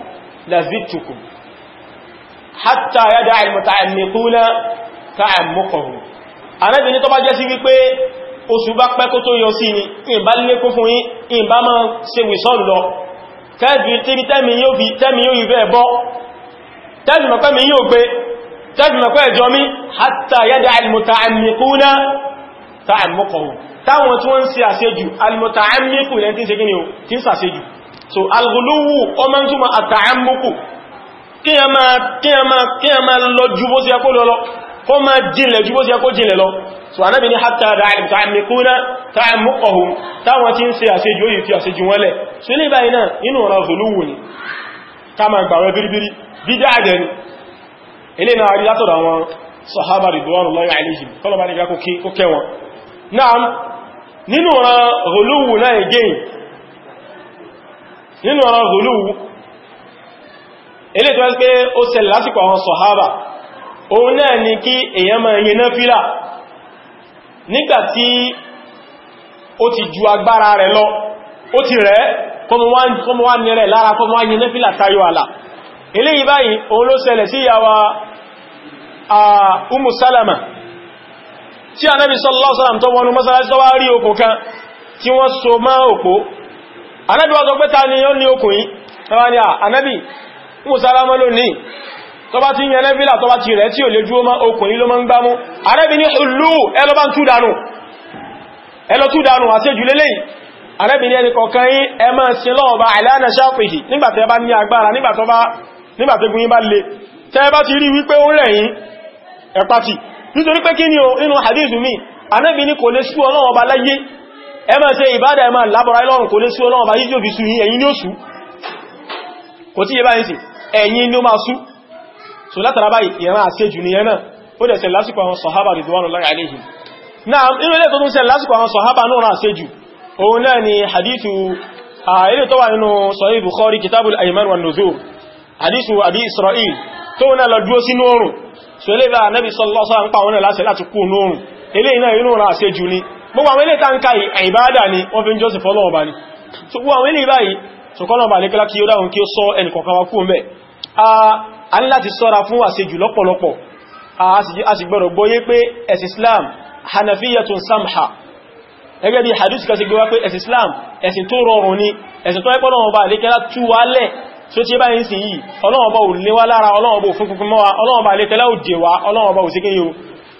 لزدتكم hatta yada al-muta'ammiquna ta'ammuqahum Ànábì ní tó bá jẹ́ sí wípé oṣù bá pẹ́ kó tó yọ sí ni in bá lé kó fún yín in bá máa ṣe wìsọ́lù lọ tẹ́bí tíbi tẹ́mi yóò fi tẹ́mi yóò ìbẹ́ ẹ̀bọ́ tẹ́bí mọ̀pẹ́ mi yóò gbé tẹ́bí mọ̀pẹ́ ẹ̀jọ́ mi hatta yada al-muta'ammiquna ta'ammuqahum táwọn tí wọ́n ń ṣe àṣejù al-muta'ammiqu so alghuluwu o ma ń túnmọ̀ àtàámúkù kí a máa lọ ju bó sí ẹkó lọ kó máa jinlẹ̀ ju bó sí ẹkó jinlẹ̀ lọ so anábi ní hátà dáadìm tààmìkúnà tààmùkọ̀hùn táwọn tí ń ṣe àṣejù fi àṣejù wọn so ilé báyìí náà inú ọ̀rọ̀ zuluwu ni ká máa gbàwẹ̀ bíríbírí bí dáadẹ̀ ni ilé náà rí látọ̀dọ̀ àwọn sọ̀hábà ridwanullahi alaihim kọlọ̀bá ní ká kó kẹwọn náà nínú ọ̀rọ̀ zuluwu náà gẹ́yìn nínú ọ̀rọ̀ gùlúwú ilé tó wá pé ó ṣẹlẹ̀ lásìkò àwọn sọ̀hábà òun náà ni kí èyàn máa yẹ náà fílà nígbàtí ó ti ju agbára rẹ̀ lọ ó ti rẹ̀ kọmọ wá nírẹ̀ lára kọmọ wá yẹ náà fílà tayọ àlà ilé yìí báyìí òun ló ṣẹlẹ̀ sí ìyàwó Ummu Salama tí Ànábì sallallahu alaihi wasallam tó wọnú mọ́sálásí tó wá rí okùn kan tí wọ́n so mọ́ òpó Ànábì wá sọ pé ta ni ó ní okùn yìí tọ́wà ní ànábì mú sáramọ́ lónìí tó bá ti yẹn lẹ́bílà tó bá ti rẹ̀ tí ò lè dúró mọ́ okùn yìí ló mọ́ ń gbá mú ànábì ní ìlú ẹlọ́bá tú dànù ẹlọ́ tú dànù àṣejù lélẹ́yìí ànábì ní ẹni le tẹ́ bá ti rí wípé ó rẹ̀ yín ẹ̀pàtì nítorí pé kí ẹ máa ṣe ìbádà ẹ máa lábọ̀rá Ọlọ́run kò lè sú Ọlọ́run bá yíò fi sú yí ẹ̀yin ni ó sú kò tí yẹ báyìí sí ẹ̀yin ni ó máa sú so látara báyìí ìran àṣejù ni ẹ̀nà ó dẹ̀ ṣẹlẹ̀ lásìkò àwọn sọ̀hábà ridwanullahi alaihim náà inú ilé tó ni hadithu ilé tó wà nínú Sahih Bukhari kitabul aiman wa nuzur hadithu abi Isra'il tó wọn lọ dúró sínú oòrùn so ilé nabi sallallahu alaihi wasallam pa wọn láṣẹ láti kú nórùn ilé iná inú ọ̀rọ̀ àṣejù gbogbo àwọn kai tàǹkà ìbádà ni wọ́n fi ń jọ́sìn fọ́lọ́ ni so gbogbo àwọn ilé báyìí sọkọ́lọ́ ọba lékẹ́lá kí ó dáhùn kí ó sọ ẹnìkọ̀ọ̀kan wa kúrò mẹ́ a ní láti sọ́ra fún àṣejù lọ́pọ̀lọpọ̀ a sì gbọ́dọ̀ gbọ́yé pé ẹ̀sìn Islam hanafiyatun samha gẹ́gẹ́ bí hadith kan sí gbé wá pé Islam ẹ̀sìn tó rọrùn ni ẹ̀sìn tó ẹ́pọ̀ náà ọba lékẹ́lá tú wálẹ̀ tí ó tí bá ń sì yìí ọlọ́wọ́ba ò léwá lára ọlọ́wọ́ba ò fún fún mọ́wa ọlọ́wọ́ba lékẹ́lá ò dèwà ọlọ́wọ́ba ò sí kí yíò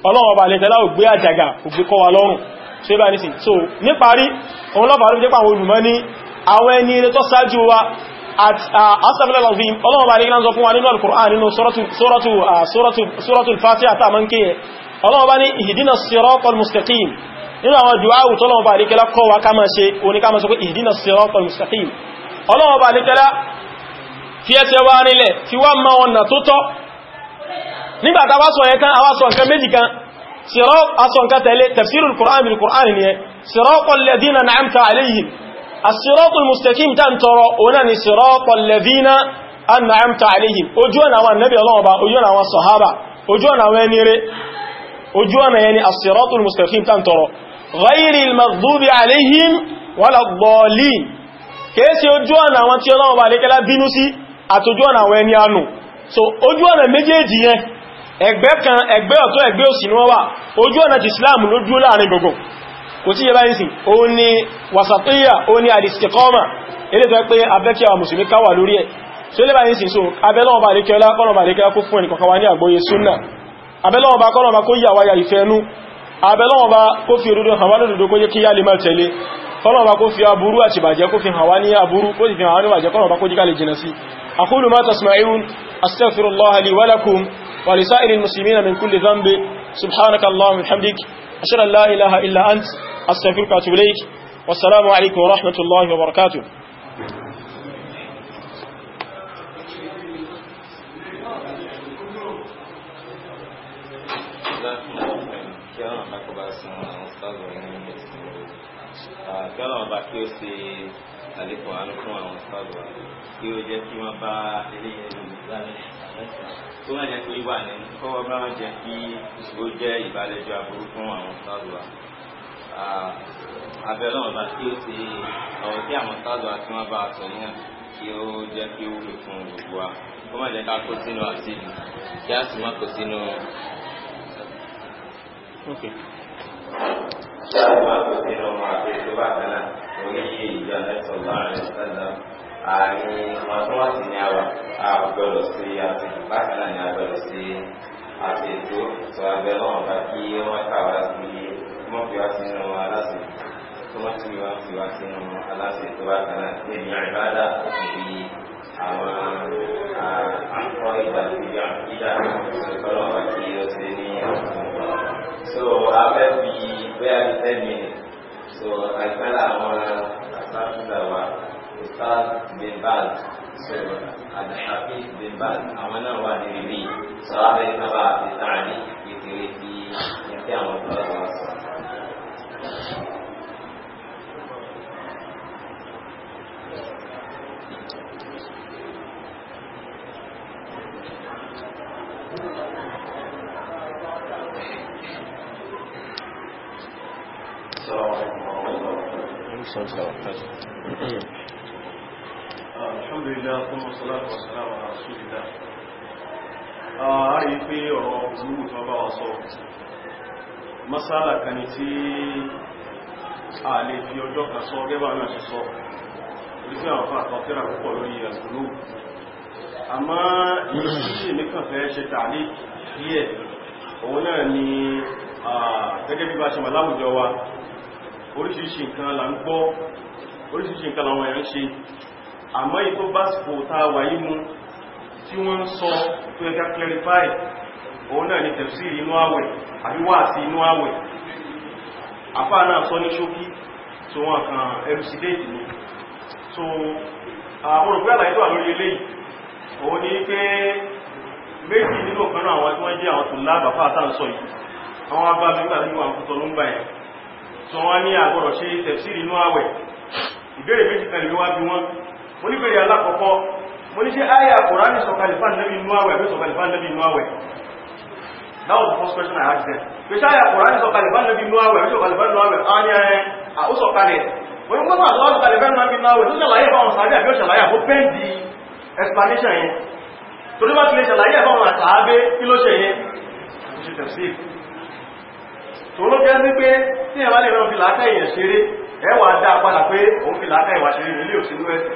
ọlọ́wọ́ba lékẹ́lá ò gbé àjàgà ò gbé kọ́ wa lọ́rùn ṣe bá nìsìn so níparí òun lọ́pàá ló jẹ́pà àwọn olùmọ́ ní àwọn ẹni ilẹ̀ tó sáájú wa nínú àwọn dùáwù tó lọ́wọ́ bá àríkẹ́lá kọ́ wa ká máa ṣe oníká máa sọ pé ìdínà siratal mustaqim ọlọ́wọ́ bá àríkẹ́lá fi ẹsẹ̀ wa nílẹ̀ fi wá máa ọ̀nà tó tọ́ nígbàtà wá sọ ẹ̀kan àwásọ̀ nǹkan méjì kan صراط أصلا كتلي تفسير القرآن بالقرآن هي صراط الذين نعمت عليهم الصراط المستقيم تنترى ونني صراط الذين أنعمت عليهم أجوانا والنبي الله أبا أجوانا والصحابة أجوانا وانيري أجوانا يعني الصراط المستقيم تنترى غير المغضوب عليهم ولا الضالين kèése ojú ọ̀nà àwọn tí ọlọ́wọ́ bá lékẹ́lá bínú sí àtojú ọ̀nà àwọn ẹni ànù so ojú ọ̀nà méjèèjì yẹn ẹgbẹ́ kan ẹgbẹ́ ọ̀tọ́ ẹgbẹ́ òsì ni wọ́n wà ojú ọ̀nà ti Islam ló dúró láàrin gbogbo kò tí yẹ bá ń sìn ó ní wasatiyya ó ní al-istiqama ilé tó pé abẹ́kí àwọn mùsùlùmí káwà lórí ẹ̀ tó lé bá ń sìn so abẹ́lọ́wọ́ bá lè kẹ́lá kọ́nà bá lè kẹ́lá kó fún ẹnì kọ̀kọ́ wa ní àgbóyé súnnà abẹ́lọ́wọ́ bá kọ́nà bá kó yà wáyà ìfẹ́nú abẹ́lọ́wọ́ bá kó fi òdodo aburú àti bàjẹ́ kó fi hàn wá ní aburú kó fi hàn wá ní bàjẹ́ kọ́nà bá kó jíkà lè jìnà sí أقول ما تسمعون أستغفر الله لي ولكم ولسائر المسلمين من كل ذنب سبحانك اللهم وبحمدك أشهد أن لا إله إلا أنت أستغفرك وأتوب إليك والسلام عليكم ورحمة الله وبركاته bá kí ó kí ó jẹ́ kí wọ́n bá eléyìí ẹnu lálẹ́ tó má jẹ́ pé wà ní kọ́wọ́ bá wọn jẹ́ kí ó jẹ́ ìbálẹ́jọ́ aburú fún àwọn sáàlùwà abẹ́ náà bá kí ó ti ọ̀rọ̀ tí àwọn sáàlùwà tí wọ́n bá a sọ náà kí ó jẹ́ kí ó wúlò fún gbogbo wa kó má jẹ́ ká kó sínú àti ìlú kí a sì má kó sínú. Ṣé àwọn máa kó sínú àti ìṣúbà kan náà? Oríṣi ìjọ ẹ̀sọ̀ láàrin sẹ́lẹ̀ àárín ọdúnwọ̀sí ni a gbọ́dọ̀ sí àsìkò bákan náà ni a gbọ́dọ̀ sí àtẹ̀tò tó abẹ́ náà bá kí wọ́n kà wá sí wọ́n fi wá sínú aláṣẹ tó wọ́n ti wá fi wá sínú aláṣẹ tó bákan náà tí èmi àìbádá òbí àwọn àkọ́ ìgbà tí ìdá ìṣẹ̀kọ́lọ̀ wá kí ó ti ní ọ̀sán so abẹ́ fi bẹ́ẹ̀ ten minutes so àìpẹ́ làwọn àṣà استاذ بن بعد عبد الحفيظ بن بعد امانا والدي صلاه تبع بتعدي في تريتي يحيى الله السلام عليكم ورحمة الله وبركاته الحمد لله ثم الصلاة والسلام على رسول الله ààrí pé ọ̀rọ̀ ìlúgbù tó bá wà sọ masala kan tí a lè fi ọjọ́ kan sọ gẹ́bà náà ṣe sọ orísí àwọn fà àtọ́kẹ́rà púpọ̀ lórí ẹ̀sùlú àmá ìrìnṣí ìmẹ́kànfẹ́ ṣe tààlé díẹ̀ òun náà ni gẹ́gẹ́ bí bá ṣe wà láwùjọ wa oríṣiríṣi nǹkan là ń gbọ́ oríṣiríṣi nǹkan làwọn èèyàn ṣe àmọ́ yìí tó bá sìkò tá a wà yìí mú tí wọ́n ń sọ tó ẹka clarify òun náà ni tafsiri inú àwẹ̀ àbí wáàsí inú àwẹ̀ àfá náà sọ ní ṣókí tó wọ́n kan elucidate ni so àwọn òpé àlàyé tó wà lórí eléyìí òun ni pé méjì nínú kan náà àwọn tí wọ́n jẹ́ àwọn tó lábà fáta ń sọ yìí àwọn abá nígbà tí wọ́n kútọ ló ń gbà yẹn so wọ́n ní àgbọ̀rọ̀ ṣe tafsiri inú àwẹ̀ ìbéèrè méjì kan lè wá mo alákọ̀ọ́kọ́ mo ní ṣe àyà Kùránì sọ̀kalẹ̀fà nẹ́bí That was the first question I asked them. Pé ṣe àyà Kùránì sọ̀kalẹ̀fà nẹ́bí inú àwẹ̀ àbí sọ̀kalẹ̀fà inú àwẹ̀ á ní ẹ̀ eh, ó sọ̀kalẹ̀. Mo ní pọ́sà àtọ́wọ́ sọ̀kalẹ̀fà nínú àwẹ̀ tó ṣàlàyé fáwọn sàárẹ̀ àbí ó ṣàlàyé àbó pẹ́ǹdì explanation yẹn. Torí bá ti lè ṣàlàyé fáwọn àtàábé kí ló ṣe yẹn? Mo ṣe tẹ̀sí. Tòró jẹ́ sí pé tí ẹ̀wà lè rán fi làákà èèyàn ṣeré, ẹwà dá padà pé òun fi làákà ìwà ṣeré nílé òṣèlú ẹ̀sìn.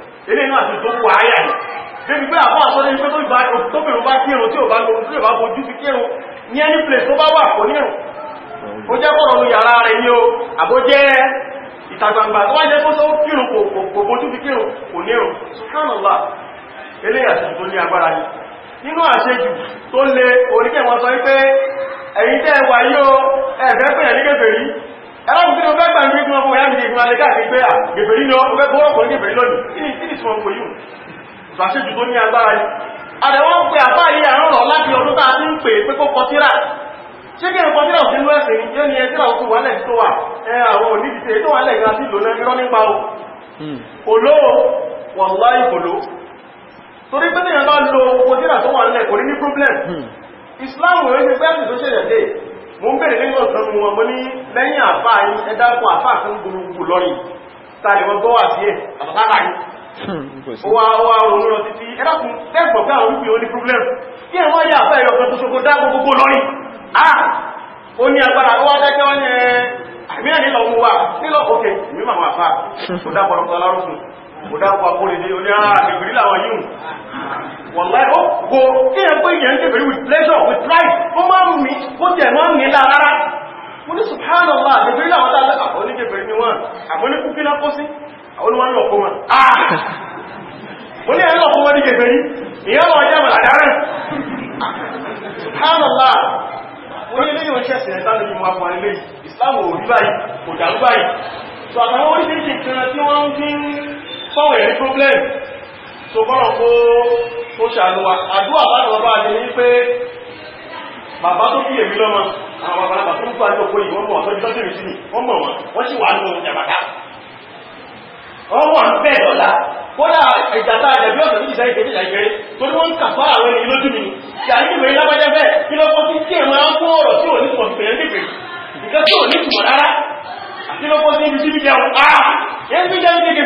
ilé náà ti tó kú àyà yìí débi pé àwọn àṣọ́lé pé tó bèrò bá kírun tí ò bá lò tí ò bá bojú fi kírun ní ẹni place tó bá wà kò nírun ó jẹ́ kọ̀rọ̀ ní yàrá rẹ̀ ní o àbó jẹ́ ìta gbangba tó wá jẹ́ kó tó kírun kò bojú fi kírun kò nírun subhanallah ilé àṣejù tó ní agbára ni nínú àṣejù tó le oríkẹ́ wọn sọ wípé ẹ̀yin tẹ́ wà yí o ẹ̀fẹ́ pẹ̀lẹ́ ní kẹfẹ́ yìí ẹlọ́gbìn ọgbẹ́ gbà ní ìgbìmọ̀ fún ẹ̀yàmì ìgbìmọ̀ alẹ́gá àti pé à gẹ̀fẹ̀rí lọ ọgbẹ́ gbọ́ọ̀kọ̀ ní gẹ̀fẹ̀rí lọ́nìí tí ní ìsìnkú yìí ṣàṣẹ́jù tó ní agbára yìí àdẹ̀wọ́n pé àbá yìí àrùn rọ̀ láti ọdún tá a ti ń pè pé kó kọtíra ṣé kí ẹ̀kọ́ tíra òsínú ẹ̀sìn yóò ní ẹtíra òkú wà lẹ̀ tó wà ẹ àwọn onídìí tó wà lẹ̀ gan sí ìlòlẹ́ irọ́ nípa o òlò wọ̀lá ìbòlò torí pé níyàn bá lo owó tíra tó wà lẹ̀ kò ní ní problem hmm. Islam ò ní pẹ́ẹ́sì tó ṣẹlẹ̀ dé mo ń bẹ̀rẹ̀ lẹ́yìn ọ̀sán mu wọn mo ní lẹ́yìn àfáà yín ẹ dákun àfáà kan gbogbo lọ́rìn ta lè wọ́n gbọ́ wà sí ẹ̀ àbàbà yìí wa wa òun lọ títí ẹlọ́kùn tẹ́gbọ̀n pé àwọn wípé ó ní problem kí ẹ wọ́n yà fẹ́ ẹ̀yọ̀kan tó ṣogbo dágbò gbogbo lórí ah ó ní agbára kò dákọ̀ akóredé oní àgbègbè ah, láwọn yíò wọ̀n láì ó kò kí ẹ pé ìyẹn with pleasure with pride ó máa ń mi ó tẹ̀ máa ń nílá rárá mo ní subhanallah àgbègbè láwọn dáadáa àwọn oníkébèrè ni wọ́n àmọ́ ní kúkí lápọ́ sí àwọn olúwọ́n lọ́kọ́ wọn ah! mo ní ẹ̀lọ́ fún wọn ní kébèrè ìyẹn wọ́n jẹ́ wọn àdáràn subhanallah mo ní eléyìí wọn ṣẹ̀sìn ẹ̀dá lórí mo apọ̀ ilé ìsìláàmù òrí báyìí kò dàrú báyìí sọ́wọ́ ẹ̀ ní problem tó bọ́rọ̀ kó ó ṣàlùwà àdúrà bá lọ bá ní pé bàbá tó bí èmi lọ́mọ àwọn àgbàlagbà tó ń gbà lóko yìí wọ́n mọ̀ wọ́n tọ́jú mi wọ́n mọ̀ wọ́n wọ́n sì wà wọ́n ń bẹ́ẹ̀ lọ́la kódà ìjàta ọ̀sẹ̀ ní wọ́n ń àwọn ènìyàn lójú mi kí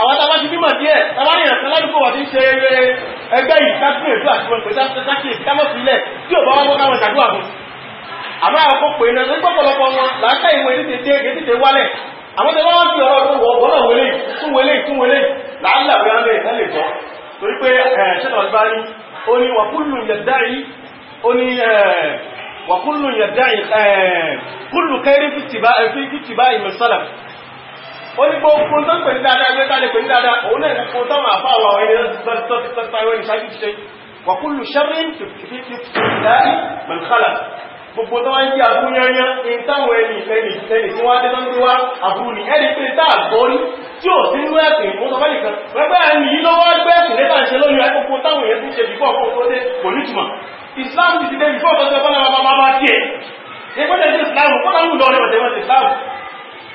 àwọn tàbá ti bímọ̀ díẹ̀ tàbá ní ìrẹ̀sẹ̀ ládùúgbò wà tí ń ṣe eré ẹgbẹ́ yìí sákìlì èdú àti wọn pè sákìlì kámọ́ sílẹ̀ tí ò bá wọn káwọn ṣàdúrà fún àmọ́ àwọn kò pè náà nígbà pọ̀lọpọ̀ wọn làákà ìwé tètè dé èké tètè wálẹ̀ àwọn tẹ bá wọn fi ọ̀rọ̀ tó wọ ó ní gbogbo tó ń pè ní dáadáa ẹgbẹ́ tá lè pè ní dáadáa òun náà ní fún táwọn àfa àwọn ẹni tọ́ta ẹwẹ́ ní ṣáájú ṣe wa kullu sharrin fífi láì mọ̀nkálà gbogbo tó wáyé àbú yányá ní táwọn ẹni ìfẹ́ni ìfẹ́ni tí wọ́n á dé tó ń gbé wá àbú ni ẹni pé tá a gbọ́ ní tí ò sí inú ẹ̀sìn ìfowópamọ́ nìkan wẹ́gbẹ́ ẹni yìí lọ́wọ́ ẹgbẹ́ ẹ̀sìn lẹ́tà ń ṣe lórí agbókò táwọn èèyàn ti ṣe bífọ́ ọkọ̀ tó dé kò ní túmọ̀ Islam ti ti dé bífọ́ ọkọ̀ tó dé bọ́lá bàbá bá tiẹ̀ ẹgbẹ́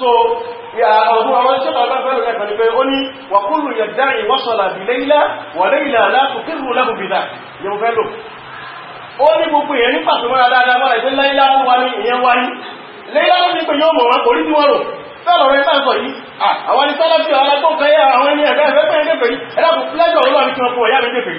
so ọdún àwọn ṣẹ́bà alágbàrù rẹ̀ pẹ̀lú pé ó ní wàkúrù yẹ̀dá ìwọ́sọ̀lá bí lẹ́yìnlá wà lẹ́yìnlá látò kírù lábùbìdà ni mo fẹ́ lò ó ní gbogbo èyẹ ní pàtó mọ́ra dáadáa mọ́ra ìpé lẹ́yìnlá tó wá ní ìyẹn wá ní lẹ́yìnlá tó ní pé yóò mọ̀ wọn kò rí ní wọ́n rò fẹ́lọ̀ rẹ̀ náà sọ yìí àwọn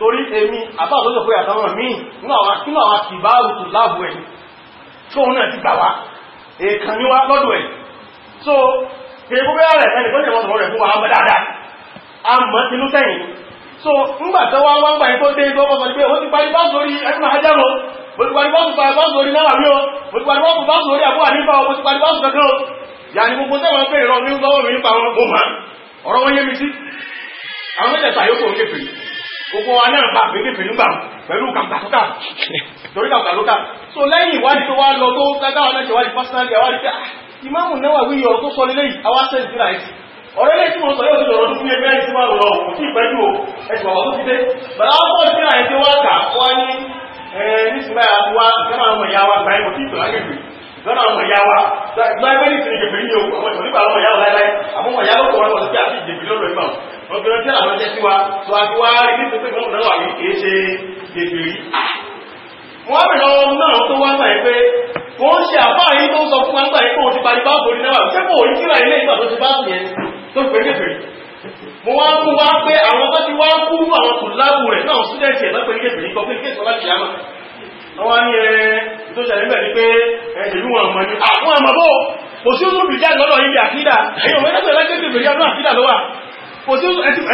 torí èmi àbáwọ̀tọ́jọ́ pé àtàwọn míì nínú àwọn kìbáàrùtù láàbù ẹ̀ tó náà ti gbà wá èèkàn níwá lọ́dọ̀ ẹ̀ so kèébúgbé rẹ̀ ẹni tó jẹ́ wọ́n rẹ̀ fún a mọ́ tinú so ńgbàtẹ́ wá wá ń gbà tó dé tó kọ́kọ́ pé ó ti parí bá sórí ẹgbẹ́ àjẹ́rò ó ti parí bá sórí náà rí o ó ti parí bá sórí àbúwà nípa ó ti parí bá sórí kankan yà ní gbogbo gbogbo wa náà bá pépèpè nígbà pẹ̀lú kàǹkàtúkà torí kàǹkàtúkà so lẹ́yìn ìwádìí tó wá lọ tó lágbàwà náà ṣe wádìí pásítánì àwádìí pé ah, ìmáàmù náà wà wíyọ tó sọ lélẹ́yìn awáṣẹ́ ìdíra ẹ̀sì ọ̀rẹ́ lè tí mo sọ yóò tó lọ́rọ̀ tó fún ẹgbẹ́ ìsìn máa lọ sí ìpẹ́jú o ẹ̀sìn wà tó ti dé bàbá tí wọ́n kà wá o àwọn ìtò ọgbẹ̀rún tí àwọn jẹ́ sí tó a rí ní pípé ìwọ̀n náà wà ní kìí ṣe kèfèrí. wọ́n bẹ̀rẹ̀ ọmọ náà tó wá gbà pé wọ́n ṣe àfáà tó sọ fún wa gbà òun ti parí bá borí náà ṣé kò rí kíra ilé ìgbà tó ti bá yẹn tó pè kèfèrí. mo wá mú wá pé àwọn tó ti wá kú àwọn kò láàbù rẹ̀ náà sídẹ̀ẹ̀tì ẹ̀ lọ́pẹ̀ kèfèrí kọ pé kéèsì ọlá kìyàmà àwọn ní ẹ tó ṣẹlẹ̀ bẹ̀ ni pé ìlú àwọn ayẹ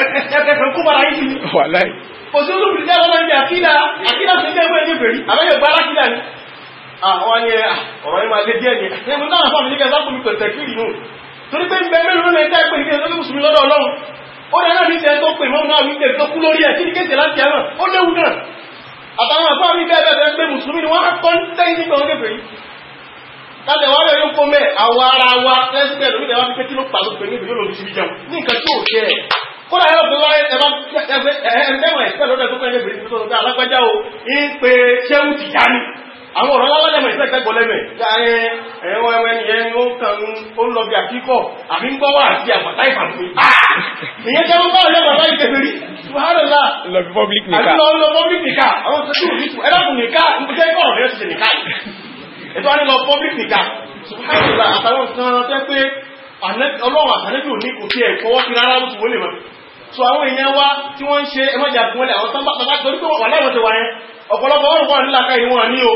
ọ̀rọ̀ yìí máa lé díẹ̀ ní ẹgbẹ̀rún náà fún àmì nígbà ìzápò ní pẹ̀tẹ̀kì ìrìnà torí pé ń bẹ mẹ́rin lónà ẹ̀dá ìpé ìgbẹ̀rún lórí mùsùlùmí lọ́dọ̀ Ọlọ́run ó dẹ̀ náà ní ìṣẹ́ tó pè mọ́ náà wípé tó kú lórí ẹ̀ kí ní kéèkè láti ẹ̀rọ ó léwu náà àtàwọn àfáà mi bẹ́ẹ̀ bẹ́ẹ̀ pé mùsùlùmí ni wọ́n á kọ́ ń tẹ́yìn nígbà wọn kéfèé kálẹ̀ wà lẹ́yìn kó mẹ́ àwọ̀ ara wa lẹ́sìnkẹ́ lórí ẹ̀wà pípẹ́ tí ló pàdó pé níbi yóò lòdì sí ìjẹun ní nǹkan tí ò ṣe ẹ̀ kódà yóò fi wá ẹ̀ẹ́dẹ́wọ̀n ẹ̀sẹ̀ lọ́dọ̀ tó pẹ́ níbi tó tó alágbájá o ń pe ṣẹ́wù ti já ní àwọn ọ̀rọ̀ alálẹ́mọ̀ ìfẹ́ ìfẹ́ gbọ́lẹ́mẹ̀ ẹ̀wọ̀n ẹ̀wọ̀n ẹ̀yẹn ó kàn ó lọ bí àkíkọ̀ àbí ń gbọ́ wà sí àgbàtà ìfàmì ah! ìyẹn jẹ́ wọ́n bá ọ̀lẹ́mọ̀ láì kẹfẹ́rí wàhálà lọ public nìka àwọn tó tó nìka ẹ̀dàkùn nìka ń pẹ́ kọ̀ọ̀rọ̀ ètò àrílọ public nìkan ṣùgbọ́n àtàwọn ìsan tẹ́ pé ọlọ́run àtàlẹ́bí òní kò tí ẹ̀ fọwọ́ sí rárá lóṣù wọlé mọ́ so àwọn èèyàn wa tí wọ́n ń ṣe ẹmọ́jà gúnlẹ̀ àwọn tán bá pàtà torí pé wà láwọn ti wà yẹn ọ̀pọ̀lọpọ̀ ọ̀rùn wọn nílàkà ìwọ̀n ní o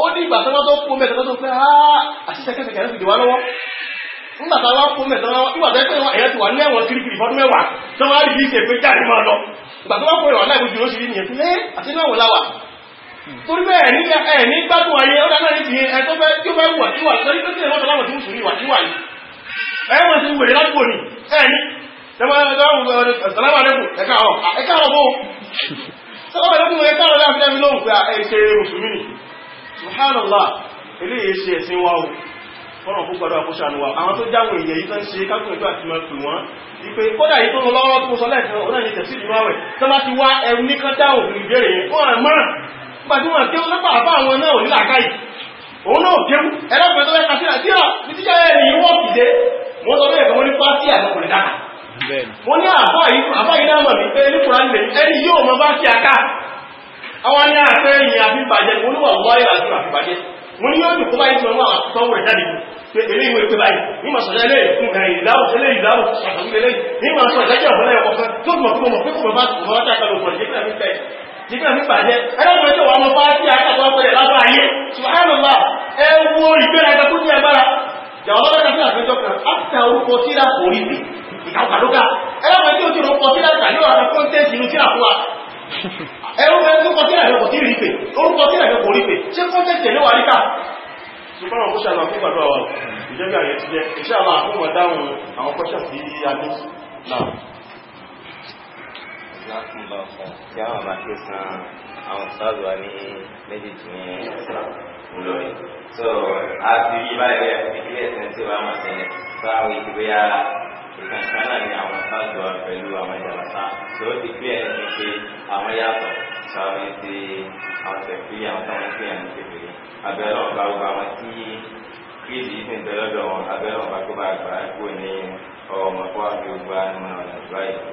ó ní ìgbà tó tó kó mẹ́ta tó fẹ́ àṣìṣe kẹsẹ̀kẹ́ ló fi dè wá lọ́wọ́ nígbà tá wá kó mẹ́ta wọn nígbà tó pé ẹ̀yẹ ti wà ní ẹ̀wọ̀n kirikiri fọdún mẹ́wàá tó wá rí bí ìṣe pé torí bẹ́ẹ̀ ní ẹ̀ní gbádùn ayé ọ̀dà fọ́nà fún gbọ́dọ̀ àkóṣà àníwà àwọn tó jáwọn èèyàn yìí tán ṣe kákùn ìjọ àti mọ̀ pè ìpé kódà yìí tó lọ́wọ́ tó sọ lẹ́ẹ̀kan ọ̀nà ìtẹ̀sí ìlú àwẹ̀ tó bá ti wá ẹ̀rù ní kọ́dáwò ìgbèrè yẹn gbàdúrà kí wọ́n lọ́pàá àbá àwọn náà ò nílà káyì òun náà kéwú ẹlọ́pàá tó lẹ́ka síra síra ní tíjà ẹ̀ ní wọ́n ti dé wọ́n sọ bẹ́ẹ̀ wọ́n ní pàṣẹ àtọkùnrin dáka wọ́n ní àbá yìí àbá yìí náà mọ̀ mí pé ní kùrán lè ẹni yóò mọ bá sí aká àwọn ní àfẹ́ ìyìn àbí bàjẹ́ wọ́n ní wà wáyé àti àbí bàjẹ́ wọ́n ní yóò dùn kó báyìí tí wọ́n wà sọ́wọ́ rẹ̀ jáde pé nígbà nípa jẹ́ ẹlẹ́gbẹ̀ẹ́ tí wọ́n mọ bá tí àkàtọ̀ ọpẹlẹ̀ lábẹ́ ayé ṣùgbọ́nàlá ẹ wo ìgbéra ẹgbẹ́ tó ní agbára ìyàwó bá bẹ́ẹ̀ náà fẹ́jọ́ kan áfíà orúkọ tí ra orí bì ìkàkàlókà ẹlẹ́gbẹ̀ẹ́ tí ó ti rọ́pọ̀ tí ra tàbí ọ̀rọ̀ kọ́ńtẹ́ǹtì inú tí ra fún wa ẹrú ẹ tó kọtí àyọkọ tí rí pé orúkọ tí àyọkọ rí pé ṣé kọ́ńtẹ́ǹtì ló wà ríkà ṣùgbọ́n àwọn kọ́ṣà náà fún ìgbàdo àwọn ìjọba àyẹ̀ ti jẹ́ iṣẹ́ àwọn àkómọ̀dáhùn àwọn kọ́ṣà sí adé náà lákùnlá ọ̀sán tí àwọn àmàké san àwọn sáàlù wa ní méjèèjì ní ẹ̀sán olórí so a ti rí báyìí ìdílé ẹ̀sán tí wàá máa tẹ̀lé sọ àwọn ìdílé ya ìkànkan náà ní àwọn sáàlù wa pẹ̀lú àwọn ìjàmbá so ó ti pé ẹni pé àwọn yàtọ̀ sáwọn ti àwọn tẹ̀kí àwọn táwọn pé ẹni kékeré abẹ́rẹ́ ọ̀gá ọgbà wọn tí kéèdì yìí ti ń bẹ̀rẹ̀ lọ́dọ̀ wọn abẹ́rẹ́ ọ̀gá tó bá gbà á kúrò ní ọmọ fún àgbẹ̀ ògbà ní ọ̀nà ìgbà yìí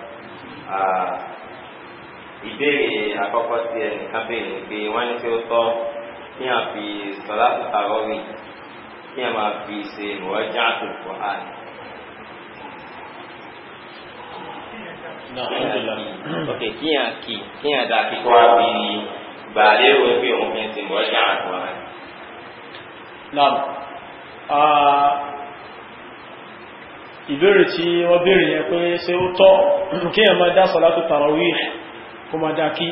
ìbéèrè àkọ́kọ́ sí ẹnìkan béèrè pé wọ́n ní kí ó tọ́ kí a fi sọ́lá àrọ́ mi kí a máa fi ṣe ìwọ́jà àtòkò àná. Okay, kí a kì kí a dà kíkọ́ àbí gbàdé wo pé òun fi ṣe ìwọ́jà àtòkò àná. Náà ìbéèrè tí wọ́n béèrè yẹn pé ṣé ó tọ́ kí a máa dá sọ́lá tó tàràwí kó máa dá kí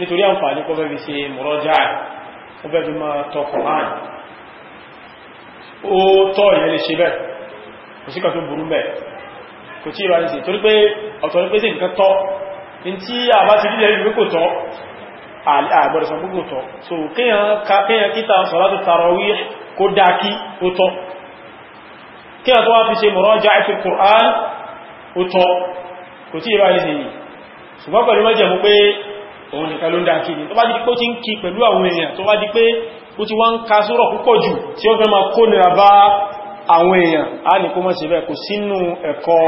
nítorí àǹfààní kó fẹ́ fi ṣe mọ̀rọ́jà ó fẹ́ fi máa tọ Kùránì ó tọ́ ìyẹn lè ṣe bẹ́ẹ̀ kò sí kan tó burú bẹ́ẹ̀ kò tí ìbá ṣe torí pé ọ̀tọ̀ ní pé sí nǹkan tọ́ ní tí a bá ti dílé ìwé kò tọ́ àgbọ̀dọ̀ sọ gbogbo tọ́ so tó wá fi ṣe mọ̀rọ́jà ìfẹ́ Kùránì ó tọ́ kò tí ìbá ṣe yìí ṣùgbọ́n pẹ̀lú mẹ́jẹ̀mú pé òun nìkan ló ń dá kiri tó bá di pé ó ti ń kí pẹ̀lú àwọn èèyàn tó bá di pé ó ti wá ń ka sórọ̀ púpọ̀ jù tí ó fẹ́ máa kó nira bá àwọn èèyàn á ní kó mọ́ bẹ́ẹ̀ kò sínú ẹ̀kọ́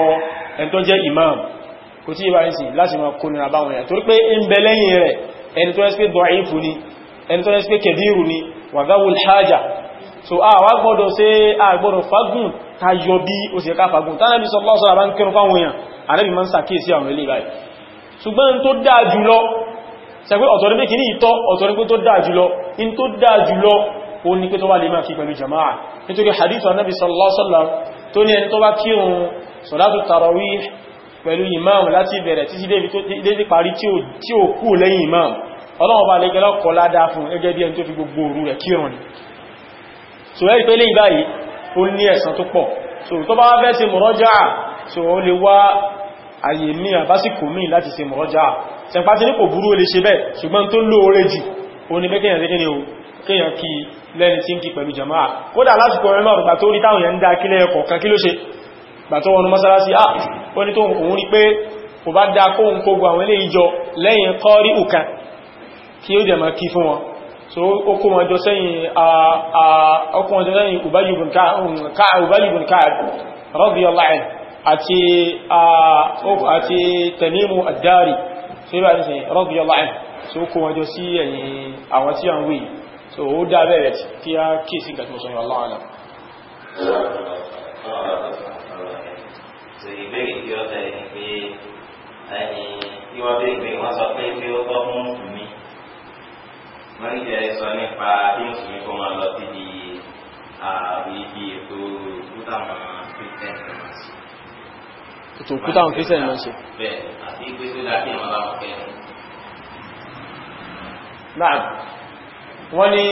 ẹni jẹ́ imam kò tí ìbá ìsìn láti máa kó nira bá àwọn èèyàn torí pé ń bẹ lẹ́yìn rẹ̀ so a wá gbọ́dọ̀ ṣe a fagun tayọ bí ó fagun tánàbí sọ lọ́sọ̀rọ̀ bá ń kẹrù fáwọn èèyàn àrẹ́bì máa ń sàkíyèsí ṣùgbọ́n tó dáa jùlọ ṣẹgbẹ́ ọ̀tọ̀rin mékì ní ìtọ́ ọ̀tọ̀rin pé tó dáa jùlọ in tó dáa jùlọ o ní pé tó bá lè máa kí pẹ̀lú jama'a nítorí hadithu annabi sallallahu alaihi wasallam tó ní ẹni tó bá kírun sọ̀látù tarawih pẹ̀lú imam láti bẹ̀rẹ̀ títí débi parí tí ó imam ọlọ́run bá lè gẹ́lọ́ kọ ládá fún gẹ́gẹ́ bí ẹni tó fi gbogbo òru rẹ̀ kírun so ẹ́rì pé lẹ́yìn báyìí so tó lè wá ayé mí àbásíkò mí láti ṣe mọ̀rọ́já ṣẹ̀pá tí ní kò burú lè ṣe bẹ́ẹ̀ ṣùgbọ́n tó lóore jù ó ní bẹ́kẹ̀yàn tí kíni o kíyàn kí lẹ́ni tí ń kí pẹ̀lú jama'a kódà lásìkò ẹ̀rọ náà gbà tó rí táwọn yẹn ń dá kílẹ̀ ẹ̀kọ̀ kan kí ló ṣe gbà tó wọnú mọ́sálásí ah, fún wọn so ó kó wọn jọ sẹ́yìn ọkùnrin jọ sẹ́yìn Ubayy ibn Ka'b àti àti tẹ̀mímù àdárì tí bá nìsìn radiyallahu anhu tí ó kó wọ́n jọ sí ẹ̀yìn àwọn tí a ń wí so ó dá bẹ̀rẹ̀ tí a kí sí gàtí mọ̀sán Allahu a'lam wọ́n sọ nípa bí mùsùlùmí kó máa lọ sí di ibi ètò búdàmà christian ètò òkúta àwọn kírísẹ̀ náà ṣe náà wọ́n ní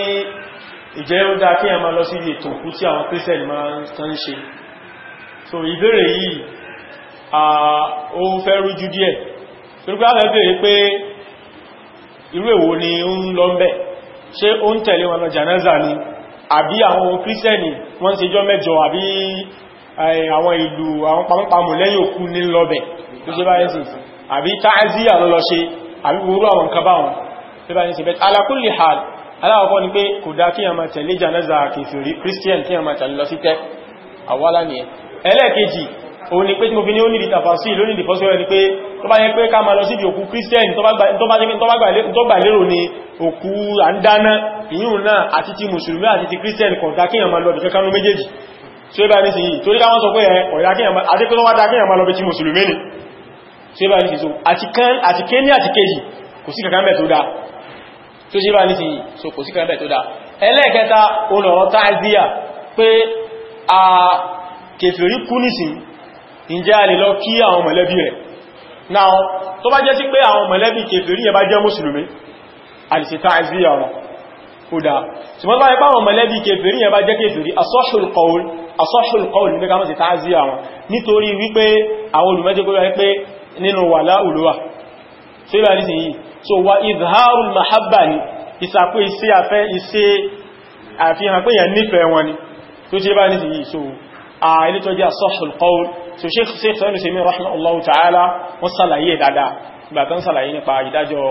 ìjẹ́ ó dá kí ẹmà lọ sí ibi ètò òkú tí àwọn kírísẹ̀ máa tán ṣe so ìbéèrè yìí ó fẹ́ rújú díẹ̀ torípé àwọn ẹgbẹ̀rẹ̀ pé irú èwo ni ó ń lọ ń bẹ̀ ṣé ó ń tẹ̀lé wọn lọ jànáza ni àbí àwọn kírísẹ̀ni wọ́n ti jọ mẹ́jọ àbí àwọn ìlú àwọn pàmọ́pàmù lẹ́yìn òkú ní lọ́bẹ̀ tó ṣe bá yẹ́sì àbí táàzíyà lọ́lọ́ ṣe àbí wúrú àwọn kan báwọn tó bá yẹ́sì bẹ́t ala kulli hal aláwọ̀kọ́ ni pé kò dá kí ẹmà tẹ̀lé jànáza kèfèrí christian kí ẹmà tẹ̀lé lọ ni ẹ ẹlẹ́ẹ̀kejì òun ni pé tí mo fi ní ó nílì tàfàṣí ló christian tó bá lérò ni òkú àndáná ìyún náà àti ti mùsùlùmí christian kọ̀ọ̀dá kí ẹmà lọ bí ṣe bá ní sí yìí torí káwọn sọ pé ẹ̀ eh, ọ̀yá kèfèrí kú nìsìn ìjẹ́ a lè lọ kí àwọn mọ̀lẹ́bí rẹ̀ náà tó bá jẹ́ sí pé àwọn mọ̀lẹ́bí kèfèrí yẹ bá jẹ́ mùsùlùmí a lè ṣe ta'aziyya wọn kódà ṣùgbọ́n bá ipá àwọn mọ̀lẹ́bí kèfèrí yẹ bá jẹ́ kèfèrí asahhul qawl asọ́ṣùl kọlù ní kámọ́ sí tààzí àwọn nítorí wípé àwọn olùmẹ́jẹ́ kó rẹ̀ pé nínú wà láùlúwà so ibà ní sí yìí so wa izharul mahabba ni ìsàpé iṣẹ́ afẹ́ iṣẹ́ àfihàn pé yẹn nífẹ̀ẹ́ wọn ni tó ti bá ní sí yìí so a ilé tó jẹ́ asọ́ṣùl kọlù so sheikh sheikh sọ́nù sí mi rahimahullahu ta'ala wọ́n sàlàyé dáadáa ìgbà tán sàlàyé nípa ìdájọ́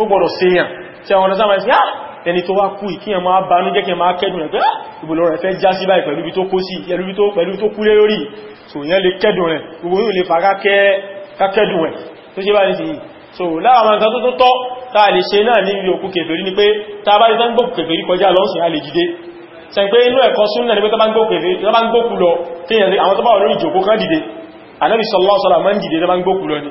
ó gbọ́dọ̀ sí yàn tí àwọn ọ̀nà sáwọn ẹ̀sìn yá ẹni tó wá kú ìkíyàn máa bá ní jẹ́kẹ́ máa kẹ́dùn rẹ̀ pé ìbòlò ah! rẹ̀ fẹ́ já sí báyìí pẹ̀lú ibi tó kó sí kú lórí so yẹn lè kẹ́dùn rẹ̀ gbogbo yóò lè fa kákẹ́dùn rẹ̀ so lára àwọn nǹkan tó tó tọ́ tá a lè ṣe ni pé tá a bá rí tán gbòkú kèfèrí a lè jíde sẹ pé inú ẹ̀kọ́ súnnà ni pé tó bá ń gbòkú kèfèrí tó bá ń gbòkú lọ tí àwọn tó bá wà lórí ìjòkó máa ń dìde tó ń gbòkú lọ ni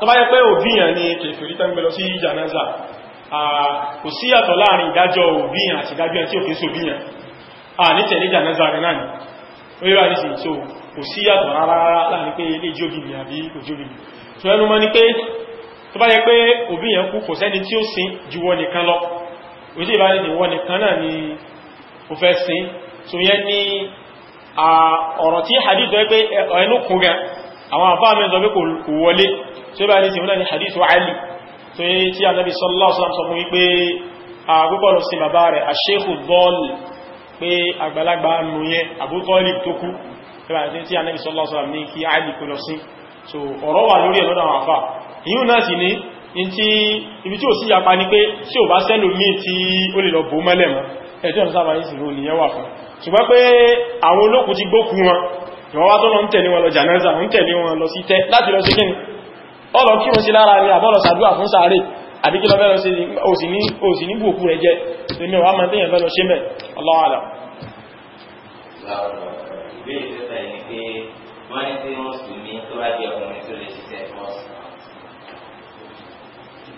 tó bá yẹ pé òbíyàn ni kèfèrí tán gbẹ̀lọ sí jànáza kò sí yàtọ̀ láàrin ìdájọ́ òbíyàn àti ìdájọ́ tí ò kí sí òbíyàn à ní tẹ̀lé jànáza rẹ̀ náà ni ó yíra nísìn so kò sí yàtọ̀ rárá láàrin pé ilé ìjóbìnrin àbí òjóbìnrin so ẹnu mọ́ ni pé tó bá yẹ pé òbíyàn kú ní ni ó fẹ́ sin so yẹn ni ọ̀rọ̀ tí hadith sọ pé ẹnu gan àwọn àfáà mi sọ pé kò wọlé tí ó bá ní tìmúnà ní hadithu ali tó yí tí anábi sallallahu alaihi wasallam sọ fún wípé àgbúkọ̀ lọ sí bàbá rẹ̀ àṣẹ́kù bọ́ọ̀lù pé àgbàlagbà nù yẹn àbútọ́lì tó kú tí anábi sallallahu alaihi wasallam ní kí ali kú lọ sí so ọ̀rọ̀ wà lórí ẹ̀lọ́dọ̀ àwọn àfáà ìyún náà sì ní ibi tí ò sí yapa ni pé tí ò bá sẹ́lù míì tí ó lè lọ bò mọ́lẹ̀ mọ́ ẹjọ́ ìsábà yìí sì ló nìyẹn wà fún ṣùgbọ́n pé àwọn olókùn ti gbókù wọn ìwọ́wá tó lọ ń tẹ̀lé wọn lọ jànáza ń tẹ̀lé wọn lọ sí tẹ́ láti lọ sí kíni ọlọ kí wọ́n sí lára ní àbọ́lọ sàdúà fún sàárè àbíkí lọ bẹ́rọ sí òsì ní bùkú rẹ jẹ́ èmi ọ̀wá máa tẹ́yẹ̀ bẹ́rọ ṣe mẹ́ ọlọ́wàlá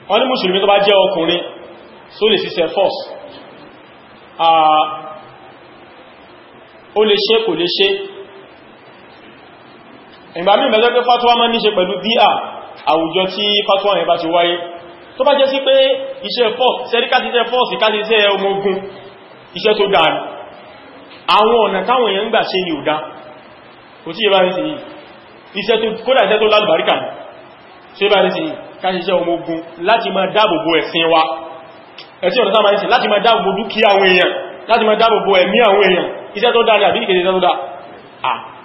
wọ́n ní mùsùlùmí tó bá jẹ́ ọkùnrin só lè ṣiṣẹ́ fọ́s ó lè ṣe kò lè ṣe ìgbà mí mẹ́jọ́ pé fatuwa máa ní ṣe pẹ̀lú díà àwùjọ tí fatuwa yẹn bá ti wáyé tó bá jẹ́ sí pé iṣẹ́ force sẹ́rí káṣíṣẹ́ force káṣíṣẹ́ ọmọ ogun iṣẹ́ tó dáa àwọn ọ̀nà táwọn èèyàn gbà ṣe ní òdá kò tí ìbárí sí iṣẹ́ tó kódà iṣẹ́ tó lálùbáríkà ṣe ìbárí sí káṣíṣẹ́ ọmọ ogun láti máa dáàbòbò ẹ̀sìn wa ẹ̀sìn ọ̀nà táwọn láti máa dáàbòbò dúkìá àwọn èèyàn láti máa dáàbòbò ẹ̀mí àwọn èèyàn iṣẹ́ tó dáa ní ìkèdè tó dáa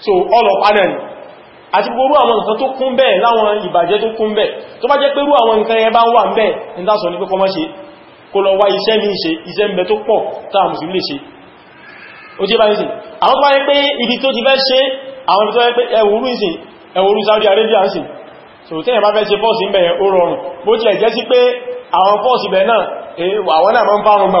so all of anani àti gbogbo àwọn nǹkan tó kún bẹ́ẹ̀ láwọn ìbàjẹ́ tó kún bẹ́ẹ̀ tó bá jẹ́ pẹ̀lú àwọn nǹkan ẹbá wà ń bẹ́ẹ̀ ní dáṣọ ní pé kọmọ́ ṣe kó lọ wá iṣẹ́ ní ṣe iṣẹ́ ń bẹ tó pọ̀ táà mùsùlùmí lè ṣe ó jẹ́ báyìí sìn àwọn tó bá yẹ pé ibi tó ti fẹ́ ṣe àwọn ibi tó yẹ pé ẹwùrú ìsìn ẹwùrú Saudi Arabia ń sìn so tẹ́yẹ̀ bá fẹ́ ṣe pọ́ọ̀sì ń bẹ̀yẹn ó rọrùn bó tilẹ̀ jẹ́ sí pé àwọn pọ́ọ̀sì bẹ̀ náà eh, àwọn náà máa ń fárun gbà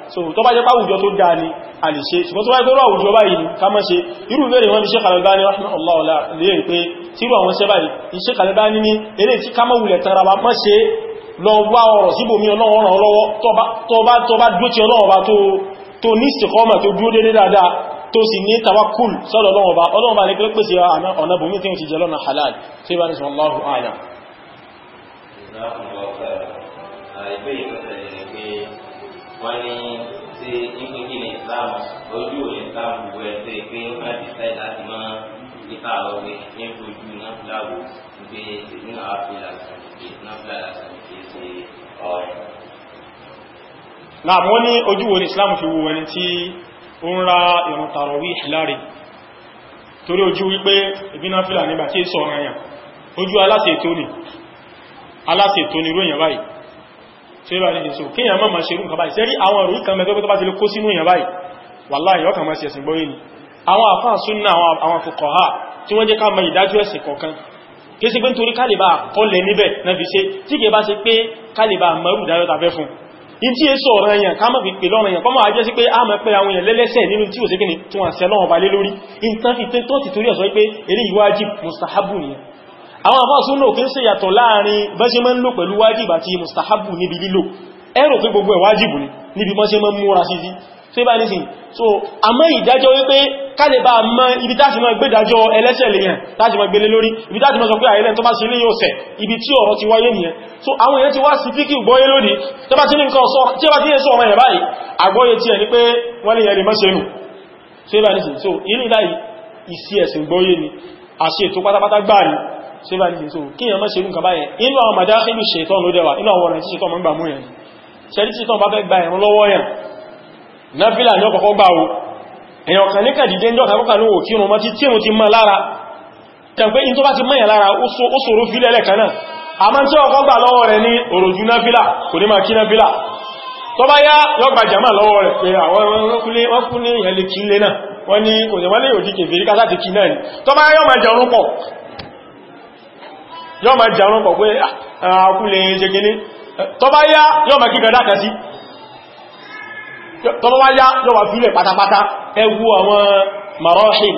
so tó bá jẹ́ pàwùjọ tó dáa ni a lè ṣe ṣùgbọ́n tó bá jẹ́ àwùjọ báyìí ni ká mọ́ ṣe irú ìbẹ̀rẹ̀ wọn ni Sheikh Al-Albani rahimahullah lè pé tírú àwọn iṣẹ́ báyìí Sheikh Al-Albani ní eré tí ká mọ́ wulẹ̀ tara wa mọ́ ṣe lọ wá ọ̀rọ̀ síbòmí ọlọ́run lọ́wọ́ tó bá dúó ti ọlọ́run bá tó ní ìsìnkọ́mà tó dúó dédé dáadáa tó sì ní tawakul sọ́dọ̀ ọlọ́run bá ọlọ́run bá ní pé pèsè ọ̀nà bùnmí tí ó ti jẹ lọ́nà halal tí bá ní sọ Allahu a'lam wọ́n ní ṣe nígbèkí ní islam ojú ò islam gbogbo ẹ̀ ṣe pé ó máa decide láti máa nípa lọ pé ní ojú náà fúláwò pé èmi náà fi làásán ìgbé náà fi làásán ìgbé ṣe ọ̀rẹ́. láàmú ní ojú wo ni islam fi wo ẹni tí ó ń ra ìrun tàrọ̀wí láre torí ojú wípé ìbínà fìlà nígbà tí èso ọ̀ranyàn ojú aláṣẹ ètò ni aláṣẹ ètò ni ròyìn báyìí ṣe bá ní ìṣò kíyàn máa máa ṣerú nǹkan báyìí sẹ́rí àwọn ìròyìn kan mẹ́tọ́ bá ti lè kó sínú èèyàn báyìí wàláhì yọ́kàn máa ṣẹ̀sìn gbọ́yé ni àwọn àfáà súnnà àwọn fuqaha tí wọ́n jẹ́ ká mọ ìdájú ẹ̀sìn kọ̀ọ̀kan kí sí pé nítorí kálìbà kọlẹ̀ níbẹ̀ náà fi ṣe tí kì bá ṣe pé kálìbà mọ́rù dáyọ́ tàbẹ́ fún in tí èso ọ̀rọ̀ èèyàn ká mọ̀ pè lọ́rọ̀ èèyàn kọ́mọ̀ ajẹ́ sí pé a mọ̀ pé àwọn èèyàn lẹ́lẹ́sẹ̀ nínú tí ò sí kí ni tí wọ́n balé lórí in tó ti torí ọ̀sọ́ pé eléyìí wájib mustahabu nìyàn àwọn àfáàsún náà kí ń ṣe yàtọ̀ láàrin bá ṣe máa ń lò pẹ̀lú wájìbà àti mustahabu níbi lílò ẹ̀rọ pé gbogbo ẹ̀ wájìbù ní níbi mọ́ ṣe máa ń múra sí sí tó bá ní sin so àmọ́ ìdájọ́ wípé kálẹ̀ bá mọ́ ibi táti máa gbé dájọ́ ẹlẹ́ṣẹ̀ lèyàn láti máa gbélé lórí ibi táti máa sọ pé àìlẹ́ tó bá sí ilé yóò ṣẹ̀ ibi tí ọ̀rọ̀ ti wáyé nìyẹn so àwọn èèyàn ti wá sí fíkì gbọ́yé lónìí tó bá ti ní nǹkan sọ tí ó bá ti ní sọ ọmọ ẹ̀ báyìí àgbọ́yé ti ẹ̀ so ìbá ní sin so inú ètò pátápátá gbáà ṣe bá nìyí so kí èèyàn má ṣe nǹkan báyẹn inú àwọn màdáhìlú ṣètọ́n ló dẹwà inú àwọn ọ̀nà tí ṣètọ́n máa ń gbà mú yẹn ṣẹ́rí ṣètọ́n bá fẹ́ gba ẹ̀rùn lọ́wọ́ yẹn náfílà ní ọkọ̀kọ́ gbà wo èèyàn kan ní kàdìdé ń dọ́ka kọ́kà lówó kírun mọ́ tí tírun ti mọ́ lára kàn pé in tó bá ti mọ́yàn lára ó ṣòro fílẹ̀ kò ní wọ́n lè kí lé náà wọ́n ní kí náà ni tó bá yọ́ máa jẹun pọ̀ yọ́ ma jàrún pọ̀ pé àkúlẹ̀ ah, ah, ṣe gini eh, tó bá yá yọ́ ma kíkà dákà sí tó bá yá yọ́ ma fílẹ̀ pátápátá ẹgbú àwọn marahil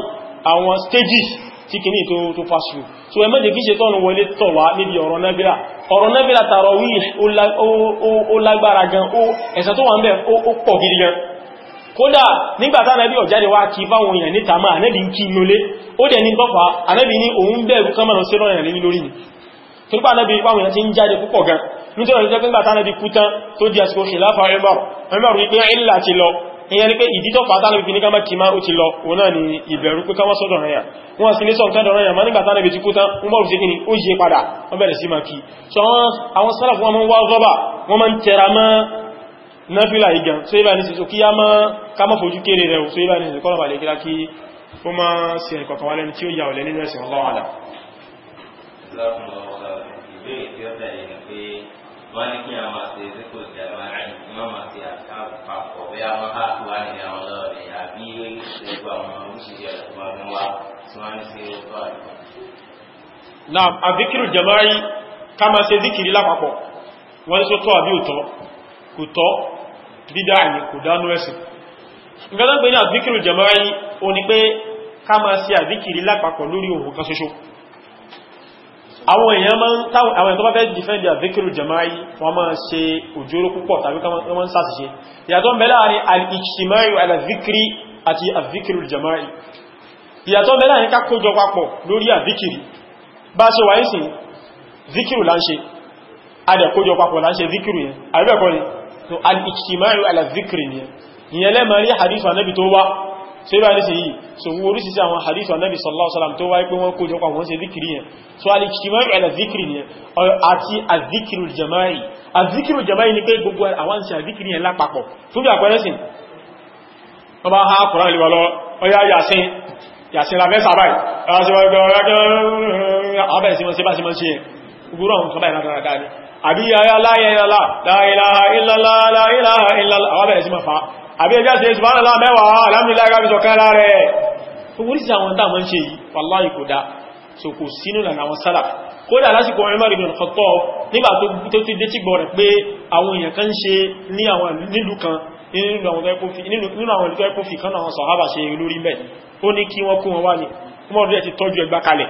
àwọn stages tí kìí tó tó fásù so ẹ mẹ́jẹ̀ kíṣe tọ́nù wọlé tọ̀ wá níbi ọ̀rọ̀ nẹ́bílà ọ̀rọ̀ nẹ́bílà tarawih ó lágbára gan ó ẹ̀sẹ̀ tó wà ń bẹ̀ ó pọ̀ gidi gan kódà nígbàtá ànábì ọ̀jáde wá kí fáwọn èèyàn níta máa ànábì ń kí inúlé ó dẹ̀ ní tọ́fà ànábì ní òun bẹ̀rù kánmà lọ sí lọ́rẹ̀ lórí torípa anábi ipá wọ̀nyàn ti ń jáde púpọ̀ gan nítorí ìjẹ́ pínpà tánàbí kú tán tó di àsìkò khilafa Umar Umar wípé ìlà ti lọ ìyẹn ni pé ìdítọ̀ pàtàlùbí ní kámà kìí máa ó ti lọ òun náà ni ìbẹ̀rù pé kámà sọ́dọ̀ rẹ̀ yàn wọ́n sì ní sọ̀tọ̀ rẹ̀ yàn ma nígbà tánàbí ti kú tán ń bọ̀rù sí kíni ó yíé padà wọ́n bẹ̀rẹ̀ sí máa kí so àwọn sálàfù wọn wá rọ́bà wọ́n máa ń tẹra mọ́ náfílà igan so ibà ní sísò kí á mọ́ kámà fojú kéré rẹ̀ so ibà ní sísò kọ́lọ̀bà lè kíra kí ó máa sí ẹ̀kọ̀kan wálẹ́ni tí ó yà ọ̀lẹ́ nínú ẹ̀sìn ọlọ́wọ́n ìbéèrè tí ó tẹ̀lé ni pé wọ́n ní kí a máa ṣe sípò ìjàmbá àti kí wọ́n máa ṣe àkáàbò papọ̀ bí àwọn káàkó wà ní àwọn ọlọ́ọ̀rẹ́ àbí gbogbo àwọn oríṣiríṣi ẹ̀kọ́ bá mú wa tí wọ́n ń ṣe ọkọ̀ àdúgbò. na àbíkírù jẹ̀mọ́ yìí ká máa ṣe díkìrí lápapọ̀ wọ́n ní sótọ́ àbí òtọ́ kò tọ́ dídá àmì kò dánú ẹ̀sìn nǹkan tó ń pè ní àbíkírù jẹ̀mọ́ yìí ó ní pé ká máa ṣe àbíkírì lápapọ̀ lórí òhun kan ṣoṣo àwọn èèyàn máa ń táwọn àwọn tó bá fẹ́ defend their vikiru jama'i wọ́n máa ṣe òjòrò púpọ̀ tàbí wọ́n máa ń sàṣìṣe ìyàtọ̀ ń bẹ láàrin al-ijtimai al-vikiri àti al-vikiru jama'i ìyàtọ̀ ń bẹ láàrin kákójọ papọ̀ lórí al-vikiri bá ṣe wà nísìn vikiru là ń ṣe adẹ̀kójọ papọ̀ là ń ṣe vikiru yẹn àríbẹ̀kọ́ ni al-ijtimai al-vikiri ni ìyẹn lẹ́mọ̀ rí hadith wa nabi tó wá so ibá nísì yìí so wo orísìsí àwọn hadith annabi sallallahu alaihi wasallam tó wáyé pé wọ́n kó jọpọ̀ àwọn ṣe zikiri yẹn so al-ijtima'u ala zikiri yẹn àti azikiru jama'i azikiru jama'i ni pé gbogbo àwọn ṣe azikiri yẹn lápapọ̀ fún bí àpẹẹrẹ sí wọ́n bá ha kùrán lè wà lọ ọya yasin yasin la mẹ́sà báyìí ọya sí wọ́n gbọ́ ọya kí wọ́n àbí ayá láyẹ̀lá láìláha ìlàlá láìláha ìlàlá àwọn bẹ̀rẹ̀ sí ma fa àbí ẹjá sí ìsùnmọ́ aláà mẹ́wàá alámìlá gábi sọ kára rẹ̀ orísì àwọn tàà mọ́ ṣe yìí wàláhì kò dá so kò sínú lànà àwọn sálà kódà lásìkò Umar ibn Khattab nígbà tó ti dé tìgbọ̀ rẹ̀ pé àwọn èèyàn kan ṣe ní àwọn nílùú kan nínú àwọn ìlú ẹkùn fi kan náà sọ̀hábà ṣe lórí mẹ́ ó ní kí wọ́n kó wọn wá ní ọmọdé ti tọ́jú ẹgbá kalẹ̀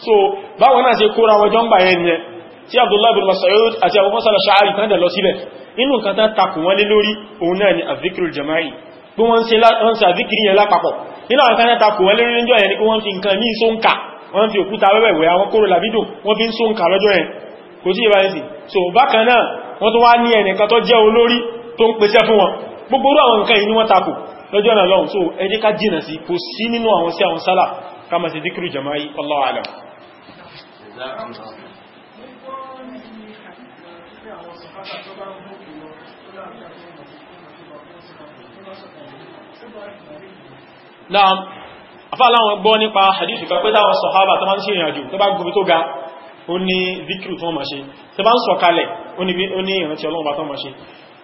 so báwọn náà ṣe kóra wọn jọ́ǹgbà yẹn yẹn tí abdullahi bin mas'ud àti abu musa al-sha'ari kan dẹ̀ lọ síbẹ̀ inú nǹkan tán takù wọn lé lórí òun náà ni azikirul jama'i pé wọ́n ń ṣe azikiri yẹn lápapọ̀ nínú àwọn tán takù wọn lórí níjọ́ yẹn ni pé wọ́n fi nǹkan ní sóǹkà wọ́n fi òkúta wẹ́wẹ́ wẹ́ àwọn kóró làbídùn wọ́n fi ń sóǹkà lọ́jọ́ yẹn kò tí ìbá ẹ̀sìn so bákan náà wọ́n tó wá ní ẹnìkan tó jẹ́ olórí tó ń pèsè fún wọn gbogbo àwọn nǹkan yìí ni wọ́n takù lọ́jọ́ náà lọ́hùn so ẹ jẹ́ ká jìnà sí kò sí nínú àwọn sí àwọn sálà kama sí díkìrù jama'i Allahu alam Naam afá aláwọn gbọ́ nípa hadithu kan pé táwọn sọ̀hábà tó máa ń ṣe ìrìnàjò tó bá gbobi tó ga ó ní zikiru tó máa ṣe tó bá ń sọ̀kalẹ̀ ó ní ìrántí Ọlọ́run bá tó máa ṣe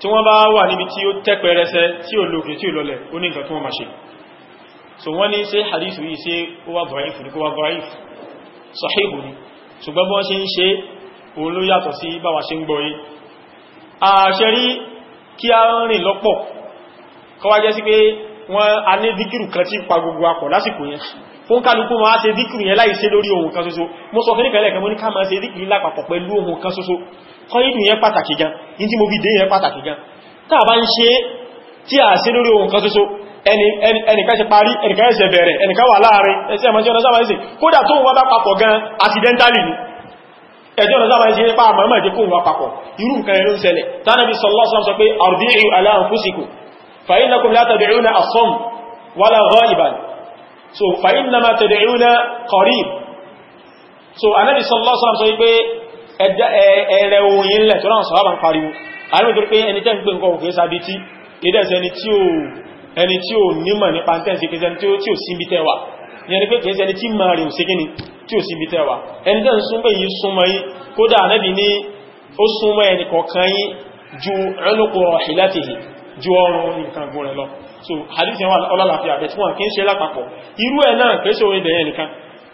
tí wọ́n bá wà níbi tí ó tẹ́pẹrẹsẹ tí ò lókè tí ò lọlẹ̀ ó ní nǹkan tó máa ṣe so wọ́n ní ṣe hadithu yìí ṣe ó wà ní kó wà sahihu ni ṣùgbọ́n bọ́n ṣe ń ṣe òun ló yàtọ̀ sí báwa ṣe ń gbọ́ yìí àṣẹ rí kí a rìn lọ́pọ̀ kọwa jẹ́ sí pé wọ́n a ní díkìrù kan tí pa gbogbo akọ̀ lásìkò yẹn fún kálukú ma ṣe díkìrù yẹn láì ṣe lórí ohun kan ṣoṣo mo sọ fẹ́lẹ̀ kẹlẹ̀ kan mo ní ká ma ṣe díkìrù lápapọ̀ pẹ̀lú ohun kan ṣoṣo kọ́ yìí yẹn pàtàkì gan ní tí mo fi dé yẹn pàtàkì gan tá a bá ń ṣe tí a ṣe lórí ohun kan ṣoṣo ẹnìkan ṣe parí ẹnìkan ẹ̀ṣẹ̀ bẹ̀rẹ̀ ẹnìkan wà láàrin ẹ̀ṣẹ̀ ẹmọ́ tí ọ̀nà sábà ń ṣe kódà tó wọ́n bá papọ̀ gan accidentally ni ẹjọ́ ọ̀nà sábà ń ṣe pa àmọ́ ẹ̀jẹ́ kó wọ́n papọ̀ irú nǹkan ló ń ṣẹlẹ̀ tánàbí sọlọ́sán tí ó ẹni tí ò nímọ̀ nípa tẹ́ǹsì kìí ṣẹni tí ó síbi tẹ́wà yẹni pé kìí ṣẹni tí ma rí ò sí kíni tí tẹ́ ju ẹnukọ̀ ìlàtìhì ju ọrùn nǹkan gùn rẹ̀ so hadith yẹn wà ọlọ́láfíà bẹ̀ tí wọ́n kìí ṣe lápapọ̀ irú ẹ̀ náà kìí ṣe orin bẹ̀yẹn nìkan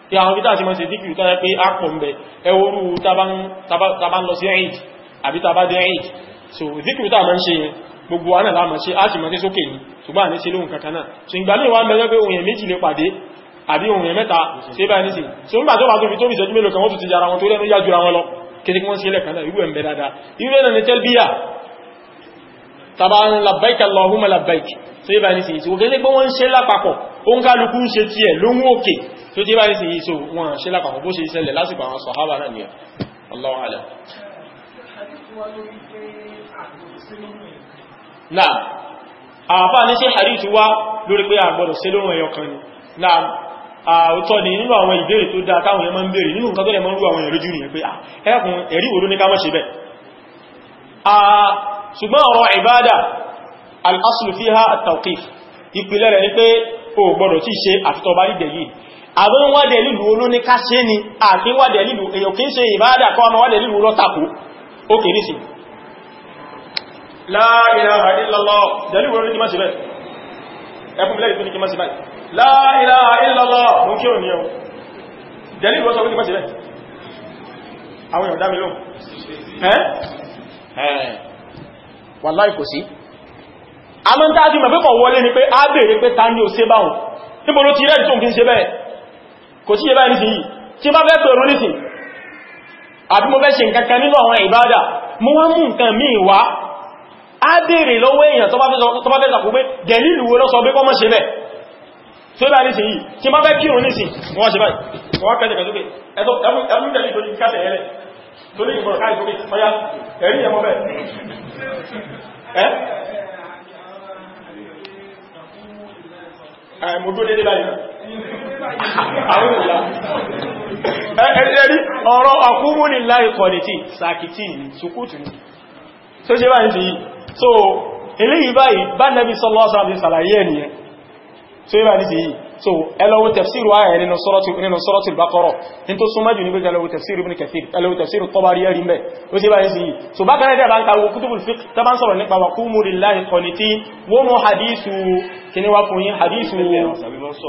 tí àwọn bídá àti mọ́ sí díkìrì tọ́rẹ pé a pọ̀ mẹ́ ẹwọ́rú tàbá ń lọ sí ẹ̀ìd àbí tàbá dé so díkìrì tàbá ń gbogbo wa náà láàmà ṣe á sì mọ́ sí sókè ní ṣùgbọ́n àní sí lóhun kankan náà ṣe ìgbà mí wá mẹ́jọ́ pé òun méjì lè pàdé àbí òun mẹ́ta ṣe bá ní sí ṣe ń gbà tó bá tó fi tó ìṣẹ́jú mélòó kan wọ́n tún ti jara wọn tó lẹ́nu yájú ra wọn lọ kéde kí wọ́n sí ẹlẹ́kan náà irú ẹ̀ ń bẹ dáadáa irú ẹ̀ ní tẹ́lbíyà tàbá ń labbaik allahumma labbaik ṣe bá ní sí ìṣòwò kéde pé wọ́n ń ṣe lápapọ̀ ó ń kálukú ń ṣe tiẹ̀ lóhun òkè tó ti bá ní sí ìṣòwò wọn ṣe lápapọ̀ bó ṣe ìṣẹ̀lẹ̀ lásìkò àwọn sàhábà náà nìyẹn Allahu a'lam náà àfà ní sí hadith wá lórí pé àgbọ̀dọ̀ sí lóhun ẹyọ kan ni náà àwòtọ́ ni nínú àwọn ìbéèrè tó dáa táwọn ẹmọ ń béèrè nínú nǹkan tó lè mọ́ rú àwọn ìrìnlójú ni pé ẹkùn ẹ̀rí wo ló ní ká má ṣe bẹ́ẹ̀ ṣùgbọ́n ọ̀rọ̀ ìbádà al-aslu fiha at-tawqif ìpìlẹ̀ rẹ̀ ní pé o gbọ́dọ̀ tí ṣe àfitọba ìdẹ̀ yìí àwọn wádẹ̀ lílù olóníká ṣe ni àti wádẹ̀ lílù èyàn kìí ṣe ìbádà kọ́ ọmọ wádẹ̀ lílù lọ́tàkù ó kìí sí la ilaha illallah dalil wo ni ma ṣe bẹ́ ẹ fún mi lẹ́yìn tó ní kí ma ṣe báyìí la ilaha illallah mú kí o ní ẹwọ dalil wo sọ ní ma ṣe bẹ́ àwọn èèyàn dámi lóhun ẹ́ ẹ́ wallahi kò sí a mọ́ tá ájú mẹ́fẹ́kọ̀ wọlé ni pé a bèèrè pé ta ní o ṣe báhùn níbo ló ẹbá ní sí yìí tí bá fẹ́ pẹ̀rún nísìn àbí mo fẹ́ ṣe nǹkan kan nínú àwọn ìbádà mo wá mú nǹkan míì wá á bèèrè lọ́wọ́ èèyàn tó bá fẹ́ sàkó pé dẹ̀lìlù wo ló sọ pé kọ́ mọ́ ṣe bẹ́ẹ̀ tó bá nísìn yìí tí má fẹ́ kírun nísìn wọ́n ṣe báyìí wọ́n kẹ́jẹ̀ kẹ́jọ́ pé ẹmú ìdẹ̀lì tó ní kásẹ̀ ẹ̀rẹ́ tó ní ìgbọ̀rọ̀ káàkiri tó pé ọya ẹ̀rí ẹ̀mọ́ bẹ́ẹ̀ àìmọ̀dó dédé báyìí àwọn ìlà ẹ̀rí ọ̀rọ̀ àkúmúnìlá ìkọ̀lẹ̀tì so eléyìí báyìí bá nẹ́bí sallallahu alaihi wasallam so yíba ní sí yìí so ẹlọ́wọ́ tafsir wáyé nínú suratul Baqara ní tó súnmọ́jù ní gbẹ́gbẹ́ ẹlọ́wọ́ tafsir Ibn Kathir ẹlọ́wọ́ tafsir Tabari rí mẹ́ ó sí bá ní sí yìí so bákan náà dẹ̀ bá ń kàwọ́ kíní wá fún yín hadithu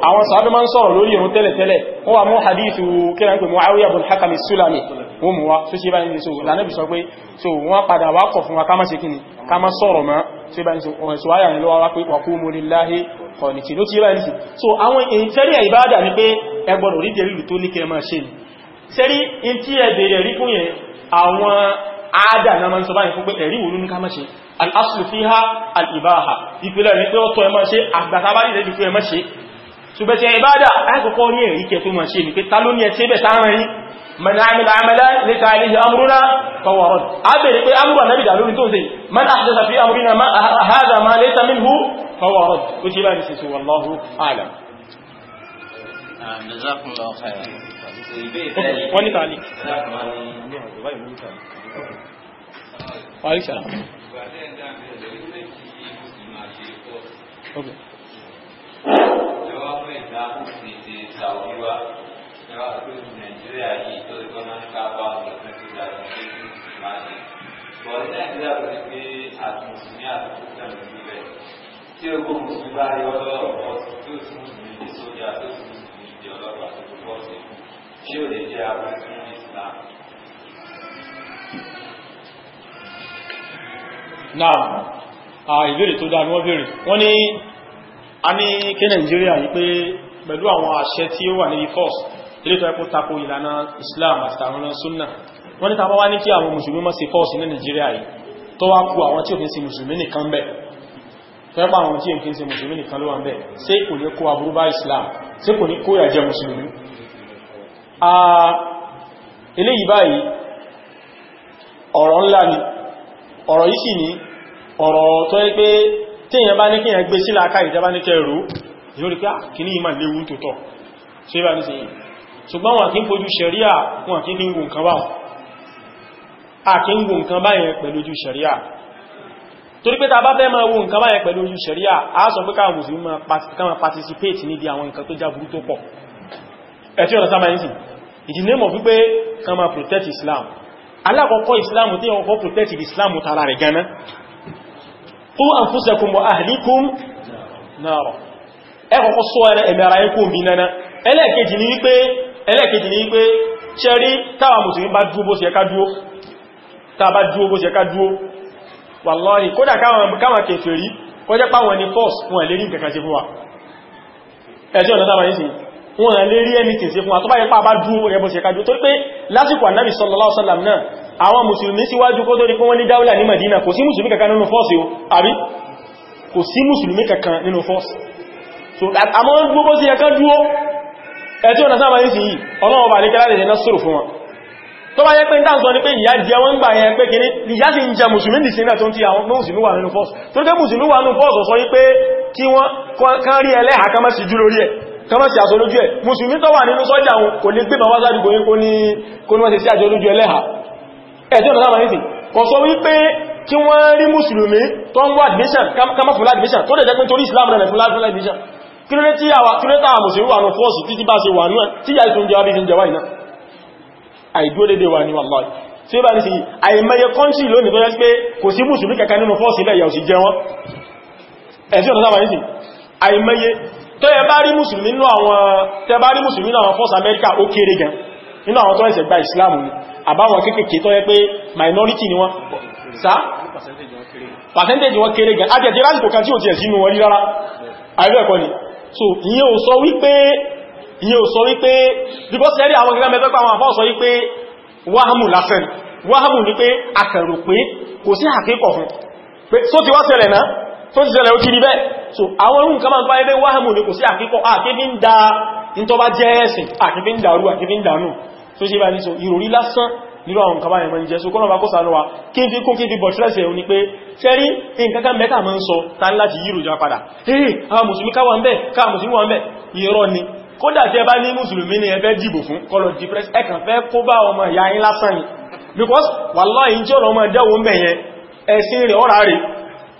àwọn sàábí máa ń sọ̀rọ̀ lórí ìrún tẹ́lẹ̀tẹ́lẹ̀ wọ́n wà mú hadithu kíran pé Muawiya bun Hakam Sulami wọ́n mú wá tó ṣe bá ní so lánàbì sọ pé so wọ́n padà wá kọ̀ fún wa ká má ṣe kíní ká má sọ̀rọ̀ mọ́ ṣe bá ní so ọ̀rẹ̀ sọ ayà ní lọ́wọ́ wá pé wa qumu lillahi qanitin ló ti bá ní so àwọn èyí tẹ́rí ìbáadà ni pé ẹgbọ́n orí dẹ̀lú tó ní kẹ máa ṣe ni tẹ́rí in tí ẹ bèèrè rí fún yẹn àwọn àádà náà máa ń sọ báyìí fún pé ẹ̀rí wo ló ní ká máa ṣe الاصل فيها الاباحه يقول ان تو تو ما شي اغبا با ري دي ما شي سوبت عباده اكو كوني يكي تو ما شي ني تالوني سي بي تاماري من عمل عملا ليس عليه امرنا فهو رد ابي بي امر النبي قالوا ان تو سي من احدث في امرنا ما هذا ما ليس منه فهو رد كشي بان سي سو الله اعلم جزاكم الله خيرا وانت عليك وعليك السلام Okay. Jawabu ìdá ti ti Sàwùdí wa, jawabu pé Nàìjíríà yìí tó ti gbọ́nà ní kápá ọ̀gbọ̀n ti dà ní kékeré máa ṣe. Bọ̀ ní Nàìjíríà ló ti pé àtúnṣe ní àtúnṣe náà ló ti bẹ̀. Tí o kó mùsùlùmí bá rí ọlọ́rọ̀ pọ̀ tí o tún mùsùlùmí di sójà tó tún mùsùlùmí di ọlọ́pàá tó tún pọ̀ sí. Ṣé o lè jẹ́ abúlé fún Islam? náà ìbéèrè tó dáa ni wọ́n béèrè wọ́n ní a ní kí Nàìjíríà yìí pé pẹ̀lú àwọn àṣẹ tí ó wà níbi force ilé tó ẹkùn tako ìlànà Islam àtàwọn súnnà wọ́n ní tàbá wá ní kí àwọn mùsùlùmí mọ́ sí force ní Nàìjíríà yìí tó wá kú àwọn tí ò kí ń ṣe mùsùlùmí nìkan bẹ̀ tẹ́pà àwọn tí ò kí ń ṣe mùsùlùmí nìkan ló wà bẹ̀ sí kò ní kó aburú bá Islam sí kò ní kó ìyàjẹ mùsùlùmí eléyìí báyìí ọ̀rọ̀ ńlá ni ọ̀rọ̀ yìí sì ní ọ̀rọ̀ tó yẹ pé tí èyàn bá ní kí èyàn gbé sílá aká ìjọba ní kẹrù yóò rí pé kì ní ìmà léwu tòótọ́ ṣe bá ní sí yìí ṣùgbọ́n wọn kí ń fojú ṣẹ̀ríà wọn kí ní wo a kí ń wo nǹkan báyẹn pẹ̀lú ojú ṣẹ̀ríà torí ẹ̀tí ọ̀nà sáma ìdí name of wípé kan máa protect Islam alákọ̀ọ́kọ́ islamu tí wọ́n protect islamu tara rẹ̀ gana qu anfusakum wa ahlikum nara ẹkọ̀kọ́ sọ ẹ̀rẹ̀ ẹ̀mẹ̀ra ẹkù mi nana ẹlẹ́ẹ̀kejì ni wípé ẹlẹ́ẹ̀kejì ni wípé ṣẹ́rí táwà mùsùlùmí bá dúó bó ṣe ká dúó tá bá dúó bó ṣe ká dúó wallahi kódà káwọn ni force fún ẹ̀lérí nǹkan kan ṣe fún wa wọn lè rí anything sí fún wa tó bá yẹpa bá dúró ẹbọ̀ ṣe kájú torí pé lásìkò ànábì sallallahu alaihi wasallam náà àwọn mùsùlùmí síwájú kó tó ní fún wọn ní dáúlà ní Madina kò sí mùsùlùmí kankan nínú fọ́ọ̀sì o àbí kò sí mùsùlùmí kankan nínú fọ́ọ̀sì so àmọ́ gbogbo sí ẹkan dúró ẹ̀tí ọ̀nà sáàmà ní sí yìí ọlọ́wọ́ bà lékẹ́lá lè ṣẹ́ná sọ̀rọ̀ fún wọn tó bá yẹ pé ní tàǹsọ́ ní pé ìyá jẹ wọ́n ń gbà yẹn pé kìíní ìyá sì ń jẹ mùsùlùmí nìsí náà tó ń ti àwọn kọmọ̀ sí àṣọ lójú ẹ̀ musulmi tó wà nínú sọ́jà wọn kò lè gbé màwá sáàdì gbóyín kó ní kó ní wọ́n ti sí àṣọ lójú ẹlẹ́ha ẹ̀tí ọ̀nà sáàmà nítì kò sọ wípé kí wọ́n rí musulmi tó ń wá admission kama fún admission tó dẹ̀ jẹ́ pé torí islam rẹ̀ fún láti admission kí ló tí àwọn kí ló táwọn musulmi wà ní fọ́ọ̀sì títí bá ṣe wà ní ẹ̀ tí yà ìtún jẹ́ wá bí ṣe ń jẹ wá ìná àìdúró dédé wà ní wallahi tí ó bá ní sí àìmẹ́yẹ kọ́ntì lónìí tó yẹ́ sí pé kò sí musulmi kankan nínú fọ́ọ̀sì ilẹ̀ yà òsì jẹ wọn ẹ̀sí ọ̀nà sáàmà ní sí àìmẹ́yẹ tó yẹ bá rí mùsùlùmí nínú àwọn tẹ bá rí mùsùlùmí nínú àwọn force America ó kéré gan nínú àwọn tó ẹ̀sẹ̀ gba islam ni àbáwọn kéèkéé tó yẹ pé minority ni wọ́n sá percentage wọn kéré gan ajẹ̀jẹ̀ lásìkò kan tí ò ti ẹ̀ sínú wọn rí rárá ni so sọ ti wá náà tó ti ṣẹlẹ̀ ó ti rí bẹ́ẹ̀ so àwọn ohun kan máa ń fáyébé wáhàmù ní kò sí àkíkọ́ àkíbí ń da jẹ́ ẹ̀sìn àkíbí ń darú àkíbí tó ṣe bá ní so ìròrí lásán nínú àwọn nǹkan báyẹ̀ mọ́ jẹ́ so kọ́nà bá kó sàánú wa kí n fi kún kí n fi bọ̀ ṣẹ́sẹ̀ òní pé ṣẹ́rí nǹkankan mẹ́ta mọ́ ń sọ ni kódà tẹ́ bá ni ẹ fẹ́ dìbò fún kọlọ̀ depress ẹkàn fẹ́ kó because wàláhì tí ọ̀rọ̀ ọmọ ẹ̀dẹ́wò ń bẹ̀ ẹ̀sìn rẹ̀ ọ̀rá rẹ̀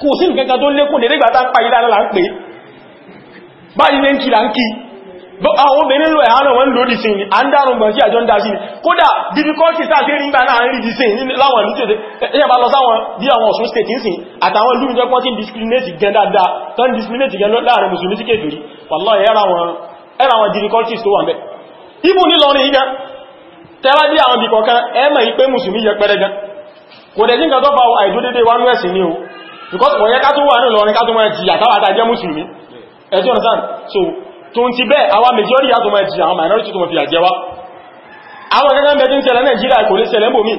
kò sí nǹkan tó lékùn nígbà tá ń pa ìlànà là ń pè báyìí lé ń kí là ń kí àwọn obìnrin lò ẹ̀hánà wọn lòdì sí ní àndàrùn gbọ̀n sí àjọ́ndà sí ní kódà difficulty sáàtí rí nígbà náà rí di sí ní láwọn ìlú tètè ẹ̀yẹ bá lọ sáwọn bí àwọn Ọ̀ṣun state sí àtàwọn ìlú ìjọ pọ́n tí discriminate gan dáadáa tó ń discriminate gan láàrin mùsùlùmí sí kéfèrí wàláhì ẹ̀rà wọn difficulties tó wà mẹ́ ibù nílọrin igan tẹ́lá bí àwọn bìkọ̀kan ẹ̀mọ̀ yí pé mùsùlùmí yẹpẹrẹ gan kò dẹ̀ sí nǹkan tó fa àìdódédé wánú ẹ̀sìn ni o because wọ́n yẹ ká tó wà ní Ìlọrin ká mùsùlùmí ẹ̀tí understand so tó ń ti majority yà tó máa minority tó máa fi àjẹ wá àwọn gẹ́gẹ́ bẹ́ẹ̀ tí ń ṣẹlẹ̀ Nàìjíríà kò lè ṣẹlẹ̀ mbòmí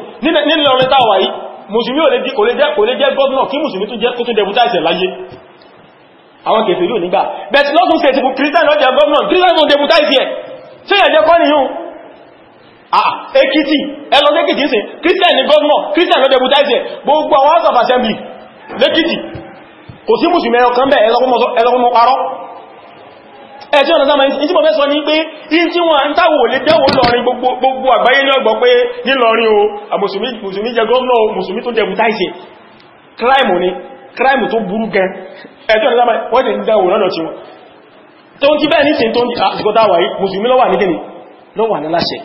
nílọrin táwà yìí mùsùlùmí kò lè jẹ́ kò lè jẹ́ gọ́ọ̀nà kí mùsùlùmí tó jẹ́ kó tó dẹbútà ìṣẹ̀ láyé àwọn kèfè yóò nígbà bẹ̀tí lọ́tún ṣe ti fún kírísítàn lọ́jẹ́ gọ́ọ̀nà kírísítàn tó dẹbútà ìṣẹ̀ tí ẹ̀jẹ́ lẹ́kìtì kò sí mùsùlùmí ọkàn bẹ́ ẹlọ́gbọ́n parọ́ ẹ̀tí ọ̀nà sáàmà ìsí mọ̀ mẹ́sọ ní pé in tí wọ́n ń táwò lè jẹ́wò lọ́rin gbogbo àgbáyé ní ọgbọ̀ pé nílọrin o gọ́ọ̀nà ni crime tó burú gan ẹ̀tí ọ̀nà sáàmà wọ́n ti ń dáwò lọ́nà tí wọ́n tó ń kí bẹ́ẹ̀ ní sin tó ń àsìkò ah, táwà yìí mùsùlùmí lọ́wà ní gẹ́ni lọ́wà ní láṣẹ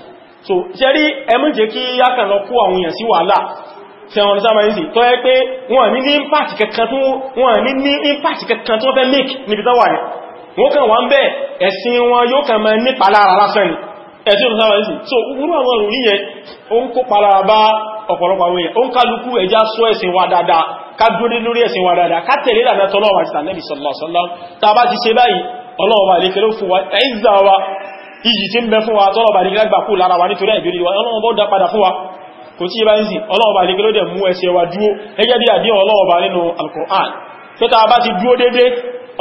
so ṣe rí ẹmú jẹ́ kí sẹ́wọ̀n sáàmà ní sí tó yẹ pé wọ́n ní ní impact kankan tó wọ́n ní ní impact kankan tó fẹ́ make níbi tó wà ní wọ́n kàn wọ́n bẹ́ ẹ̀sìn wọn yóò kàn mọ́ ní palára lásán ní so wúrú àwọn ọ̀rùn yíyẹ ó ń kó palára bá ọ̀pọ̀lọpọ̀ àwọn èèyàn ó ń kálukú ẹja sọ ẹ̀sìn wa dáadáa ká dúró lórí ẹ̀sìn wa dáadáa ká tẹ̀lé ìlànà tọ́lọ́wà àti tànẹ́bì sọ̀lọ́sọ́lọ́ tá wa ẹ̀yìn wa iyì tí ń bẹ fún wa tọ́lọ̀bà ní gẹ́gbà kú kò tí bá ń sì ọlọ́ọ̀bá lè gẹ́lódẹ̀ mú ẹsẹ̀ wa dúó gẹ́gẹ́ bí àdí ọlọ́ọ̀bá nínú Al-Qur'an pé ta bá ti dúó dédé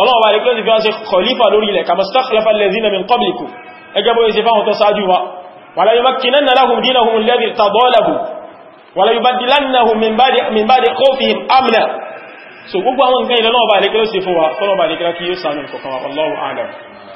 ọlọ́ọ̀bá lè gẹ́lódẹ̀ fi wá ṣe khalifa lórí ilẹ̀ kama stakhlafa allazina min qablikum gẹ́gẹ́ bó ṣe fáwọn tó sáájú wa wala yumakkinanna lahum dinahum alladhi irtada lahum wala yubaddilannahum min ba'di khawfihim amna so gbogbo